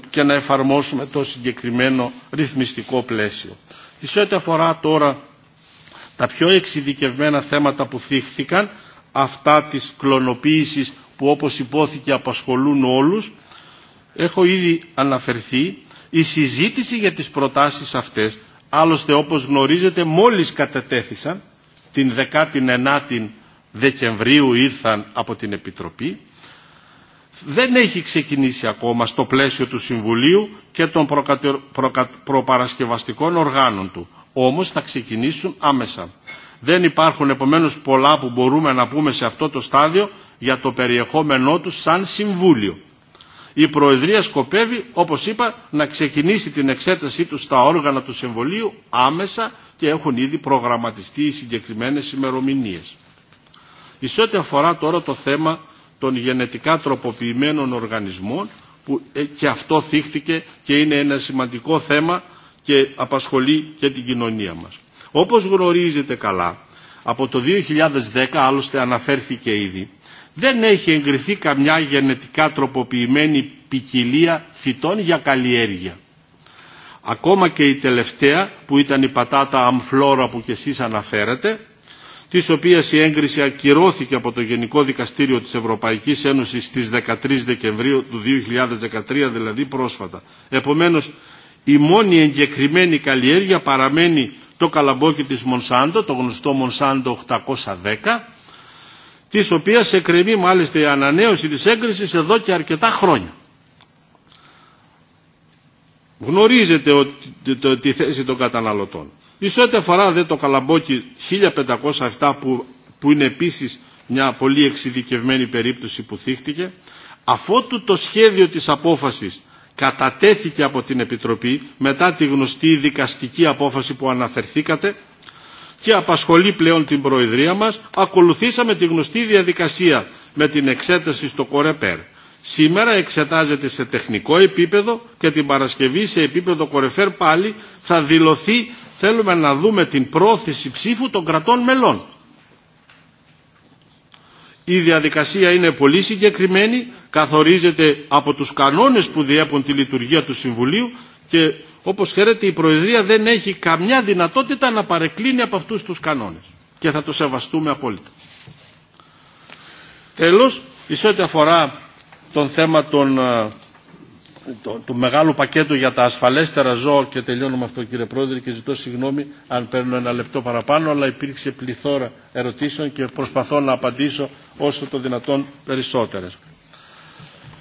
και να εφαρμόσουμε το συγκεκριμένο ρυθμιστικό πλαίσιο. Σε ό,τι αφορά τώρα τα πιο εξειδικευμένα θέματα που θύχθηκαν, αυτά της κλωνοποίησης που όπως υπόθηκε απασχολούν όλους, έχω ήδη αναφερθεί, η συζήτηση για τις προτάσεις αυτές άλλωστε όπως γνωρίζετε μόλις κατετέθησαν την 19η Δεκεμβρίου ήρθαν από την Επιτροπή δεν έχει ξεκινήσει ακόμα στο πλαίσιο του Συμβουλίου και των προκατε... προκα... προπαρασκευαστικών οργάνων του. Όμως θα ξεκινήσουν άμεσα. Δεν υπάρχουν επομένως πολλά που μπορούμε να πούμε σε αυτό το στάδιο για το περιεχόμενό του σαν Συμβούλιο. Η Προεδρία σκοπεύει, όπως είπα, να ξεκινήσει την εξέτασή του στα όργανα του Συμβολίου άμεσα και έχουν ήδη προγραμματιστεί οι συγκεκριμένες ημερομηνίες. Η ό,τι αφορά τώρα το θέμα των γενετικά τροποποιημένων οργανισμών, που και αυτό θύχτηκε και είναι ένα σημαντικό θέμα και απασχολεί και την κοινωνία μας. Όπως γνωρίζετε καλά, από το 2010 άλλωστε αναφέρθηκε ήδη, δεν έχει εγκριθεί καμιά γενετικά τροποποιημένη ποικιλία φυτών για καλλιέργεια. Ακόμα και η τελευταία που ήταν η πατάτα αμφλόρα που και εσείς αναφέρατε, της οποίας η έγκριση ακυρώθηκε από το Γενικό Δικαστήριο της Ευρωπαϊκής Ένωσης στις 13 Δεκεμβρίου του 2013, δηλαδή πρόσφατα. Επομένως, η μόνη εγκεκριμένη καλλιέργεια παραμένει το καλαμπόκι της Μονσάντο, το γνωστό Μονσάντο 810, της οποίας εκκρεμεί μάλιστα η ανανέωση της έγκρισης εδώ και αρκετά χρόνια. Γνωρίζετε ότι, τη θέση των καταναλωτών. Ίσως ό,τι αφορά δε το καλαμπόκι 1507 που, που είναι επίσης μια πολύ εξειδικευμένη περίπτωση που θύχτηκε, αφότου το σχέδιο της απόφασης κατατέθηκε από την Επιτροπή μετά τη γνωστή δικαστική απόφαση που αναφερθήκατε, και απασχολεί πλέον την Προεδρία μας, ακολουθήσαμε τη γνωστή διαδικασία με την εξέταση στο Κορεπέρ. Σήμερα εξετάζεται σε τεχνικό επίπεδο και την Παρασκευή σε επίπεδο Κορεφέρ πάλι θα δηλωθεί θέλουμε να δούμε την πρόθεση ψήφου των κρατών μελών. Η διαδικασία είναι πολύ συγκεκριμένη, καθορίζεται από τους κανόνες που διέπουν τη λειτουργία του Συμβουλίου και όπως ξέρετε η Προεδρία δεν έχει καμιά δυνατότητα να παρεκκλίνει από αυτούς τους κανόνες και θα το σεβαστούμε απόλυτα. Τέλος, σε ό,τι αφορά τον θέμα των, το, του μεγάλου πακέτου για τα ασφαλέστερα ζώα και τελειώνω με αυτό κύριε Πρόεδρε και ζητώ συγγνώμη αν παίρνω ένα λεπτό παραπάνω αλλά υπήρξε πληθώρα ερωτήσεων και προσπαθώ να απαντήσω όσο το δυνατόν περισσότερες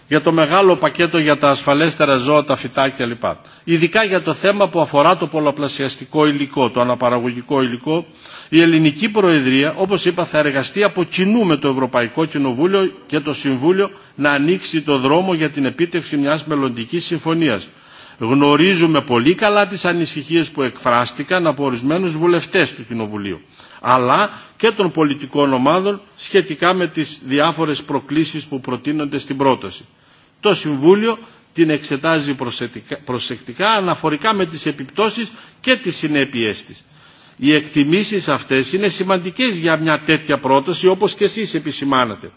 για το μεγάλο πακέτο για τα ασφαλέστερα ζώα, τα φυτά κλπ. Ειδικά για το θέμα που αφορά το πολλαπλασιαστικό υλικό, το αναπαραγωγικό υλικό, η ελληνική προεδρία, όπως είπα, θα εργαστεί από κοινού με το Ευρωπαϊκό Κοινοβούλιο και το Συμβούλιο να ανοίξει το δρόμο για την επίτευξη μιας μελλοντική συμφωνίας. Γνωρίζουμε πολύ καλά τις ανησυχίες που εκφράστηκαν από ορισμένου βουλευτές του Κοινοβουλίου αλλά και των πολιτικών ομάδων σχετικά με τις διάφορες προκλήσεις που προτείνονται στην πρόταση. Το Συμβούλιο την εξετάζει προσεκτικά αναφορικά με τις επιπτώσεις και τις συνέπειές της. Οι εκτιμήσεις αυτές είναι σημαντικές για μια τέτοια πρόταση όπως και εσείς επισημάνατε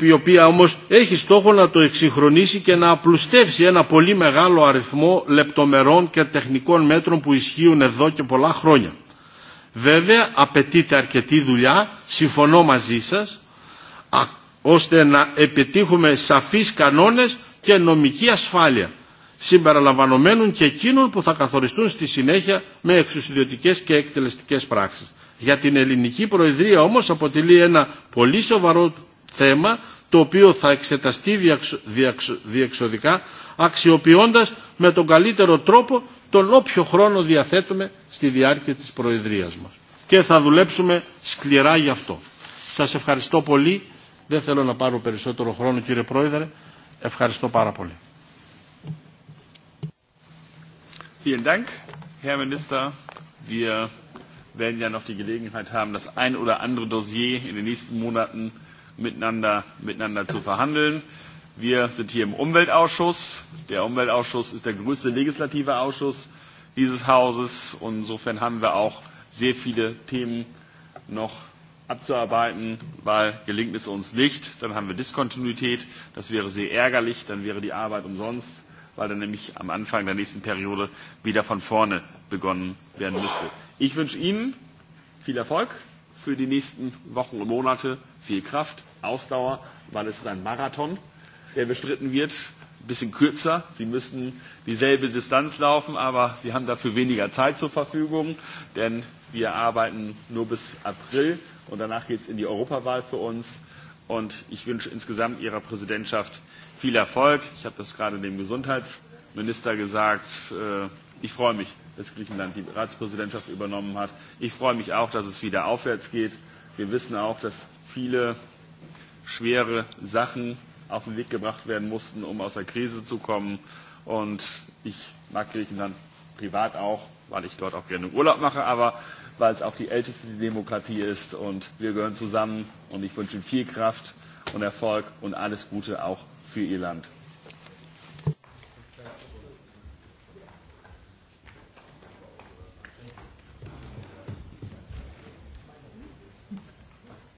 η οποία όμως έχει στόχο να το εξυγχρονίσει και να απλουστεύσει ένα πολύ μεγάλο αριθμό λεπτομερών και τεχνικών μέτρων που ισχύουν εδώ και πολλά χρόνια. Βέβαια απαιτείται αρκετή δουλειά, συμφωνώ μαζί σας, ώστε να επιτύχουμε σαφείς κανόνες και νομική ασφάλεια, συμπεραλαμβανομένων και εκείνων που θα καθοριστούν στη συνέχεια με εξουσιδιωτικές και εκτελεστικές πράξεις. Για την ελληνική προεδρία όμως αποτελεί ένα πολύ σοβαρό θέμα το οποίο θα εξεταστεί διεξοδικά αξιοποιώντας με τον καλύτερο τρόπο τον όποιο χρόνο διαθέτουμε στη διάρκεια της Προεδρίας μας. Και θα δουλέψουμε σκληρά γι' αυτό. Σας ευχαριστώ πολύ. Δεν θέλω να πάρω περισσότερο χρόνο κύριε Πρόεδρε. Ευχαριστώ πάρα πολύ. Vielen Dank, Herr Minister. Wir werden ja noch die Gelegenheit haben, das ein oder andere Dossier in den nächsten Monaten miteinander, miteinander zu verhandeln. Wir sind hier im Umweltausschuss. Der Umweltausschuss ist der größte legislative Ausschuss dieses Hauses. Und insofern haben wir auch sehr viele Themen noch abzuarbeiten, weil gelingt es uns nicht, dann haben wir Diskontinuität. Das wäre sehr ärgerlich, dann wäre die Arbeit umsonst, weil dann nämlich am Anfang der nächsten Periode wieder von vorne begonnen werden müsste. Ich wünsche Ihnen viel Erfolg für die nächsten Wochen und Monate, viel Kraft, Ausdauer, weil es ist ein Marathon der bestritten wird. Ein bisschen kürzer. Sie müssen dieselbe Distanz laufen, aber Sie haben dafür weniger Zeit zur Verfügung, denn wir arbeiten nur bis April und danach geht es in die Europawahl für uns. Und ich wünsche insgesamt Ihrer Präsidentschaft viel Erfolg. Ich habe das gerade dem Gesundheitsminister gesagt. Äh, ich freue mich, dass Griechenland die Ratspräsidentschaft übernommen hat. Ich freue mich auch, dass es wieder aufwärts geht. Wir wissen auch, dass viele schwere Sachen auf den Weg gebracht werden mussten, um aus der Krise zu kommen. Und ich mag Griechenland privat auch, weil ich dort auch gerne Urlaub mache, aber weil es auch die älteste Demokratie ist und wir gehören zusammen und ich wünsche Ihnen viel Kraft und Erfolg und alles Gute auch für Ihr Land.